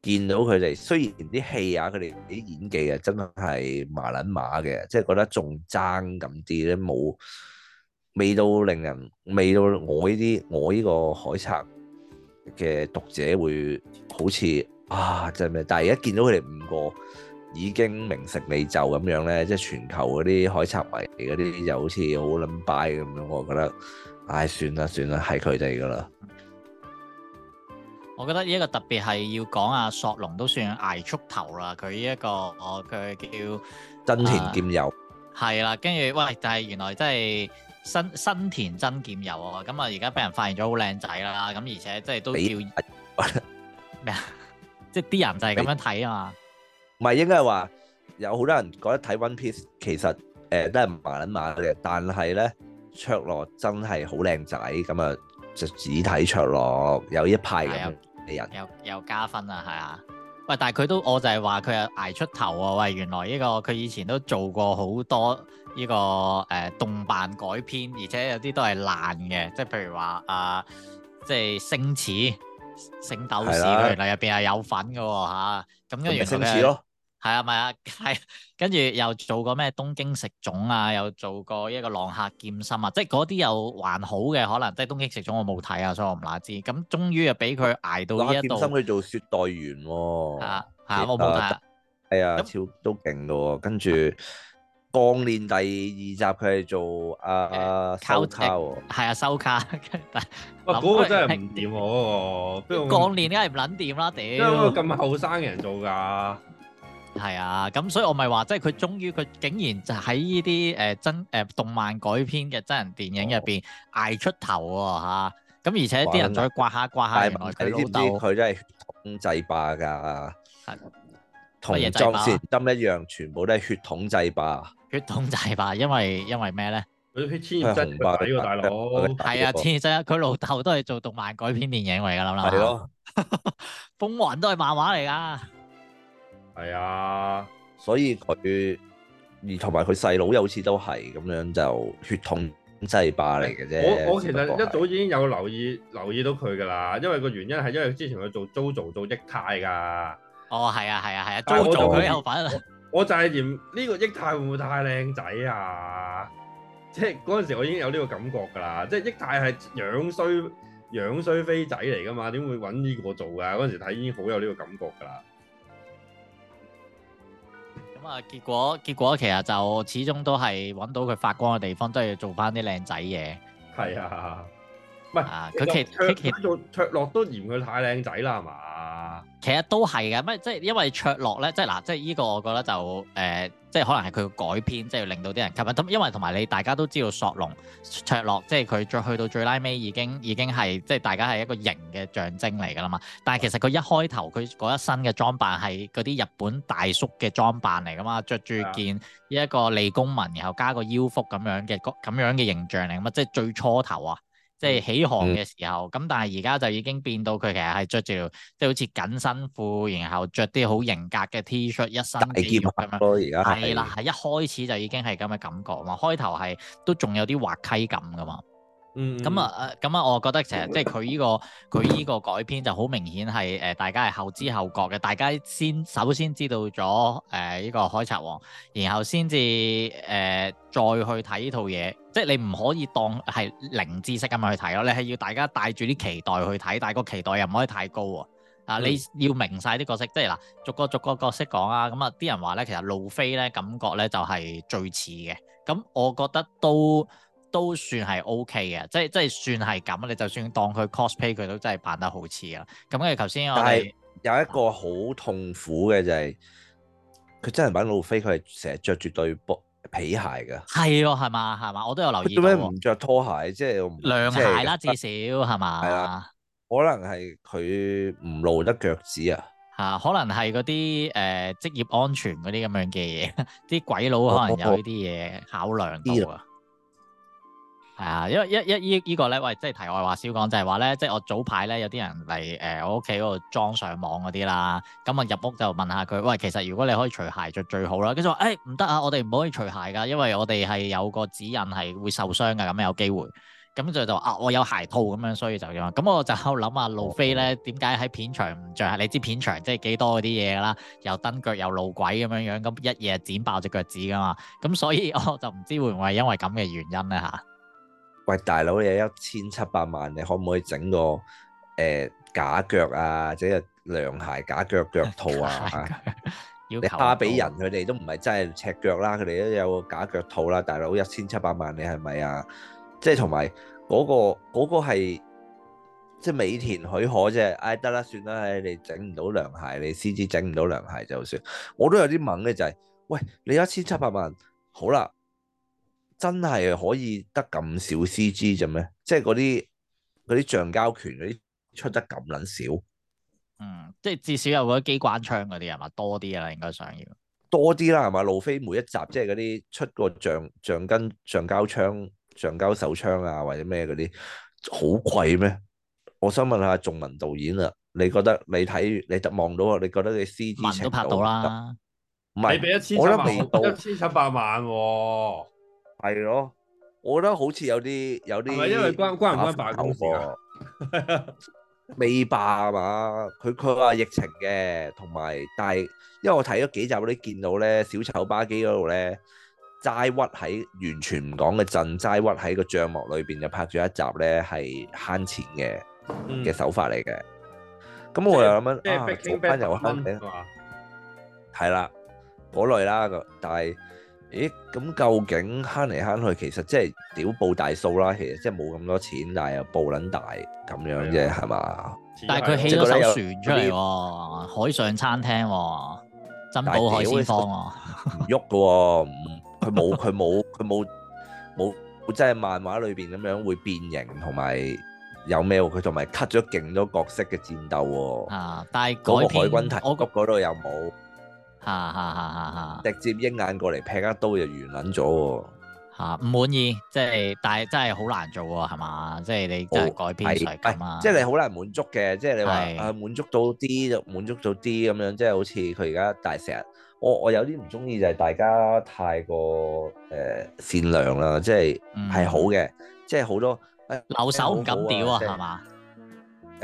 見到佢哋，雖然啲戲啊，佢哋啲演技啊，真係麻撚麻嘅，即係覺得仲爭咁啲咧，冇未到令人未到我呢啲我呢個海賊嘅讀者會好似啊，真係咩？但係而家見到佢哋五個已經名成利就咁樣咧，即係全球嗰啲海插迷嗰啲就好似好撚拜 y 咁樣，我覺得，唉、哎，算啦算啦，係佢哋噶啦。我覺得呢一個特別係要講阿、啊、索隆都算捱出頭啦，佢呢一個佢、哦、叫真、呃、田劍佑，係啦，跟住喂，但係原來真係。新新田真劍佑啊，咁啊而家俾人發現咗好靚仔啦，咁而且即係都要咩啊？即係啲人就係咁樣睇啊嘛。唔係應該係話有好多人覺得睇 One Piece 其實誒、呃、都係唔麻撚麻嘅，但係咧卓羅真係好靚仔，咁啊就只睇卓羅有一派嘅人，嗯、有又加分啊，係啊。喂，但係佢都我就係話佢又捱出頭啊！喂，原來呢、這個佢以前都做過好多。呢、這個誒、呃、動漫改編，而且有啲都係爛嘅，即係譬如話、呃、啊，即係星矢、聖鬥士，原來入邊係有粉嘅喎嚇，咁跟住星矢囉係啊咪啊，係跟住又做過咩東京食種啊，又做過一個浪客劍心啊，即係嗰啲又還好嘅，可能即係東京食種我冇睇啊，所以我唔乸知。咁終於又俾佢捱到呢一度，劍心佢做雪代緣喎嚇嚇，我冇睇、啊、係、哎、啊超都勁嘅喎，跟住。《鋼煉》第二集佢係做啊啊收卡喎，係啊收卡。哇，嗰個真係唔掂喎，嗰個《鋼煉》梗係唔撚掂啦屌！咁後生嘅人做㗎，係啊，咁所以我咪話，即係佢終於佢竟然就喺呢啲誒真誒動漫改編嘅真人電影入邊捱出頭喎嚇，咁而且啲人再刮下刮下佢老豆，佢真係血統制霸㗎，同莊善金一樣，全部都係血統制霸。血統制霸，因為因為咩咧？佢啲千葉真係紅霸呢個、啊、大佬，係啊，千葉真佢老豆都係做動漫改編電影嚟噶，諗諗係咯， 風雲都係漫畫嚟㗎，係啊，所以佢而同埋佢細佬有好似都係咁樣就血統制霸嚟嘅啫。我我其實一早已經有留意留意到佢㗎啦，因為個原因係因為之前佢做 JoJo 做，做益億泰㗎。哦，係啊，係啊，係啊，JoJo 佢有份我。 我就係嫌呢個益太會唔會太靚仔啊？即係嗰陣時我已經有呢個感覺㗎啦，即係益太係樣衰樣衰飛仔嚟㗎嘛，點會揾呢個做㗎？嗰陣時睇已經好有呢個感覺㗎啦。咁啊、嗯，結果結果其實就始終都係揾到佢發光嘅地方，都係做翻啲靚仔嘢。係啊。啊！佢其佢其實做卓洛都嫌佢太靚仔啦，係嘛？其，其實都係嘅，乜即係因為卓洛咧，即係嗱，即係依個我覺得就誒、呃，即係可能係佢改編，即係令到啲人吸引。咁因為同埋你大家都知道，索隆卓洛即係佢再去到最拉尾已經已經係即係大家係一個型嘅象徵嚟㗎啦嘛。但係其實佢一開頭佢嗰一身嘅裝扮係嗰啲日本大叔嘅裝扮嚟㗎嘛，着住件依一個利公文，然後加個腰腹咁樣嘅咁樣嘅形象嚟㗎嘛，即係最初頭啊！即係起航嘅時候，咁、嗯、但係而家就已經變到佢其實係着住即係好似緊身褲，然後着啲好型格嘅 T 恤，一身肌肉咁樣。而家係啦，係一開始就已經係咁嘅感覺嘛。開頭係都仲有啲滑稽感噶嘛，嗯嗯。嗯，咁啊，咁啊，我覺得其實即係佢呢個佢呢個改編就好明顯係誒、呃，大家係後知後覺嘅，大家先首先知道咗誒呢個《海賊王》，然後先至誒再去睇呢套嘢。即係你唔可以當係零知識咁去睇咯，你係要大家帶住啲期待去睇，但係個期待又唔可以太高喎。嗯、啊，你要明晒啲角色，即係嗱，逐個逐個角色講啊。咁啊，啲人話咧，其實路飛咧感覺咧就係最似嘅。咁我覺得都都算係 OK 嘅，即係即係算係咁。你就算當佢 cosplay 佢都真係扮得好似啊。咁跟住頭先我係有一個好痛苦嘅就係、是、佢、嗯、真係玩路飛，佢係成日着住對波。皮鞋噶，係哦，係嘛，係嘛，我都有留意。做咩唔着拖鞋？即係涼鞋啦，至少係嘛。係啊，可能係佢唔露得腳趾啊。嚇，可能係嗰啲誒職業安全嗰啲咁樣嘅嘢，啲鬼佬可能有呢啲嘢考量到啊。係啊，因為一一呢呢、這個咧，喂，即係題外話少講，就係話咧，即係我早排咧有啲人嚟誒我屋企嗰度裝上網嗰啲啦。咁我入屋就問下佢，喂，其實如果你可以除鞋着最好啦。跟住話誒唔得啊，我哋唔可以除鞋㗎，因為我哋係有個指引係會受傷㗎，咁有機會。咁就就啊，我有鞋套咁樣，所以就咁我就諗下路飛咧，點解喺片場唔著？你知片場即係幾多嗰啲嘢啦，又蹬腳又路軌咁樣樣，咁一夜剪爆隻腳趾㗎嘛。咁所以我就唔知會唔會係因為咁嘅原因咧，嚇。啊喂，大佬你有一千七百萬，你可唔可以整個誒、呃、假腳啊？或者涼鞋假腳腳套啊？ 要你蝦畀人佢哋都唔係真係赤腳啦，佢哋都有個假腳套啦。大佬一千七百萬，你係咪啊？即係同埋嗰個嗰、嗰個係即係美田許可即啫。唉得啦算啦，你整唔到涼鞋，你獅子整唔到涼鞋就算。我都有啲猛咧，就係、是、喂你一千七百萬，好啦。真係可以得咁少 CG 啫咩？即係嗰啲啲橡膠拳嗰啲出得咁撚少？嗯，即係至少有嗰啲機關槍嗰啲係嘛，多啲啦，應該想要多啲啦，係嘛？路飛每一集即係嗰啲出個橡橡筋、橡膠槍、橡膠手槍啊，或者咩嗰啲好貴咩？我想問下仲文導演啦，你覺得你睇你望到啊？你覺得你 CG 都拍到啦，唔係，你俾一千七我諗未到一千七百萬。係咯，我覺得好似有啲有啲，係因為關關唔關罷工嘅事啊？未罷啊嘛？佢佢話疫情嘅，同埋但係，因為我睇咗幾集嗰啲，見到咧小丑巴基嗰度咧齋屈喺完全唔講嘅陣，齋屈喺個帳幕裏邊就拍咗一集咧係慳錢嘅嘅手法嚟嘅。咁我又諗緊，做翻又慳啲。係啦，啊，嗰類啦，但係。咦，咁究竟慳嚟慳去，其實即係屌爆大數啦，其實即係冇咁多錢，但又爆撚大咁樣啫，係嘛？但係佢起咗艘船出嚟喎，嗯、海上餐廳喎、哦，珍寶海鮮坊喎，唔喐嘅喎，佢冇佢冇佢冇冇即係漫畫裏邊咁樣會變形同埋有咩佢同埋 cut 咗勁多角色嘅戰鬥喎、哦。啊，但係改編我覺得嗰度又冇。吓吓吓吓吓！啊啊啊、直接鷹眼過嚟劈一刀就完撚咗喎。吓唔滿意，即、就、係、是、但係真係好難做喎，係嘛？即係、哦哎就是、你改變唔嘛？即、就、係、是、你好難滿足嘅，即係你話啊滿足到啲就滿足到啲咁樣，即、就、係、是、好似佢而家大成日，我我有啲唔中意就係大家太過誒、呃、善良啦，即係係好嘅，嗯、即係好多、哎、留守唔敢屌啊，係嘛、啊？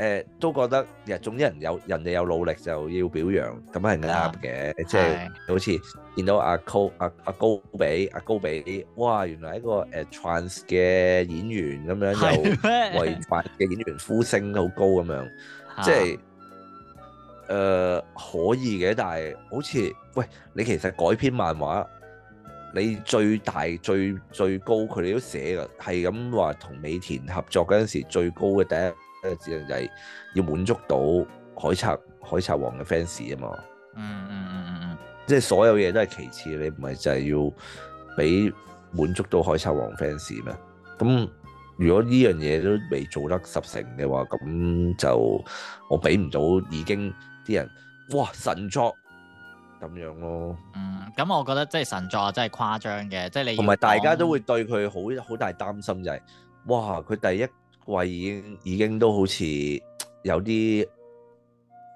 誒、呃、都覺得，其實總之人有人哋有努力就要表揚，咁係啱嘅，即係好似見到阿高阿阿高比阿、啊、高比，哇！原來係一個誒、啊、trans 嘅演員咁樣，又為白嘅演員 呼聲好高咁樣，即係誒、呃、可以嘅，但係好似喂你其實改編漫畫，你最大最最高佢哋都寫噶，係咁話同尾田合作嗰陣時最高嘅第一。只能就係要滿足到海賊海賊王嘅 fans 啊嘛，嗯嗯嗯嗯嗯，即係所有嘢都係其次，你唔係就係要俾滿足到海賊王 fans 咩？咁如果呢樣嘢都未做得十成嘅話，咁就我俾唔到已經啲人哇神作咁樣咯、mm, 嗯。嗯，咁、嗯、我覺得即係神作真係誇張嘅，即係你同埋大家都會對佢好好大擔心就係、是，哇佢第一。位已經已經都好似有啲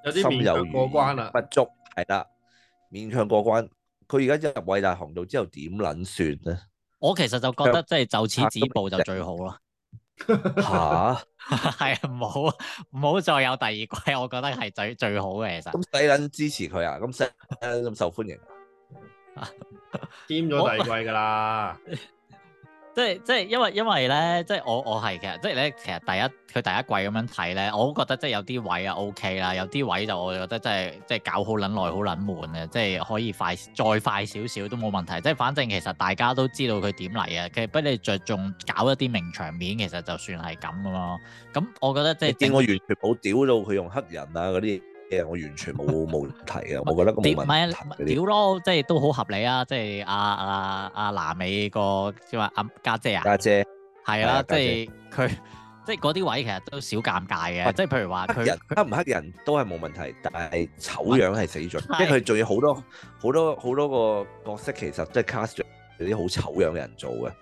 有啲勉強過關啦，不足係啦，勉強過關。佢而家入偉大航道之後點撚算咧？我其實就覺得即係就此止步就最好啦。嚇、啊，係唔 好唔好再有第二季，我覺得係最最好嘅。其實咁使撚支持佢啊？咁使咁受歡迎啊？兼咗 第二季噶啦～即係即係，因為因為咧，即係我我係嘅。即係咧，其實第一佢第一季咁樣睇咧，我都覺得即係有啲位啊 OK 啦，有啲位就我覺得真係即係搞好撚耐，好撚悶啊！即係可以快再快少少都冇問題。即係反正其實大家都知道佢點嚟啊，佢不你着重搞一啲名場面，其實就算係咁咯。咁我覺得即係我完全冇屌到佢用黑人啊嗰啲。嘢我完全冇冇問題啊！我覺得咁冇問題。屌咯、啊，即係都好合理啊！即係阿阿阿南美個即係阿家姐啊。家姐係啊。即係佢即係嗰啲位其實都少尷尬嘅。即係譬如話，佢黑唔黑，黑人都係冇問題，但係醜樣係死盡。因為佢仲有好多好多好多個角色，其實都係 cast 咗啲好醜樣嘅人做嘅，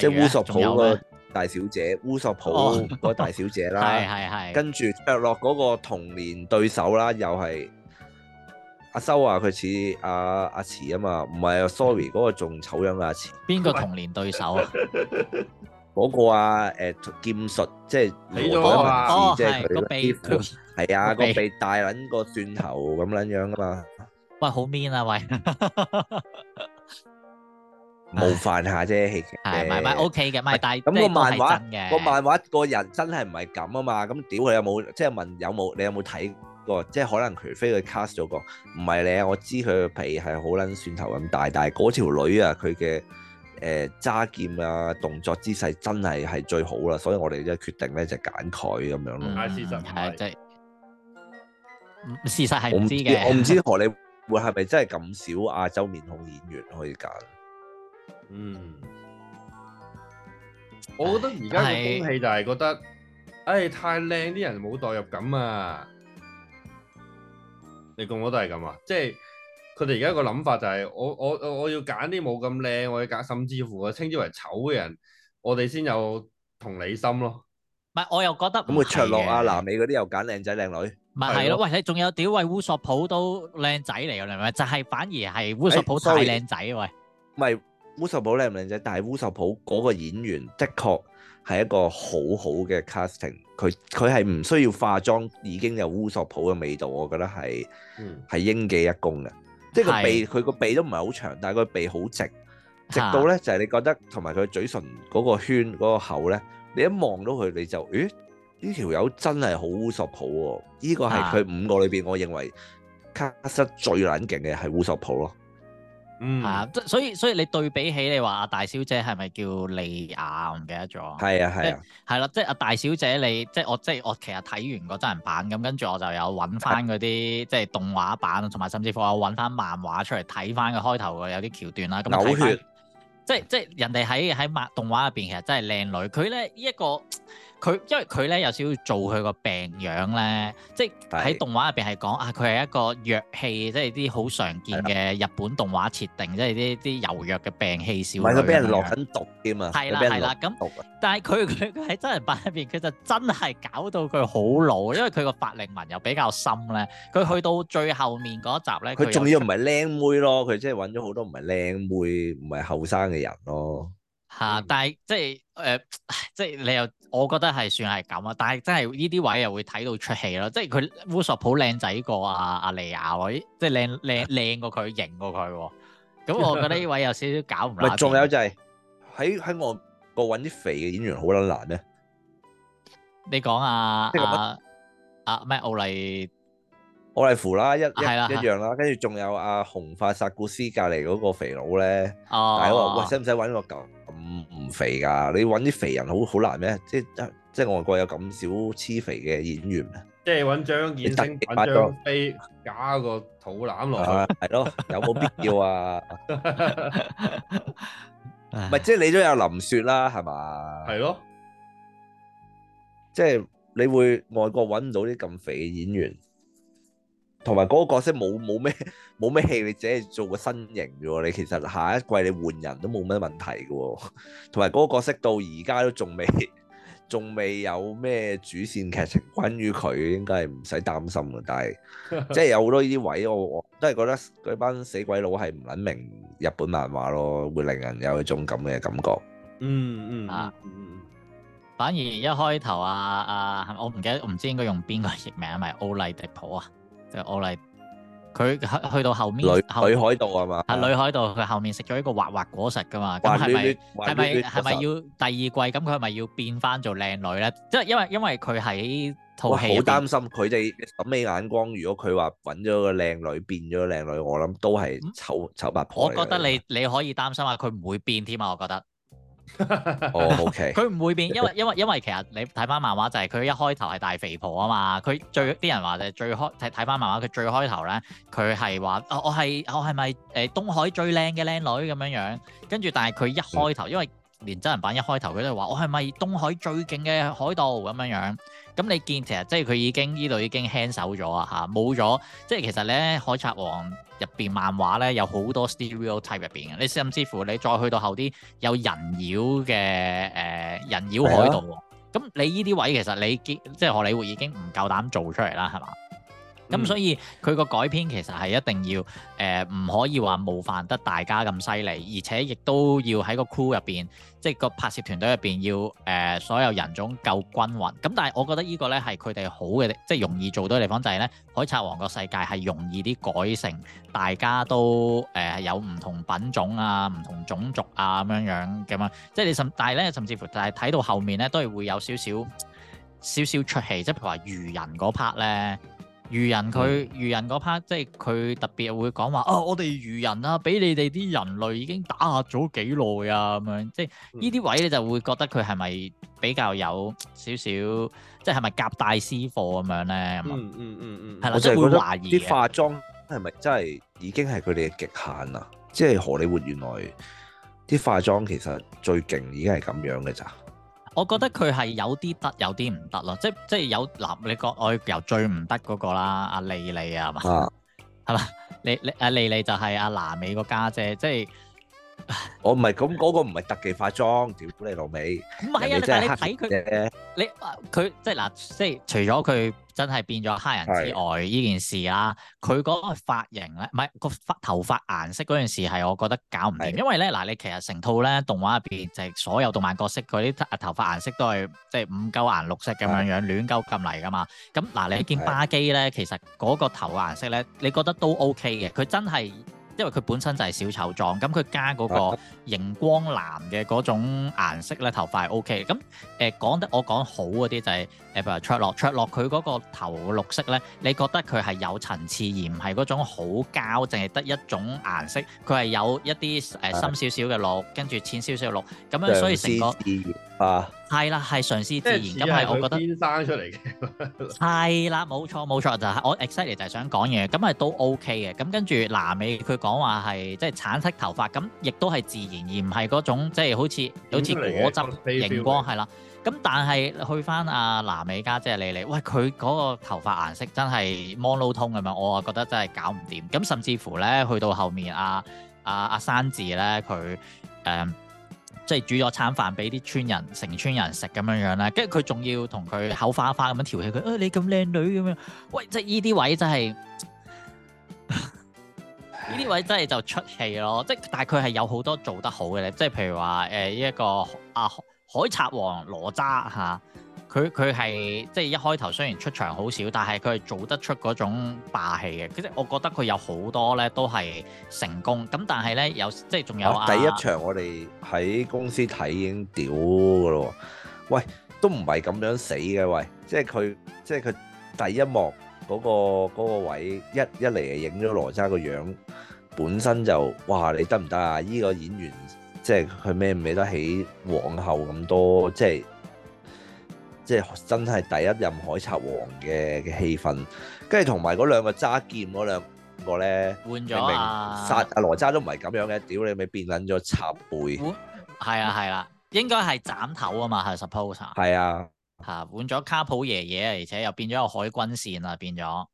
即係烏索普嗰。大小姐烏索普嗰個大小姐啦，係係係，跟住赤落嗰個童年對手啦，又係阿修話佢似阿阿馳啊嘛，唔係啊，sorry 嗰個仲醜樣嘅阿馳。邊個童年對手啊？嗰個啊，誒劍術即係冇咗文字，即係佢，係啊個鼻大撚個蒜頭咁撚樣噶嘛。喂，好 mean 啊喂！冒犯下啫，係咪 OK 嘅？咪但係咁個漫畫個漫畫個人真係唔係咁啊嘛！咁屌佢有冇？即係問有冇？你有冇睇過？即係可能除非佢 cast 咗個唔係你啊！我知佢嘅皮係好撚蒜頭咁大，但係嗰條女、呃、啊，佢嘅誒揸劍啊動作姿勢真係係最好啦，所以我哋就決定咧就揀佢咁樣咯。係、嗯嗯、事實，係即係事實係知嘅。 我唔知荷里活係咪真係咁少亞洲面孔演員可以揀。嗯，我覺得而家嘅風氣就係覺得，誒太靚啲人冇代入感啊！你覺唔覺得係咁啊？即係佢哋而家個諗法就係，我我我我要揀啲冇咁靚，我要揀甚至乎我稱之為醜嘅人，我哋先有同理心咯。唔係，我又覺得咁佢卓洛啊、娜美嗰啲又揀靚仔靚女，咪係咯？喂，你仲有屌喂烏索普都靚仔嚟㗎，你明唔明？就係反而係烏索普都係靚仔喂，唔係。烏索普靚唔靚仔，但係烏索普嗰個演員的確係一個好好嘅 casting，佢佢係唔需要化妝已經有烏索普嘅味道，我覺得係係應記一功嘅。即係個鼻，佢個是鼻都唔係好長，但係個鼻好直，直到咧、啊、就係你覺得同埋佢嘴唇嗰個圈嗰、那個口咧，你一望到佢你就誒呢條友真係好烏索普喎、哦！依、這個係佢五個裏邊，我認為 casting 最冷勁嘅係烏索普咯、哦。啊.嗯，係啊，即所以所以你對比起你話啊大小姐係咪叫莉亞？我唔記得咗。係啊係啊，係啦、啊，即係啊大小姐你，即係我即係我其實睇完個真人版咁，跟住我就有揾翻嗰啲即係動畫版，同埋甚至乎有揾翻漫畫出嚟睇翻個開頭嘅有啲橋段啦。咁有血。即係即係人哋喺喺漫動畫入邊其實真係靚女，佢咧呢一個。佢因為佢咧有少少做佢個病樣咧，即係喺動畫入邊係講啊。佢係一個藥器，即係啲好常見嘅日本動畫設定，即係啲啲柔弱嘅病器少。咪佢俾人落緊毒添啊！係啦係啦，咁但係佢佢佢喺真人版入邊，佢就真係搞到佢好老，因為佢個法令紋又比較深咧。佢去到最後面嗰一集咧，佢仲要唔係靚妹咯？佢即係揾咗好多唔係靚妹、唔係後生嘅人咯。嚇！但係即係誒，即係你又。我覺得係算係咁啊，但係真係呢啲位又會睇到出戲咯，即係佢烏索普靚仔過阿阿莉亞喎，即係靚靚靚過佢型過佢喎，咁我覺得呢位有少少搞唔甩。仲有就係喺喺我個揾啲肥嘅演員好撚難咧。你講啊啊啊咩奧莉？我哋扶啦，一一一樣啦，跟住仲有阿紅髮薩古斯隔離嗰個肥佬咧。哦，大佬話，哇，使唔使揾個咁唔肥噶？你揾啲肥人好好難咩？即即即外國有咁少黐肥嘅演員咧？即揾張燕青揾張飛，加個肚腩落去。係咯，有冇必要啊？唔係，即你都有林雪啦，係嘛？係咯，即你會外國揾唔到啲咁肥嘅演員。同埋嗰個角色冇冇咩冇咩戲，你自己做個身形啫喎！你其實下一季你換人都冇咩問題嘅喎。同埋嗰個角色到而家都仲未仲未有咩主線劇情關於佢，應該係唔使擔心嘅。但係即係有好多呢啲位，我我都係覺得嗰班死鬼佬係唔撚明日本漫畫咯，會令人有一種咁嘅感覺。嗯嗯嗯、啊、反而一開頭啊啊，我唔記得，我唔知應該用邊個譯名係咪奧麗迪普啊？就我嚟，佢去到後面，女女海盜係嘛？啊，女海盜佢後面食咗一個滑滑果實噶嘛？咁係咪係咪係咪要第二季？咁佢係咪要變翻做靚女咧？即係因為因為佢喺套戲，我好擔心佢哋審美眼光。如果佢話揾咗個靚女變咗靚女，我諗都係醜醜八婆。我覺得你你可以擔心下，佢唔會變添啊！我覺得。哦、 oh，OK。佢唔會變，因為因為因為其實你睇翻漫畫就係、是、佢一開頭係大肥婆啊嘛。佢最啲人話咧，最開睇睇翻漫畫，佢最開頭咧，佢係話：我我係我係咪誒東海最靚嘅靚女咁樣樣？跟住但係佢一開頭，嗯、因為連真人版一開頭，佢都話我係咪東海最勁嘅海盜咁樣樣。咁你見其實即係佢已經呢度已經輕手咗啊嚇，冇咗即係其實咧《海賊王》入邊漫畫咧有好多 stereotype 入邊嘅，你甚至乎你再去到後啲有人妖嘅誒、呃、人妖海盜喎，咁的你呢啲位其實你見即係荷里活已經唔夠膽做出嚟啦，係嘛？咁所以佢個改編其實，係一定要誒，唔可以話冒犯得大家咁犀利，而且亦都要喺個 crew 入邊，即係個拍攝團隊入邊要誒所有人種夠均勻。咁但係我覺得依個咧係佢哋好嘅，即係容易做到嘅地方就係咧《海賊王》個世界係容易啲改成大家都誒有唔同品種啊、唔同種族啊咁樣樣，咁樣，即係，你甚但係咧甚至乎但係睇到後面咧都係會有少少少少出戲，即係譬如話魚人嗰 part 咧。愚人佢、嗯、愚人嗰 part，即係佢特別會講話啊！我哋愚人啊，俾你哋啲人類已經打壓咗幾耐啊！咁、就、樣、是，即係呢啲位你就會覺得佢係咪比較有少少，即係係咪夾帶私貨咁樣咧？咁嗯嗯嗯嗯，係、嗯、啦，即、嗯、係吧會懷疑啲化妝係咪真係已經係佢哋嘅極限啊？即、就、係、是、荷里活原來啲化妝其實最勁已經係咁樣嘅咋。我覺得佢係有啲得，有啲唔得咯，即係即有嗱、啊，你覺得我由最唔得嗰個啦，阿、啊、莉莉係嘛啊嘛，係嘛，你你阿、啊、莉莉就係阿、啊、娜美個家姐，姐，即係。 我唔係咁，嗰、那個唔係特技化妝，屌你老味。唔係啊，但係你睇佢，你佢即係嗱即係、啊、除咗佢真係變咗黑人之外，呢是件事啦，佢嗰個髮型咧，唔係個髮頭髮顏色嗰件事係，我覺得搞唔掂，是因為咧嗱、啊，你其實成套咧動畫入邊就係所有動漫角色佢啲啊頭髮顏色都係即係五勾顏綠色咁是樣樣亂鳩咁嚟噶嘛。咁嗱、啊，你見巴基咧，其實嗰個頭嘅顏色咧，你覺得都 OK 嘅，佢真係。因為佢本身就係小丑狀，咁佢加嗰個熒光藍嘅嗰種顏色咧頭髮係 O K，咁誒講得我講好嗰啲就係誒，譬如卓洛卓洛，佢嗰個頭綠色咧，你覺得佢係有層次而唔係嗰種好膠，淨係得一種顏色，佢係有一啲誒深少少嘅綠，是跟住淺少少嘅綠，咁樣所以成個思思啊。係啦，係順其自然咁係， 我覺得天生出嚟嘅，係啦，冇錯冇錯就係我 exciting 就係想講嘢，咁咪都 OK 嘅。咁跟住娜美佢講話係即係橙色頭髮，咁亦都係自然，而唔係嗰種即係、就是、好似好似果汁熒光係啦。咁但係去翻阿娜美家姐，姐，你嚟，喂佢嗰個頭髮顏色真係 monoton 咁樣，我啊覺得真係搞唔掂。咁甚至乎咧去到後面阿阿阿山治咧，佢誒。嗯即係煮咗餐飯俾啲村人，成村人食咁樣樣啦，跟住佢仲要同佢口花花咁樣調戲佢，啊你咁靚女咁樣，喂即係呢啲位真係呢啲位真係就出戲咯，即係大概佢係有好多做得好嘅咧，即係譬如話誒呢一個啊海，海賊王羅渣嚇。佢佢係即係一開頭雖然出場好少，但係佢係做得出嗰種霸氣嘅。其實我覺得佢有好多咧都係成功。咁但係咧有即係仲有、啊啊、第一場我哋喺公司睇已經屌㗎咯。喂，都唔係咁樣死嘅。喂，即係佢即係佢第一幕嗰、嗰個嗰個位一一嚟就影咗羅莎個樣，本身就哇你得唔得啊？依、呢個演員即係佢孭唔孭得起皇后咁多即係。即係真係第一任海賊王嘅嘅氣氛，跟住同埋嗰兩個揸劍嗰兩個咧，換咗、啊、明明殺阿羅渣都唔係咁樣嘅，屌你咪變撚咗插背，係啊係啦、啊，應該係斬頭嘛啊嘛係 suppose 係啊嚇換咗卡普爺爺啊，而且又變咗個海軍線變啊變咗，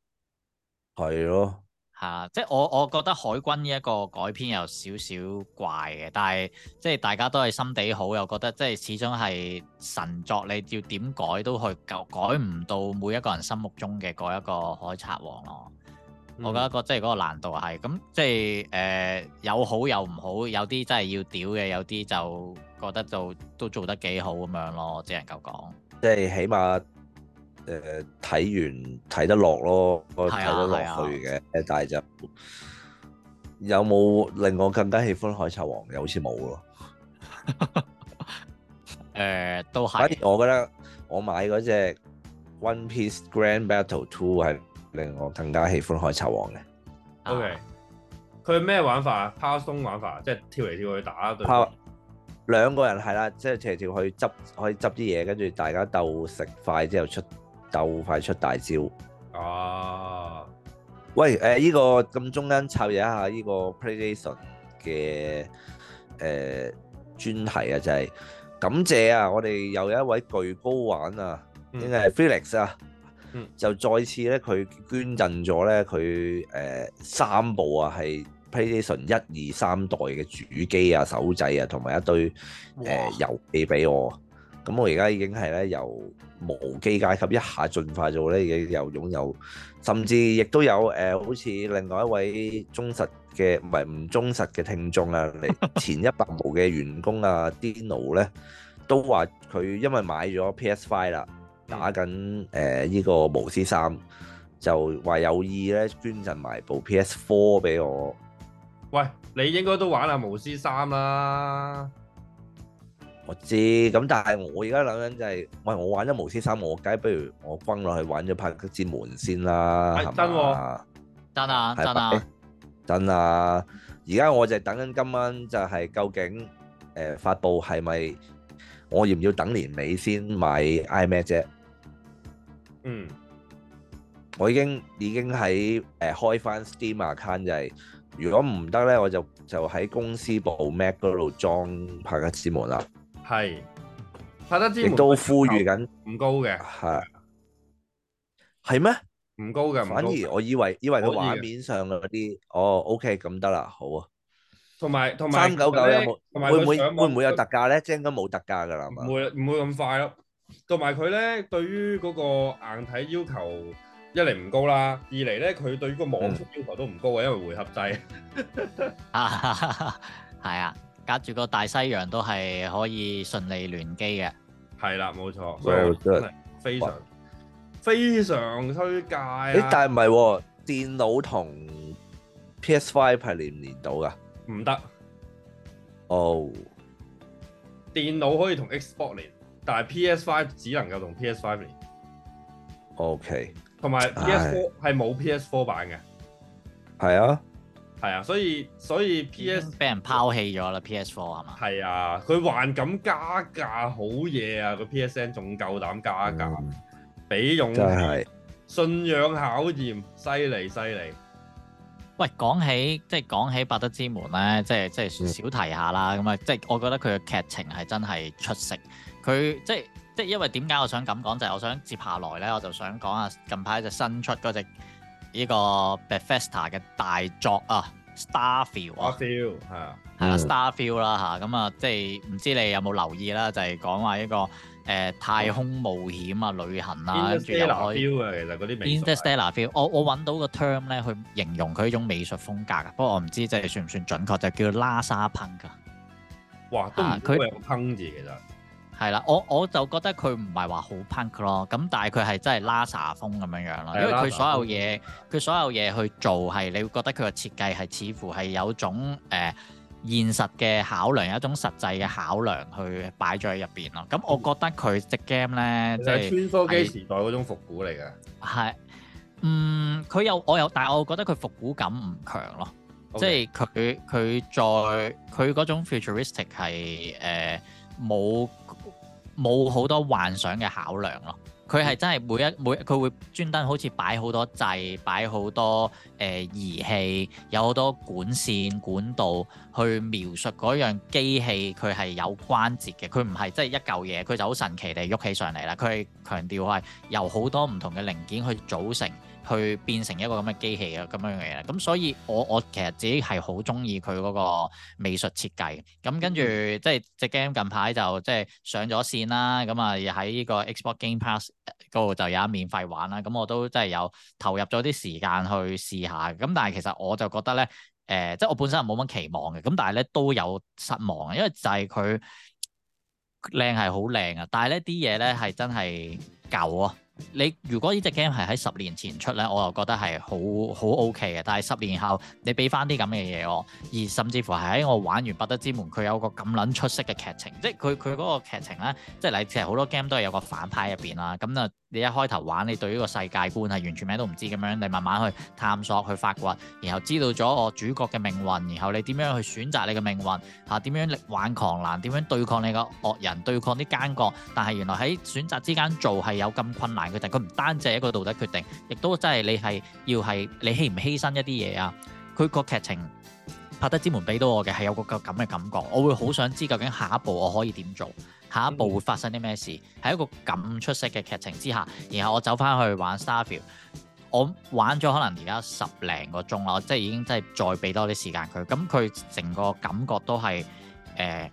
係咯。係啦、啊，即係我我覺得海軍呢一個改編有少少怪嘅，但係即係大家都係心地好，又覺得即係始終係神作，你要點改都去改唔到每一個人心目中嘅嗰一個海賊王咯。我覺得個即係嗰個難度係咁，嗯、即係誒、呃、有好有唔好，有啲真係要屌嘅，有啲就覺得就都做得幾好咁樣咯，只能夠講，即係起碼。誒睇、呃、完睇得落咯，睇得落去嘅，啊啊、但係就有冇令我更加喜歡海賊王？又好似冇咯。誒、 呃、都係。反而我覺得我買嗰隻 One Piece Grand Battle Two 係令我更加喜歡海賊王嘅。O K，佢咩玩法啊？Power Stone、okay。玩法，即係、就是、跳嚟跳去打。Par，兩個人係啦，即、就、係、是、跳嚟跳去執，可以執啲嘢，跟住大家鬥食塊之後出，就快出大招！啊喂，誒、呃、呢、這個咁、這個、中間插入一下呢個 PlayStation 嘅誒、呃、專題啊，就係、是、感謝啊，我哋又有一位巨高玩啊，應該係、嗯、Felix 啊，嗯、就再次咧佢捐贈咗咧佢誒三部啊，係 PlayStation 一二三代嘅主機啊、手掣啊，同埋一堆誒遊戲俾我。咁我而家已經係咧由無機階級一下進化咗咧，已經又擁有，甚至亦都有誒，好似另外一位忠實嘅唔係唔忠實嘅聽眾啊，嚟前一百毛嘅員工啊，Dino 咧都話佢因為買咗 PS Five 啦，打緊誒呢個無師三，就話有意咧捐贈埋部 PS Four 俾我。喂，你應該都玩下無師三啦。我知咁，但係我而家諗緊就係，喂，我玩咗巫師3，我梗不如我轟落去玩咗柏德之門先啦。得喎，真啊，真啊，真啊！而家我就等緊今晚就係究竟誒發佈係咪？我要唔要等年尾先買 iMac 啫？嗯，我已經已經喺誒開翻 Steam account，就係如果唔得咧，我就就喺公司部 Mac 嗰度裝柏德之門啦。係，拍得之，亦都富裕緊，唔高嘅，係，係咩？唔高嘅，反而我以為，以為佢畫面上嗰啲，哦，OK，咁得啦，好啊。同埋，同埋，三九九有冇？同埋，會唔會會唔會有特價咧？即係應該冇特價噶啦，唔會唔會咁快咯。同埋佢咧，對於嗰個硬體要求，一嚟唔高啦，二嚟咧，佢對於個網速要求都唔高嘅，因為回合制。啊，係啊。隔住個大西洋都係可以順利聯機嘅，係啦，冇錯，所以真係非常哇非常推介，啊。誒，但係唔係電腦同 PS Five 係連唔連到噶？唔得。哦，電腦行、oh、可以同 Xbox 連，但係 PS Five 只能夠同 PS Five 連。O Okay K。同埋 PS Four 係冇 PS Four 版嘅。係啊。係啊，所以所以 PS 俾人拋棄咗啦 PS Four 係嘛？係啊，佢還敢加價好嘢啊！個 PSN 仲夠膽加價，俾、嗯、勇氣，係信仰考驗，犀利犀利。喂，講起即係講起百德之門咧，即係即係少提下啦。咁啊、嗯，即係我覺得佢嘅劇情係真係出色。佢即係即係因為點解我想咁講就係、係、我想接下來咧，我就想講下近排隻新出嗰隻、那個。呢個、啊啊嗯就是這個《Bethesda 嘅大作啊，Starfield 啊，Field 係啊，係啦，Starfield 啦吓，咁啊，即係唔知你有冇留意啦，就係講話一個誒太空冒險啊、旅行啦，跟住 Starfield 啊，其實嗰啲美。Interstellar Feel，我我揾到個 term 咧去形容佢呢種美術風格啊，不過我唔知即係算唔算準確，就叫 NASApunk 㗎。哇！都佢有 punk 字其實。係啦，我我就覺得佢唔係話好 punk 咯，咁但係佢係真係 NASA 風咁樣樣咯，因為佢所有嘢佢所有嘢去做係，你會覺得佢個設計係似乎係有種誒、呃、現實嘅考量，有一種實際嘅考量去擺咗喺入邊咯。咁我覺得佢即 game 咧，即係穿梭機時代嗰種復古嚟嘅。係，嗯，佢有我有，但係我覺得佢復古感唔強咯，Okay. 即係佢佢再佢嗰種 futuristic 係誒冇。呃冇好多幻想嘅考量咯，佢係真係每一每佢會專登好似擺好多掣，擺好多誒、呃、儀器，有好多管線管道去描述嗰樣機器佢係有關節嘅，佢唔係即係一嚿嘢，佢就好神奇地喐起上嚟啦。佢係強調係由好多唔同嘅零件去組成。去變成一個咁嘅機器啊，咁樣嘅嘢啦。咁所以我我其實自己係好中意佢嗰個美術設計。咁跟住即係隻 game 近排就即係上咗線啦。咁啊喺呢個 Xbox Game Pass 嗰度就有免費玩啦。咁我都真係有投入咗啲時間去試下。咁但係其實我就覺得咧，誒、呃、即係我本身係冇乜期望嘅。咁但係咧都有失望啊，因為就係佢靚係好靚啊，但係呢啲嘢咧係真係舊啊。你如果呢隻 game 係喺十年前出呢，我又覺得係好好 OK 嘅。但係十年後你俾翻啲咁嘅嘢我，而甚至乎係喺我玩完《柏德之門》，佢有個咁撚出色嘅劇情，即係佢佢嗰個劇情呢，即係類似係好多 game 都係有個反派入邊啦。咁啊，你一開頭玩，你對呢個世界觀係完全咩都唔知，咁樣你慢慢去探索、去發掘，然後知道咗我主角嘅命運，然後你點樣去選擇你嘅命運，嚇、啊、點樣力挽狂瀾，點樣對抗你個惡人，對抗啲奸角。但係原來喺選擇之間做係有咁困難。佢佢唔單止係一個道德決定，亦都真係你係要係你犧唔犧牲一啲嘢啊？佢個劇情拍得之門俾到我嘅係有個咁嘅感覺，我會好想知究竟下一步我可以點做，下一步會發生啲咩事？喺、嗯、一個咁出色嘅劇情之下，然後我走翻去玩 Starfield，我玩咗可能而家十零個鐘啦，即係已經真係再俾多啲時間佢，咁佢成個感覺都係誒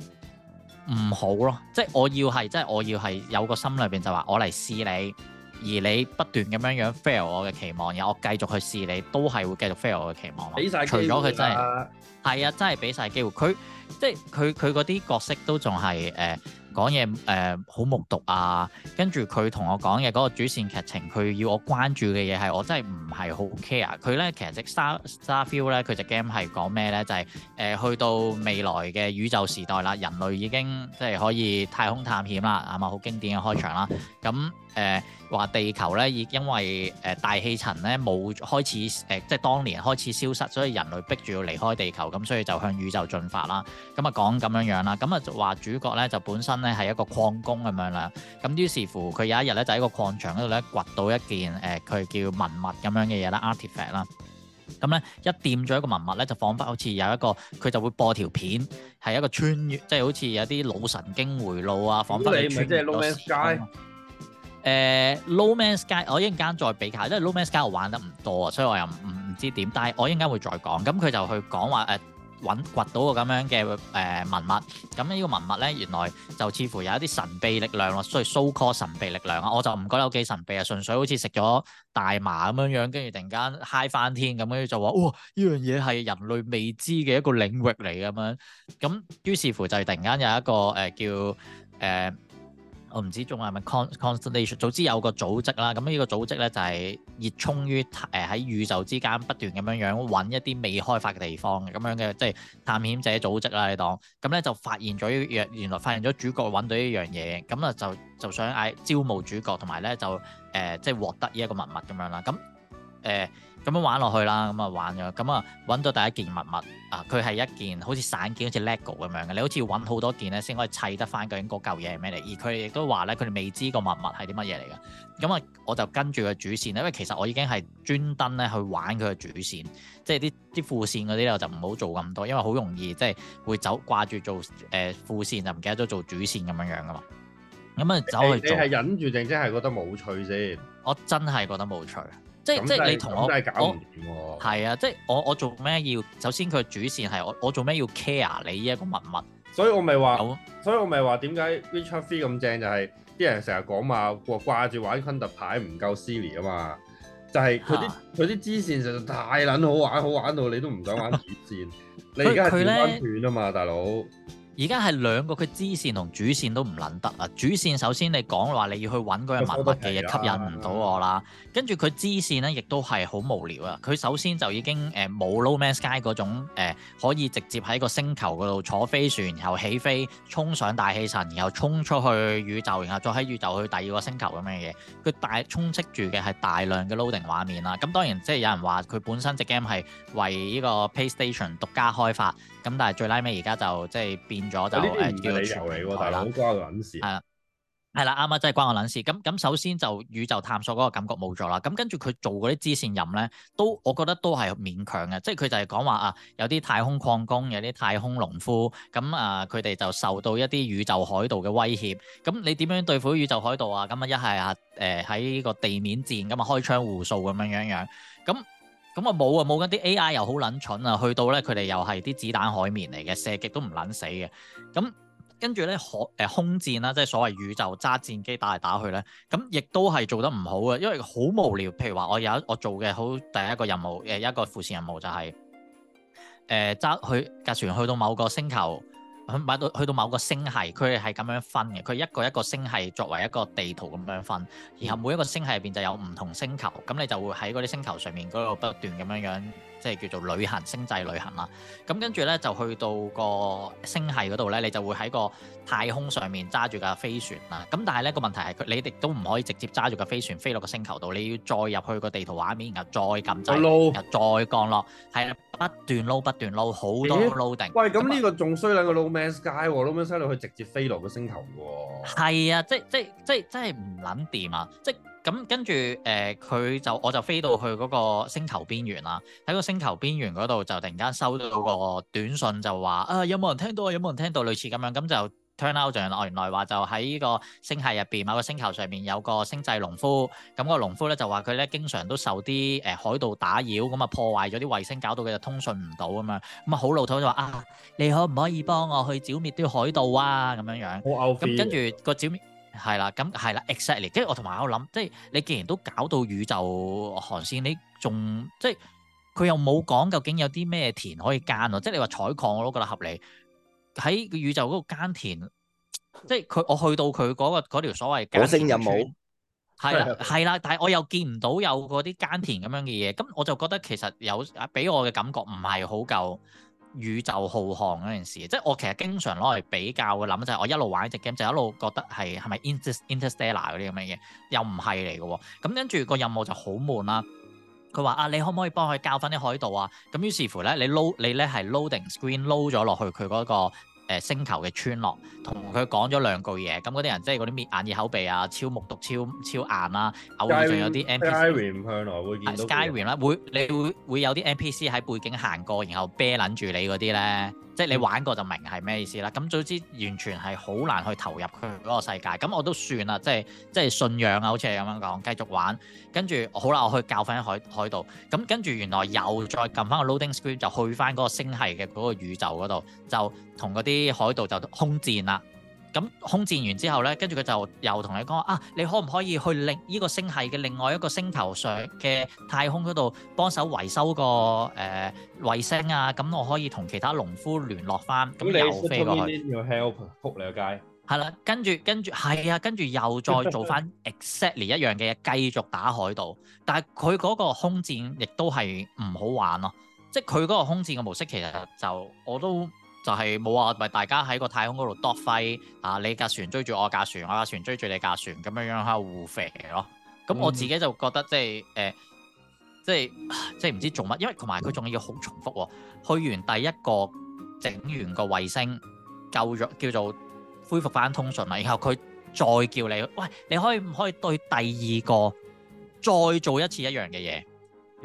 唔好咯。即係我要係即係我要係有個心裏邊就話我嚟試你。而你不斷咁樣樣 fail 我嘅期望，然後我繼續去試你，都係會繼續 fail 我嘅期望，除咗俾曬機會佢啦，係了啊，真係俾晒機會佢，即係佢佢嗰啲角色都仲係誒講嘢誒好木獨啊。跟住佢同我講嘅嗰個主線劇情，佢要我關注嘅嘢係我真係唔係好 care 佢咧。其實 Star, Star 呢，即係 Starfield 咧，佢隻 game 係講咩咧？就係、是、誒、呃、去到未來嘅宇宙時代啦，人類已經即係可以太空探險啦，係嘛？好經典嘅開場啦，咁。誒話、呃、地球咧，已因為誒、呃、大氣層咧冇開始誒、呃，即係當年開始消失，所以人類逼住要離開地球，咁所以就向宇宙進發啦。咁啊講咁樣樣啦，咁啊就話主角咧就本身咧係一個礦工咁樣啦。咁於是乎佢有一日咧就喺個礦場嗰度咧掘到一件誒，佢、呃、叫文物咁樣嘅嘢啦，artefact 啦。咁咧一掂咗一個文物咧，就仿佛好似有一個佢就會播條片，係一個穿越，即、就、係、是、好似有啲腦神經回路啊，仿佛。穿越咗誒、uh, Low Man Sky，我一陣間再比較，因為 Low Man Sky 我玩得唔多啊，所以我又唔唔知點，但係我一陣間會再講。咁佢就去講話誒揾掘到個咁樣嘅誒、呃、文物，咁、嗯、呢、這個文物咧原來就似乎有一啲神秘力量咯，所以 so called 神秘力量啊，我就唔覺得有幾神秘啊，純粹好似食咗大麻咁樣樣，跟住突然間嗨翻天咁，跟住就話哇呢樣嘢係人類未知嘅一個領域嚟咁樣，咁、嗯、於是乎就突然間有一個誒、呃、叫誒。呃我唔知仲係咪 con，conclusion。總之有個組織啦，咁呢個組織咧就係熱衷於誒喺宇宙之間不斷咁樣樣揾一啲未開發嘅地方咁樣嘅，即、就、係、是、探險者組織啦，你當。咁咧就發現咗呢樣，原來發現咗主角揾到呢樣嘢，咁啊就就想嗌招募主角，同埋咧就誒、呃、即係獲得呢一個文物咁樣啦，咁誒。呃咁樣玩落去啦，咁啊玩咗，咁啊揾到第一件物物啊，佢係一件好似散件，好似 LEGO 咁樣嘅，你好似要揾好多件咧，先可以砌得翻究竟嗰嚿嘢係咩嚟？而佢哋亦都話咧，佢哋未知個物物係啲乜嘢嚟嘅。咁啊，我就跟住個主線，因為其實我已經係專登咧去玩佢個主線，即係啲啲副線嗰啲我就唔好做咁多，因為好容易即係會走掛住做誒、呃、副線就唔記得咗做主線咁樣樣噶嘛。咁啊，走去做。你係忍住定即係覺得冇趣先？我真係覺得冇趣。即係即係是你同我，、啊我，啊、我，我係啊！即係我我做咩要首先佢主線係我我做咩要 care 你依一個文物？密密所以我咪話，有啊、所以我咪話點解 Witcher 3咁正就係、是、啲人成日講嘛，話掛住玩昆特牌唔夠 silly 啊嘛，就係佢啲佢啲支線實在太撚好玩，好玩到你都唔想玩主線。 你而家係斷翻斷啊嘛，大佬！而家係兩個佢支線同主線都唔撚得啊！主線首先你講話你要去揾嗰樣文物嘅嘢吸引唔到我啦，跟住佢支線咧亦都係好無聊啊！佢首先就已經誒冇 No Man's Sky 嗰種可以直接喺個星球嗰度坐飛船，然後起飛，衝上大氣層，然後衝出去宇宙，然後再喺宇宙去第二個星球咁樣嘅嘢。佢大充斥住嘅係大量嘅 loading 畫面啦。咁當然即係有人話佢本身隻 game 係為呢個 PlayStation 獨家開發。咁但係最拉尾而家就即係變咗就誒叫你嚟喎大佬，關事係啦，係啦，啱啱，真係關我撚事。咁咁首先就宇宙探索嗰個感覺冇咗啦。咁跟住佢做嗰啲支線任務咧，都我覺得都係勉強嘅。即係佢就係講話啊，有啲太空礦工，有啲太空農夫。咁啊，佢哋就受到一啲宇宙海盜嘅威脅。咁你點樣對付宇宙海盜啊？咁啊一係啊誒喺個地面戰，咁啊開槍互掃咁樣樣。咁咁啊冇啊冇緊啲 A.I. 又好撚蠢啊，去到咧佢哋又係啲子彈海綿嚟嘅，射極都唔撚死嘅。咁跟住咧，空誒空戰啦，即係所謂宇宙揸戰機打嚟打去咧，咁、嗯、亦都係做得唔好嘅，因為好無聊。譬如話，我有我做嘅好第一個任務，誒一個副線任務就係誒揸去架船去到某個星球。買到去到某個星系，佢哋係咁樣分嘅。佢一個一個星系作為一個地圖咁樣分，然後每一個星系入邊就有唔同星球。咁你就會喺嗰啲星球上面嗰度不斷咁樣樣，即係叫做旅行星際旅行啦。咁跟住咧就去到個星系嗰度咧，你就會喺個太空上面揸住架飛船啊。咁但係咧，個問題係你哋都唔可以直接揸住架飛船飛落個星球度，你要再入去個地圖畫面，然後再撳掣，又再降落。係啊，不斷撈不斷撈，好多撈定。欸、喂，咁呢個仲衰兩個撈。Man Sky 咁樣犀利，佢直接飛落個星球嘅喎。係啊，即即即即係唔撚掂啊！即咁跟住誒，佢、呃、就我就飛到去嗰個星球邊緣啦。喺個星球邊緣嗰度就突然間收到個短信就，就話啊，有冇人聽到啊？有冇人聽到類似咁樣咁就。turn out 就原來話就喺依個星系入邊某個星球上面有個星際農夫，咁、那個農夫咧就話佢咧經常都受啲誒海盜打擾，咁啊破壞咗啲衛星，搞到佢就通訊唔到咁樣，咁啊好老土就話啊，你可唔可以幫我去剿滅啲海盜啊？咁樣樣，咁跟住個剿滅係啦，咁係啦，exactly，跟住我同埋有諗，即係你既然都搞到宇宙航線你，你仲即係佢又冇講究竟有啲咩田可以耕啊？即係你話採礦我都覺得合理。喺宇宙嗰度耕田，即係佢我去到佢嗰、嗰個條所謂火星任務係啦係啦，但係我又見唔到有嗰啲耕田咁樣嘅嘢，咁我就覺得其實有俾我嘅感覺唔係好夠宇宙浩瀚嗰件事，即係我其實經常攞嚟比較嘅諗就係、係、我一路玩呢隻 game 就一路覺得係係咪 inter, Interstellar 嗰啲咁樣嘢，又唔係嚟嘅，咁跟住個任務就好悶啦。佢話啊，你可唔可以幫佢教翻啲海盜啊？咁於是乎咧，你 load 你咧係 loading screen load 咗落去佢嗰個誒星球嘅村落，同佢講咗兩句嘢。咁嗰啲人即係嗰啲眼耳口鼻啊，超目毒，超超硬啦、啊！偶然仲有啲 NPC Skyrim，是，向來會見到 Skyrim 啦，會你會會有啲 NPC 喺背景行過，然後啤撚住你嗰啲咧。即係你玩過就明係咩意思啦，咁總之完全係好難去投入佢嗰個世界，咁我都算啦，即係即係信仰啊，好似你咁樣講，繼續玩，跟住好啦，我去教翻啲海海盜，咁跟住原來又再撳翻個 loading screen 就去翻嗰個星系嘅嗰個宇宙嗰度，就同嗰啲海盜就空戰啦。咁空戰完之後咧，跟住佢就又同你講啊，你可唔可以去另依個星系嘅另外一個星球上嘅太空嗰度幫手維修個誒、呃、衛星啊？咁我可以同其他農夫聯絡翻，咁、嗯、又飛過去。要 help 闔兩街。係啦，跟住跟住係啊，跟住、啊、又再做翻 exactly 一樣嘅嘢，繼續打海盜。但係佢嗰個空戰亦都係唔好玩咯、啊，即係佢嗰個空戰嘅模式其實就我都。就係冇話，咪大家喺個太空嗰度多輝啊！你架船追住我架船，我架船追住你架船，咁樣樣喺度互肥咯。咁我自己就覺得即係誒，即係、呃、即係唔知做乜，因為同埋佢仲要好重複、哦。去完第一個整完個衛星，救咗叫做恢復返通訊啦，然後佢再叫你喂，你可以唔可以對第二個再做一次一樣嘅嘢？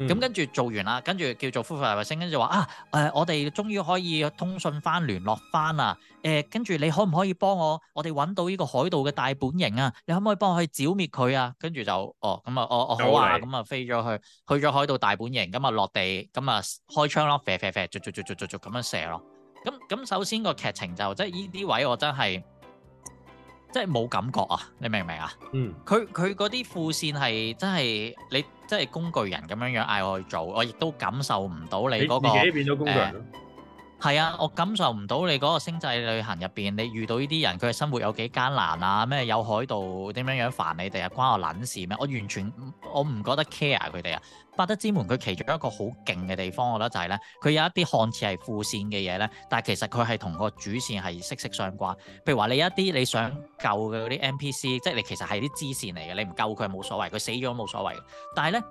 咁、嗯嗯、跟住做完啦，跟住叫做《呼婦衛星》，跟住話啊，誒、呃，我哋終於可以通訊翻、聯絡翻啦，誒、呃，跟住你可唔可以幫我，我哋揾到呢個海盜嘅大本營啊？你可唔可以幫我去剿滅佢啊？跟住就，哦，咁、哦哦、啊，我我好啊，咁啊飛咗去，去咗海盜大本營，咁啊落地，咁啊開槍咯，射射射，逐逐逐逐逐咁樣射咯，咁咁首先個劇情就即係呢啲位我真係。即係冇感覺啊！你明唔明啊？嗯，佢佢嗰啲副線係真係你，真係工具人咁樣樣嗌我去做，我亦都感受唔到你嗰、嗰個。你自己變咗工具人、呃。係啊，我感受唔到你嗰個星際旅行入邊，你遇到呢啲人，佢嘅生活有幾艱難啊？咩有海盜點樣樣煩你哋啊？關我撚事咩？我完全我唔覺得 care 佢哋啊！《博德之門》佢其中一個好勁嘅地方，我覺得就係、是、咧，佢有一啲看似係副線嘅嘢咧，但係其實佢係同個主線係息息相關。譬如話你有一啲你想救嘅嗰啲 NPC，即係你其實係啲支線嚟嘅，你唔救佢冇所謂，佢死咗冇所謂。但係咧，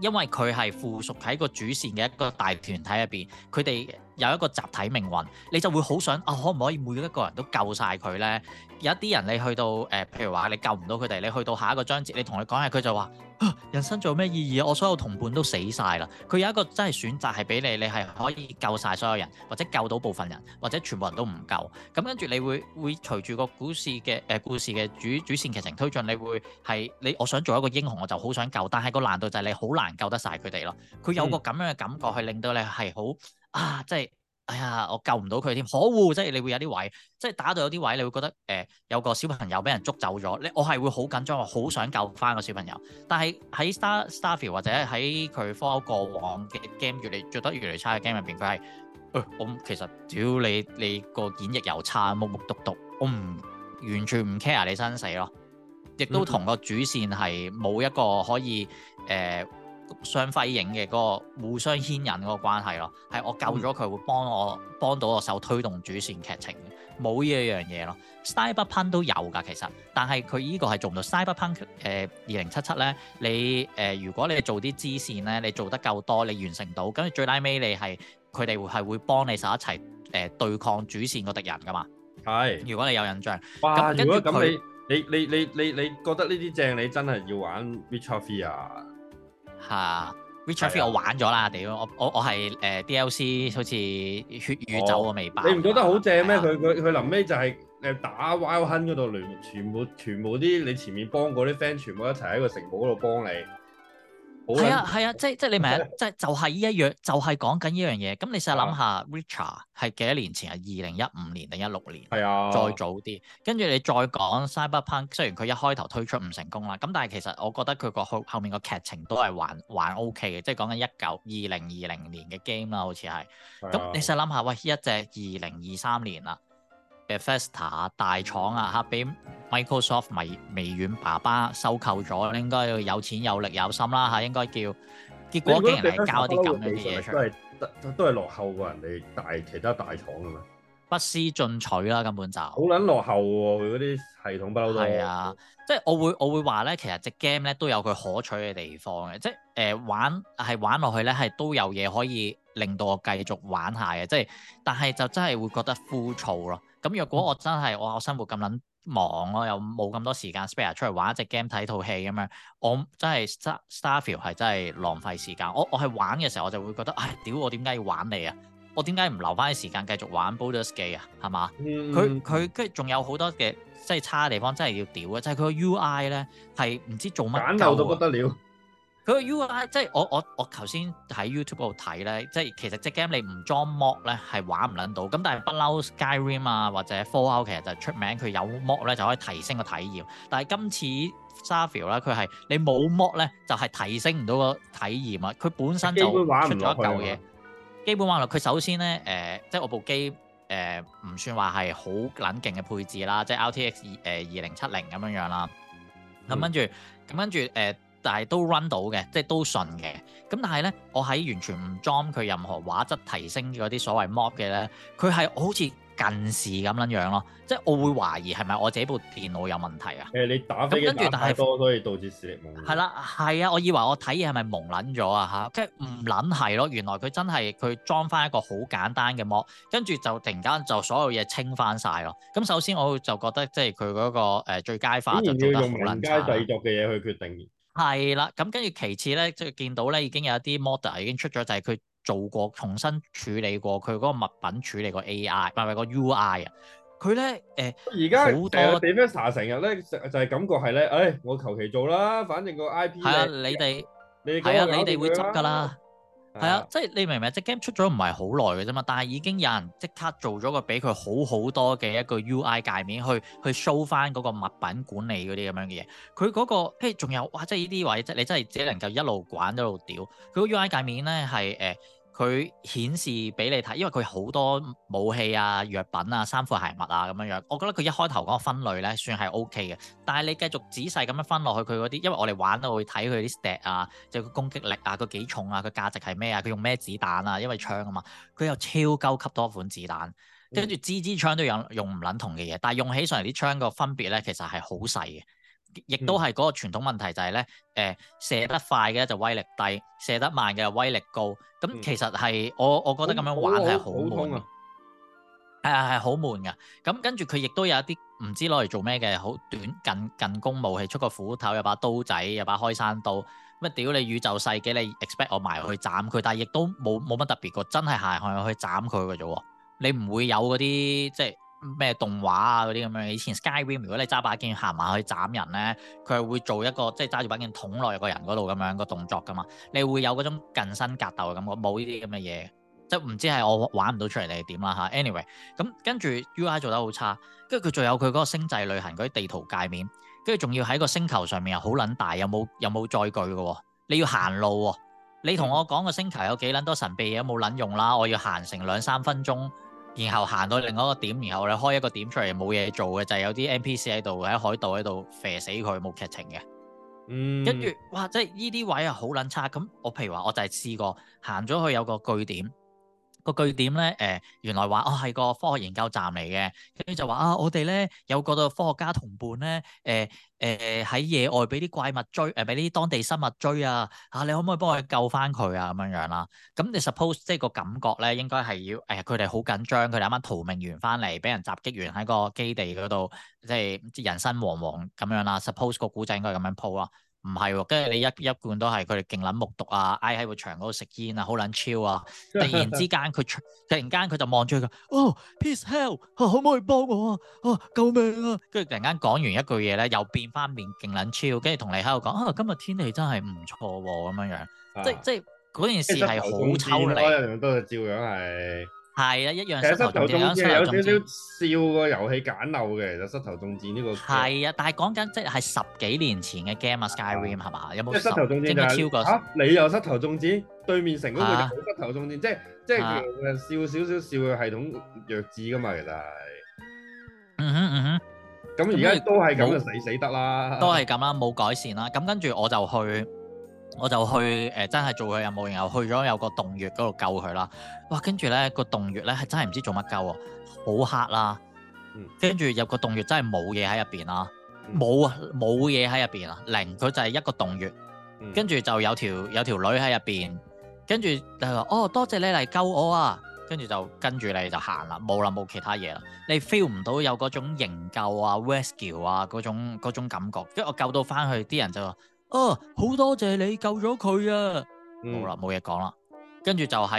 因為佢係附屬喺個主線嘅一個大團體入邊，佢哋。有一個集體命運，你就會好想啊、哦，可唔可以每一個人都救晒佢呢？有一啲人你去到誒、呃，譬如話你救唔到佢哋，你去到下一個章節，你同佢講下，佢就話、啊、人生做咩意義？我所有同伴都死晒啦。佢有一個真係選擇係俾你，你係可以救晒所有人，或者救到部分人，或者全部人都唔救。咁跟住你會會隨住個故事嘅誒故事嘅、呃、主主線劇情推進，你會係你我想做一個英雄，我就好想救，但係個難度就係你好難救得晒佢哋咯。佢有個咁樣嘅感覺，係令到你係好。嗯啊！即係，哎呀，我救唔到佢添，可惡！即係你會有啲位，即係打到有啲位，你會覺得誒、呃、有個小朋友俾人捉走咗。你我係會好緊張，我好想救翻個小朋友。但係喺 Star Starfield 或者喺佢科過往嘅 game 越嚟做得越嚟差嘅 game 入邊，佢係、哎、我其實只要你你個演繹又差，木木獨獨，我唔完全唔 care 你生死咯，亦都同個主線係冇一個可以誒。呃雙飛影嘅嗰、那個互相牽引嗰個關係咯，係我救咗佢會幫我幫到我手推動主線劇情，冇呢一樣嘢咯。Cyberpunk 都有㗎，其實，但係佢依個係做唔到 Cyberpunk。誒二零七七咧，你、呃、誒如果你做啲支線咧，你做得夠多，你完成到，跟住最拉尾你係佢哋係會幫你手一齊誒對抗主線個敵人㗎嘛？係是。如果你有印象，哇嘩，咁你你你你你，你覺得呢啲正，你真係要玩 w i t c of、Fear? 吓啊 Witcher 三我玩咗啦，屌我我我係誒 DLC 好似血與酒我未擺。你唔覺得好正咩？佢佢佢臨尾就係誒打 wild hunt 度聯，全部全部啲你前面幫過啲 friend 全部一齊喺個城堡度幫你。係 啊，係啊，即係即係你明，即係就係依一樣，就係講緊呢樣嘢。咁、就係就係、你試下諗下，Richa 係幾多年前年年啊？二零一五年定一六年？係啊，再早啲。跟住你再講 Cyberpunk，雖然佢一開頭推出唔成功啦，咁但係其實我覺得佢個後後面個劇情都係還還 OK 嘅，即係講緊一九二零二零年嘅 game 啦，好似係。咁你試下諗下，喂，一隻二零二三年啦。Bethesda，大廠啊吓，俾 Microsoft 微微軟爸爸收購咗，應該要有錢有力有心啦，吓、啊，應該叫結果竟然係搞啲咁嘅嘢，都係都係落後過人哋大其他大廠噶嘛，不思進取啦根本就，好捻落後喎、啊，佢嗰啲系統不嬲都係啊，即係我會我會話咧，其實隻 game 咧都有佢可取嘅地方嘅，即係誒、呃、玩係玩落去咧係都有嘢可以令到我繼續玩下嘅，即係但係就真係會覺得枯燥咯。咁若果我真係我我生活咁撚忙，我又冇咁多時間 spare 出嚟玩一隻 game 睇套戲咁樣，我真係 Starfield 係真係浪費時間。我我係玩嘅時候我就會覺得，唉屌！我點解要玩你啊？我點解唔留翻啲時間繼續玩《Baldur's Gate》啊？係嘛？佢佢跟住仲有好多嘅真係差嘅地方，真係要屌嘅即係佢個 UI 咧係唔知做乜鳩。簡佢個 UI 即係我我我頭先喺 YouTube 度睇咧，即係其實隻 game 你唔裝 mod 咧係玩唔撚到。咁但係不嬲 Skyrim 啊或者 Fallout 其實就出名佢有 mod 咧就可以提升個體驗。但係今次 Starfield 咧佢係你冇 mod 咧就係提升唔到個體驗啊！佢本身就出咗一舊嘢。基本玩落佢首先咧誒、呃，即係我部機誒唔、呃、算話係好撚勁嘅配置啦，即係 RTX 二誒二零七零咁樣樣啦。咁、嗯、跟住咁跟住誒。呃但係都 run 到嘅，即係都順嘅。咁但係咧，我喺完全唔裝佢任何畫質提升嗰啲所謂 mod 嘅咧，佢係好似近視咁撚樣咯。即係我會懷疑係咪我自己部電腦有問題啊？誒、欸，你打飛機打太多，可以導致視力模糊。係啦，係啊，我以為我睇嘢係咪蒙撚咗啊？吓，即係唔撚係咯。原來佢真係佢裝翻一個好簡單嘅 mod，跟住就突然間就所有嘢清翻晒咯。咁首先我就覺得即係佢嗰個、呃、最佳化就用撚撚製作嘅嘢去決定。係啦，咁跟住其次咧，即係見到咧已經有一啲 model 已經出咗，就係、係、佢做過重新處理過佢嗰個物品處理過 AI，唔係、個 UI 啊。佢咧誒，而家好多 d i f f 成日咧就就係、係感覺係咧，誒、哎、我求其做啦，反正個 IP 係啊，你哋係啊，的你哋的會執㗎啦。嗯。係啊，即係你明唔明啊？即係 game 出咗唔係好耐嘅啫嘛，但係已經有人即刻做咗個俾佢好好多嘅一個 UI 界面去去 show 翻嗰個物品管理嗰啲咁樣嘅嘢。佢嗰個跟住仲有哇，即係呢啲位，即係你真係只能夠一路玩一路屌。佢 UI 界面咧係誒。佢顯示俾你睇，因為佢好多武器啊、藥品啊、衫褲鞋襪啊咁樣樣。我覺得佢一開頭嗰個分類咧算係 OK 嘅，但係你繼續仔細咁樣分落去佢嗰啲，因為我哋玩都會睇佢啲 stack 啊，即係佢攻擊力啊、佢幾重啊、佢價值係咩啊、佢用咩子彈啊，因為槍啊嘛，佢有超高級多款子彈，跟住支支槍都有用唔撚同嘅嘢，但係用起上嚟啲槍個分別咧其實係好細嘅。亦都係嗰個傳統問題就係、是、咧，誒、嗯呃、射得快嘅就威力低，射得慢嘅威力高。咁、嗯、其實係我我覺得咁樣玩係、嗯、好悶啊，係係好悶噶。咁跟住佢亦都有一啲唔知攞嚟做咩嘅，好短近近攻武器，出個斧頭，有把刀仔，有把開山刀。乜屌你宇宙世紀，你 expect 我埋去斬佢？但係亦都冇冇乜特別過，真係行係去斬佢嘅啫喎。你唔會有嗰啲即係。咩動畫啊嗰啲咁樣，以前 Skyrim 如果你揸把劍行埋去斬人咧，佢係會做一個即係揸住把劍捅落入個人嗰度咁樣個動作噶嘛，你會有嗰種近身格鬥嘅感覺，冇呢啲咁嘅嘢，即係唔知係我玩唔到出嚟定係點啦嚇。Anyway，咁跟住 UI 做得好差，跟住佢仲有佢嗰個星際旅行嗰啲、那個、地圖界面，跟住仲要喺個星球上面又好撚大，有冇有冇載具嘅喎、哦？你要行路喎、哦，你同我講個星球有幾撚多神秘嘢，冇撚用啦，我要行成兩三分鐘。然後行到另外一個點，然後你開一個點出嚟冇嘢做嘅，就係、係、有啲 NPC 喺度喺海盜喺度射死佢，冇劇情嘅。嗯，跟住哇，即係呢啲位啊好撚差。咁我譬如話，我就係試過行咗去有個據點。個據點咧，誒原來話哦係個科學研究站嚟嘅，跟住就話啊，我哋咧有個個科學家同伴咧，誒誒喺野外俾啲怪物追，誒俾啲當地生物追啊嚇，你可唔可以幫我救翻佢啊咁樣樣啦？咁你 suppose 即係個感覺咧，應該係要誒佢哋好緊張，佢哋啱啱逃命完翻嚟，俾人襲擊完喺個基地嗰度，即係即人心惶惶咁樣啦。Suppose 個故仔應該係咁樣鋪啊。唔係，跟住你一一罐都係佢哋勁撚目毒啊！挨喺個牆嗰度食煙啊，好撚超啊！突然之間佢突然間佢就望住佢哦，Peace Hell，啊、可唔可以幫我啊？啊，救命啊！跟住突然間講完一句嘢咧，又變翻面勁撚超，跟住同你喺度講啊，今日天氣真係唔錯喎，啊，咁樣樣，啊，即即嗰件事係好抽離。多人用多照樣係。係啊，一樣膝頭中箭，有少少笑個遊戲簡陋嘅，就膝頭中箭呢個。係啊，但係講緊即係十幾年前嘅 game 啊，Skyrim 係嘛，有冇？即係膝頭中箭就係，吓你又膝頭中箭，對面成個佢就冇膝頭中箭，即係即係誒笑少少笑嘅系統弱智噶嘛，其實係。嗯哼嗯哼，咁而家都係咁就，死死得啦。都係咁啦，冇改善啦。咁跟住我就去。我就去誒、呃，真係做佢任務，然後去咗有個洞穴嗰度救佢啦。哇！跟住咧個洞穴咧係真係唔知做乜救啊，好黑啦。跟住有個洞穴真係冇嘢喺入邊啦，冇啊冇嘢喺入邊啊，零佢就係一個洞穴。跟住、嗯、就有條有條女喺入邊，跟住就話：哦，多謝你嚟救我啊！跟住就跟住你就行啦，冇啦冇其他嘢啦，你 feel 唔到有嗰種營救啊、rescue 啊嗰種嗰種感覺。跟住我救到翻去，啲人就話。啊，好多謝你救咗佢啊！嗯、好啦，冇嘢講啦，跟住就喺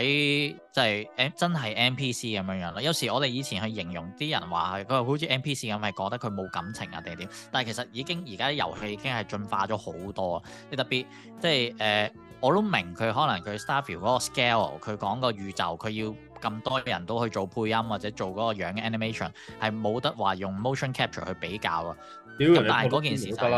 即係誒真係 NPC 咁樣樣啦。有時我哋以前去形容啲人話佢、嗯、好似 NPC 咁，係覺得佢冇感情啊定係點？但係其實已經而家啲遊戲已經係進化咗好多啊！你特別即係誒，我都明佢可能佢 Starfield 嗰個 scale，佢講個宇宙，佢要咁多人都去做配音或者做嗰個樣嘅 animation，係冇得話用 motion capture 去比較啊。咁但係嗰件事就係、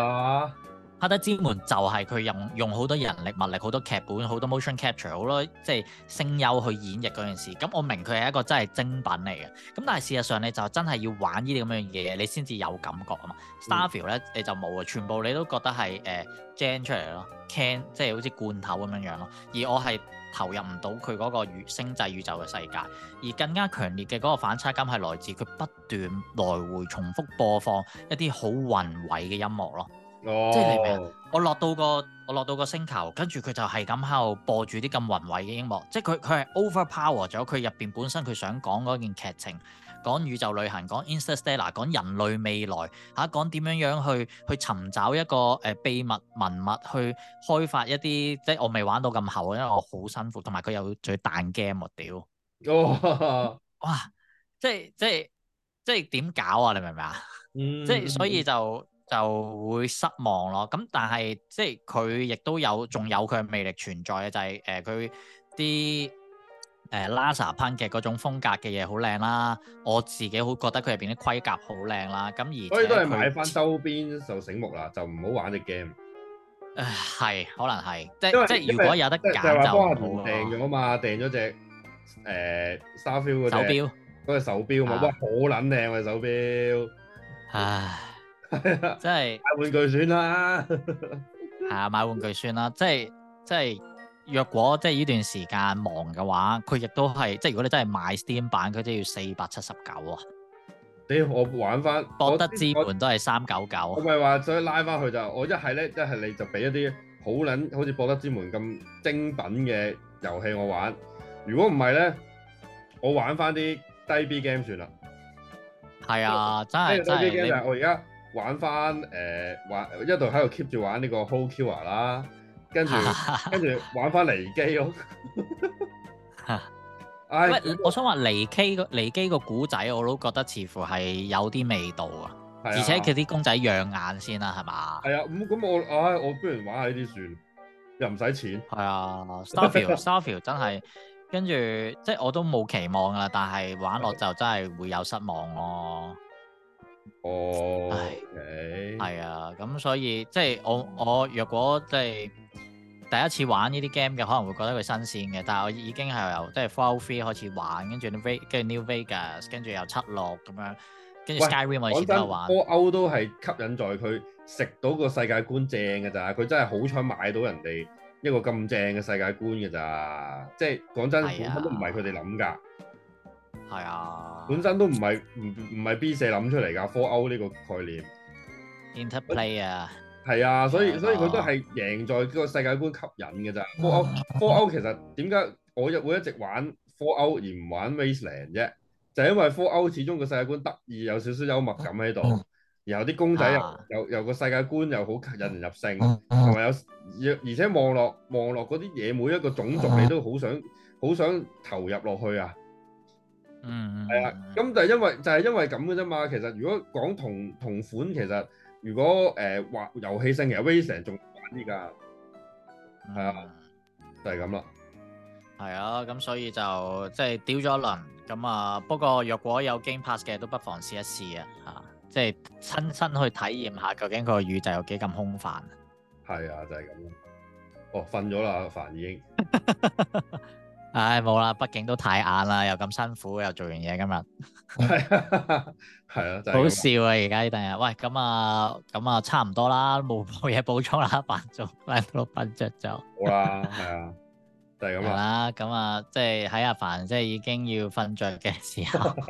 是。《哈德之門》就係佢用用好多人力物力，好多劇本，好多 motion capture，好多即係聲優去演繹嗰件事。咁我明佢係一個真係精品嚟嘅。咁但係事實上你就真係要玩呢啲咁樣嘅嘢，你先至有感覺啊嘛。嗯，《Starfield》咧你就冇啊，全部你都覺得係誒、呃、gen 出嚟咯，can 即係好似罐頭咁樣樣咯。而我係投入唔到佢嗰個宇星際宇宙嘅世界，而更加強烈嘅嗰個反差感係來自佢不斷來回重複播放一啲好宏偉嘅音樂咯。即係你明？我落到個我落到個星球，跟住佢就係咁喺度播住啲咁宏偉嘅音樂，即係佢佢係 overpower 咗佢入邊本身佢想講嗰件劇情，講宇宙旅行，講 interstellar 講人類未來吓，講點樣樣去去尋找一個誒、呃、秘密文物去開發一啲，即係我未玩到咁後，因為我好辛苦，同埋佢有最彈 game 啊！屌 哇！即係即係即係點搞啊？你明唔明啊？ 即係所以就。 就會失望咯。咁但係即係佢亦都有仲有佢嘅魅力存在嘅，就係誒佢啲誒 Laser 噴漆嗰種風格嘅嘢好靚啦。我自己會覺得佢入邊啲盔甲好靚啦。咁而所以都係買翻周邊就醒目啦，就唔好玩隻 game。誒係，可能係即即係如果有得揀就訂咗嘛，訂咗隻誒 Starfield 隻手錶，嗰隻手錶嘛，哇好撚靚嘅手錶，唉～係即係買玩具算啦。係啊，買玩具算啦。即係即係，若果即係呢段時間忙嘅話，佢亦都係即係。如果你真係買 Steam 版，佢都要四百七十九啊。你我玩翻《博德之門》都係三九九。我咪話所以拉翻佢就，我一係咧一係你就俾一啲好捻，好似《博德之門》咁精品嘅遊戲我玩。如果唔係咧，我玩翻啲低 B game 算啦。係啊，真係是真係，我而家。玩翻誒，玩，一度喺度 keep 住玩呢個 Hoqua 啦，跟住跟住玩翻尼基咯。喂 唉，我想話離機個離機個古仔我都覺得似乎係有啲味道啊，而且佢啲公仔養眼先啦，係嘛？係啊，咁、嗯、咁我唉，我不如玩下呢啲算，又唔使錢。係啊，Starfield，Starfield 真係跟住即係我都冇期望啦，但係玩落就真係會有失望哦。哦，係係啊，咁所以即係我我若果即係第一次玩呢啲 game 嘅，可能會覺得佢新鮮嘅，但係我已經係由即係 Fallout 3開始玩，跟住 New Vegas，跟住又七六咁樣，跟住 Skyrim 我以前都有玩。Fallout 都係吸引在佢食到個世界觀正嘅咋，佢真係好彩買到人哋一個咁正嘅世界觀嘅咋，即係講真，本身都唔係佢哋諗噶。係啊，本身都唔係唔唔係 B 社諗出嚟噶科歐呢個概念，Interplay 啊，係我啊，所以、啊、所以佢都係贏在個世界觀吸引嘅咋。科歐科歐其實點解我會一直玩科歐而唔玩 Raze 零啫？就係、是、因為科歐始終個世界觀得意有少少幽默感喺度，然後啲公仔又又、啊、個世界觀又好吸引人入勝，同埋有，有而且望落，望落嗰啲嘢每一個種族你都好想好想投入落去啊。嗯，係啊，咁就係、是、因為就係、是、因為咁嘅啫嘛。其實如果講同同款，其實如果誒玩遊戲性，其實 Racing 仲難啲㗎，係啊，就係咁啦。係啊，咁所以就即係屌咗一輪。咁啊，不過若果有 Game Pass 嘅，都不妨試一試啊，嚇，即係親身去體驗下究竟佢個宇宙有幾咁空泛。係啊，就係、是、咁哦，瞓咗啦，阿凡已經。 唉，冇啦、哎，畢竟都太晏啦，又咁辛苦，又做完嘢今日，係 啊，就係、好笑啊！而家呢第日，喂，咁啊，咁啊，差唔多啦，冇冇嘢補充啦，煩做，瞓著就， 好啦、啊，係啊，就係、是、咁 啊，係啦，咁啊，即係喺阿凡即係已經要瞓着嘅時候。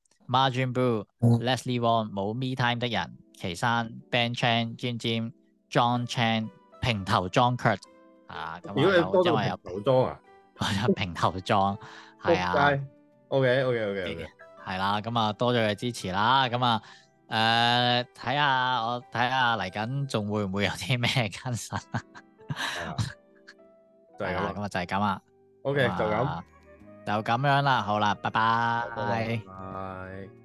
Margin Blue、Leslie Wong、冇 Me Time 的人、岐山、Ben Chan、尖尖、John Chan、平頭裝腳啊！咁如果你多咗平頭裝啊，或者平頭裝係啊，OK OK OK，係啦，咁啊多謝你嘅支持啦，咁啊誒睇下我睇下嚟緊仲會唔會有啲咩更新啊？就係咁啦，咁啊就係咁啦，OK 就咁。就咁樣啦，好啦，拜拜，拜拜。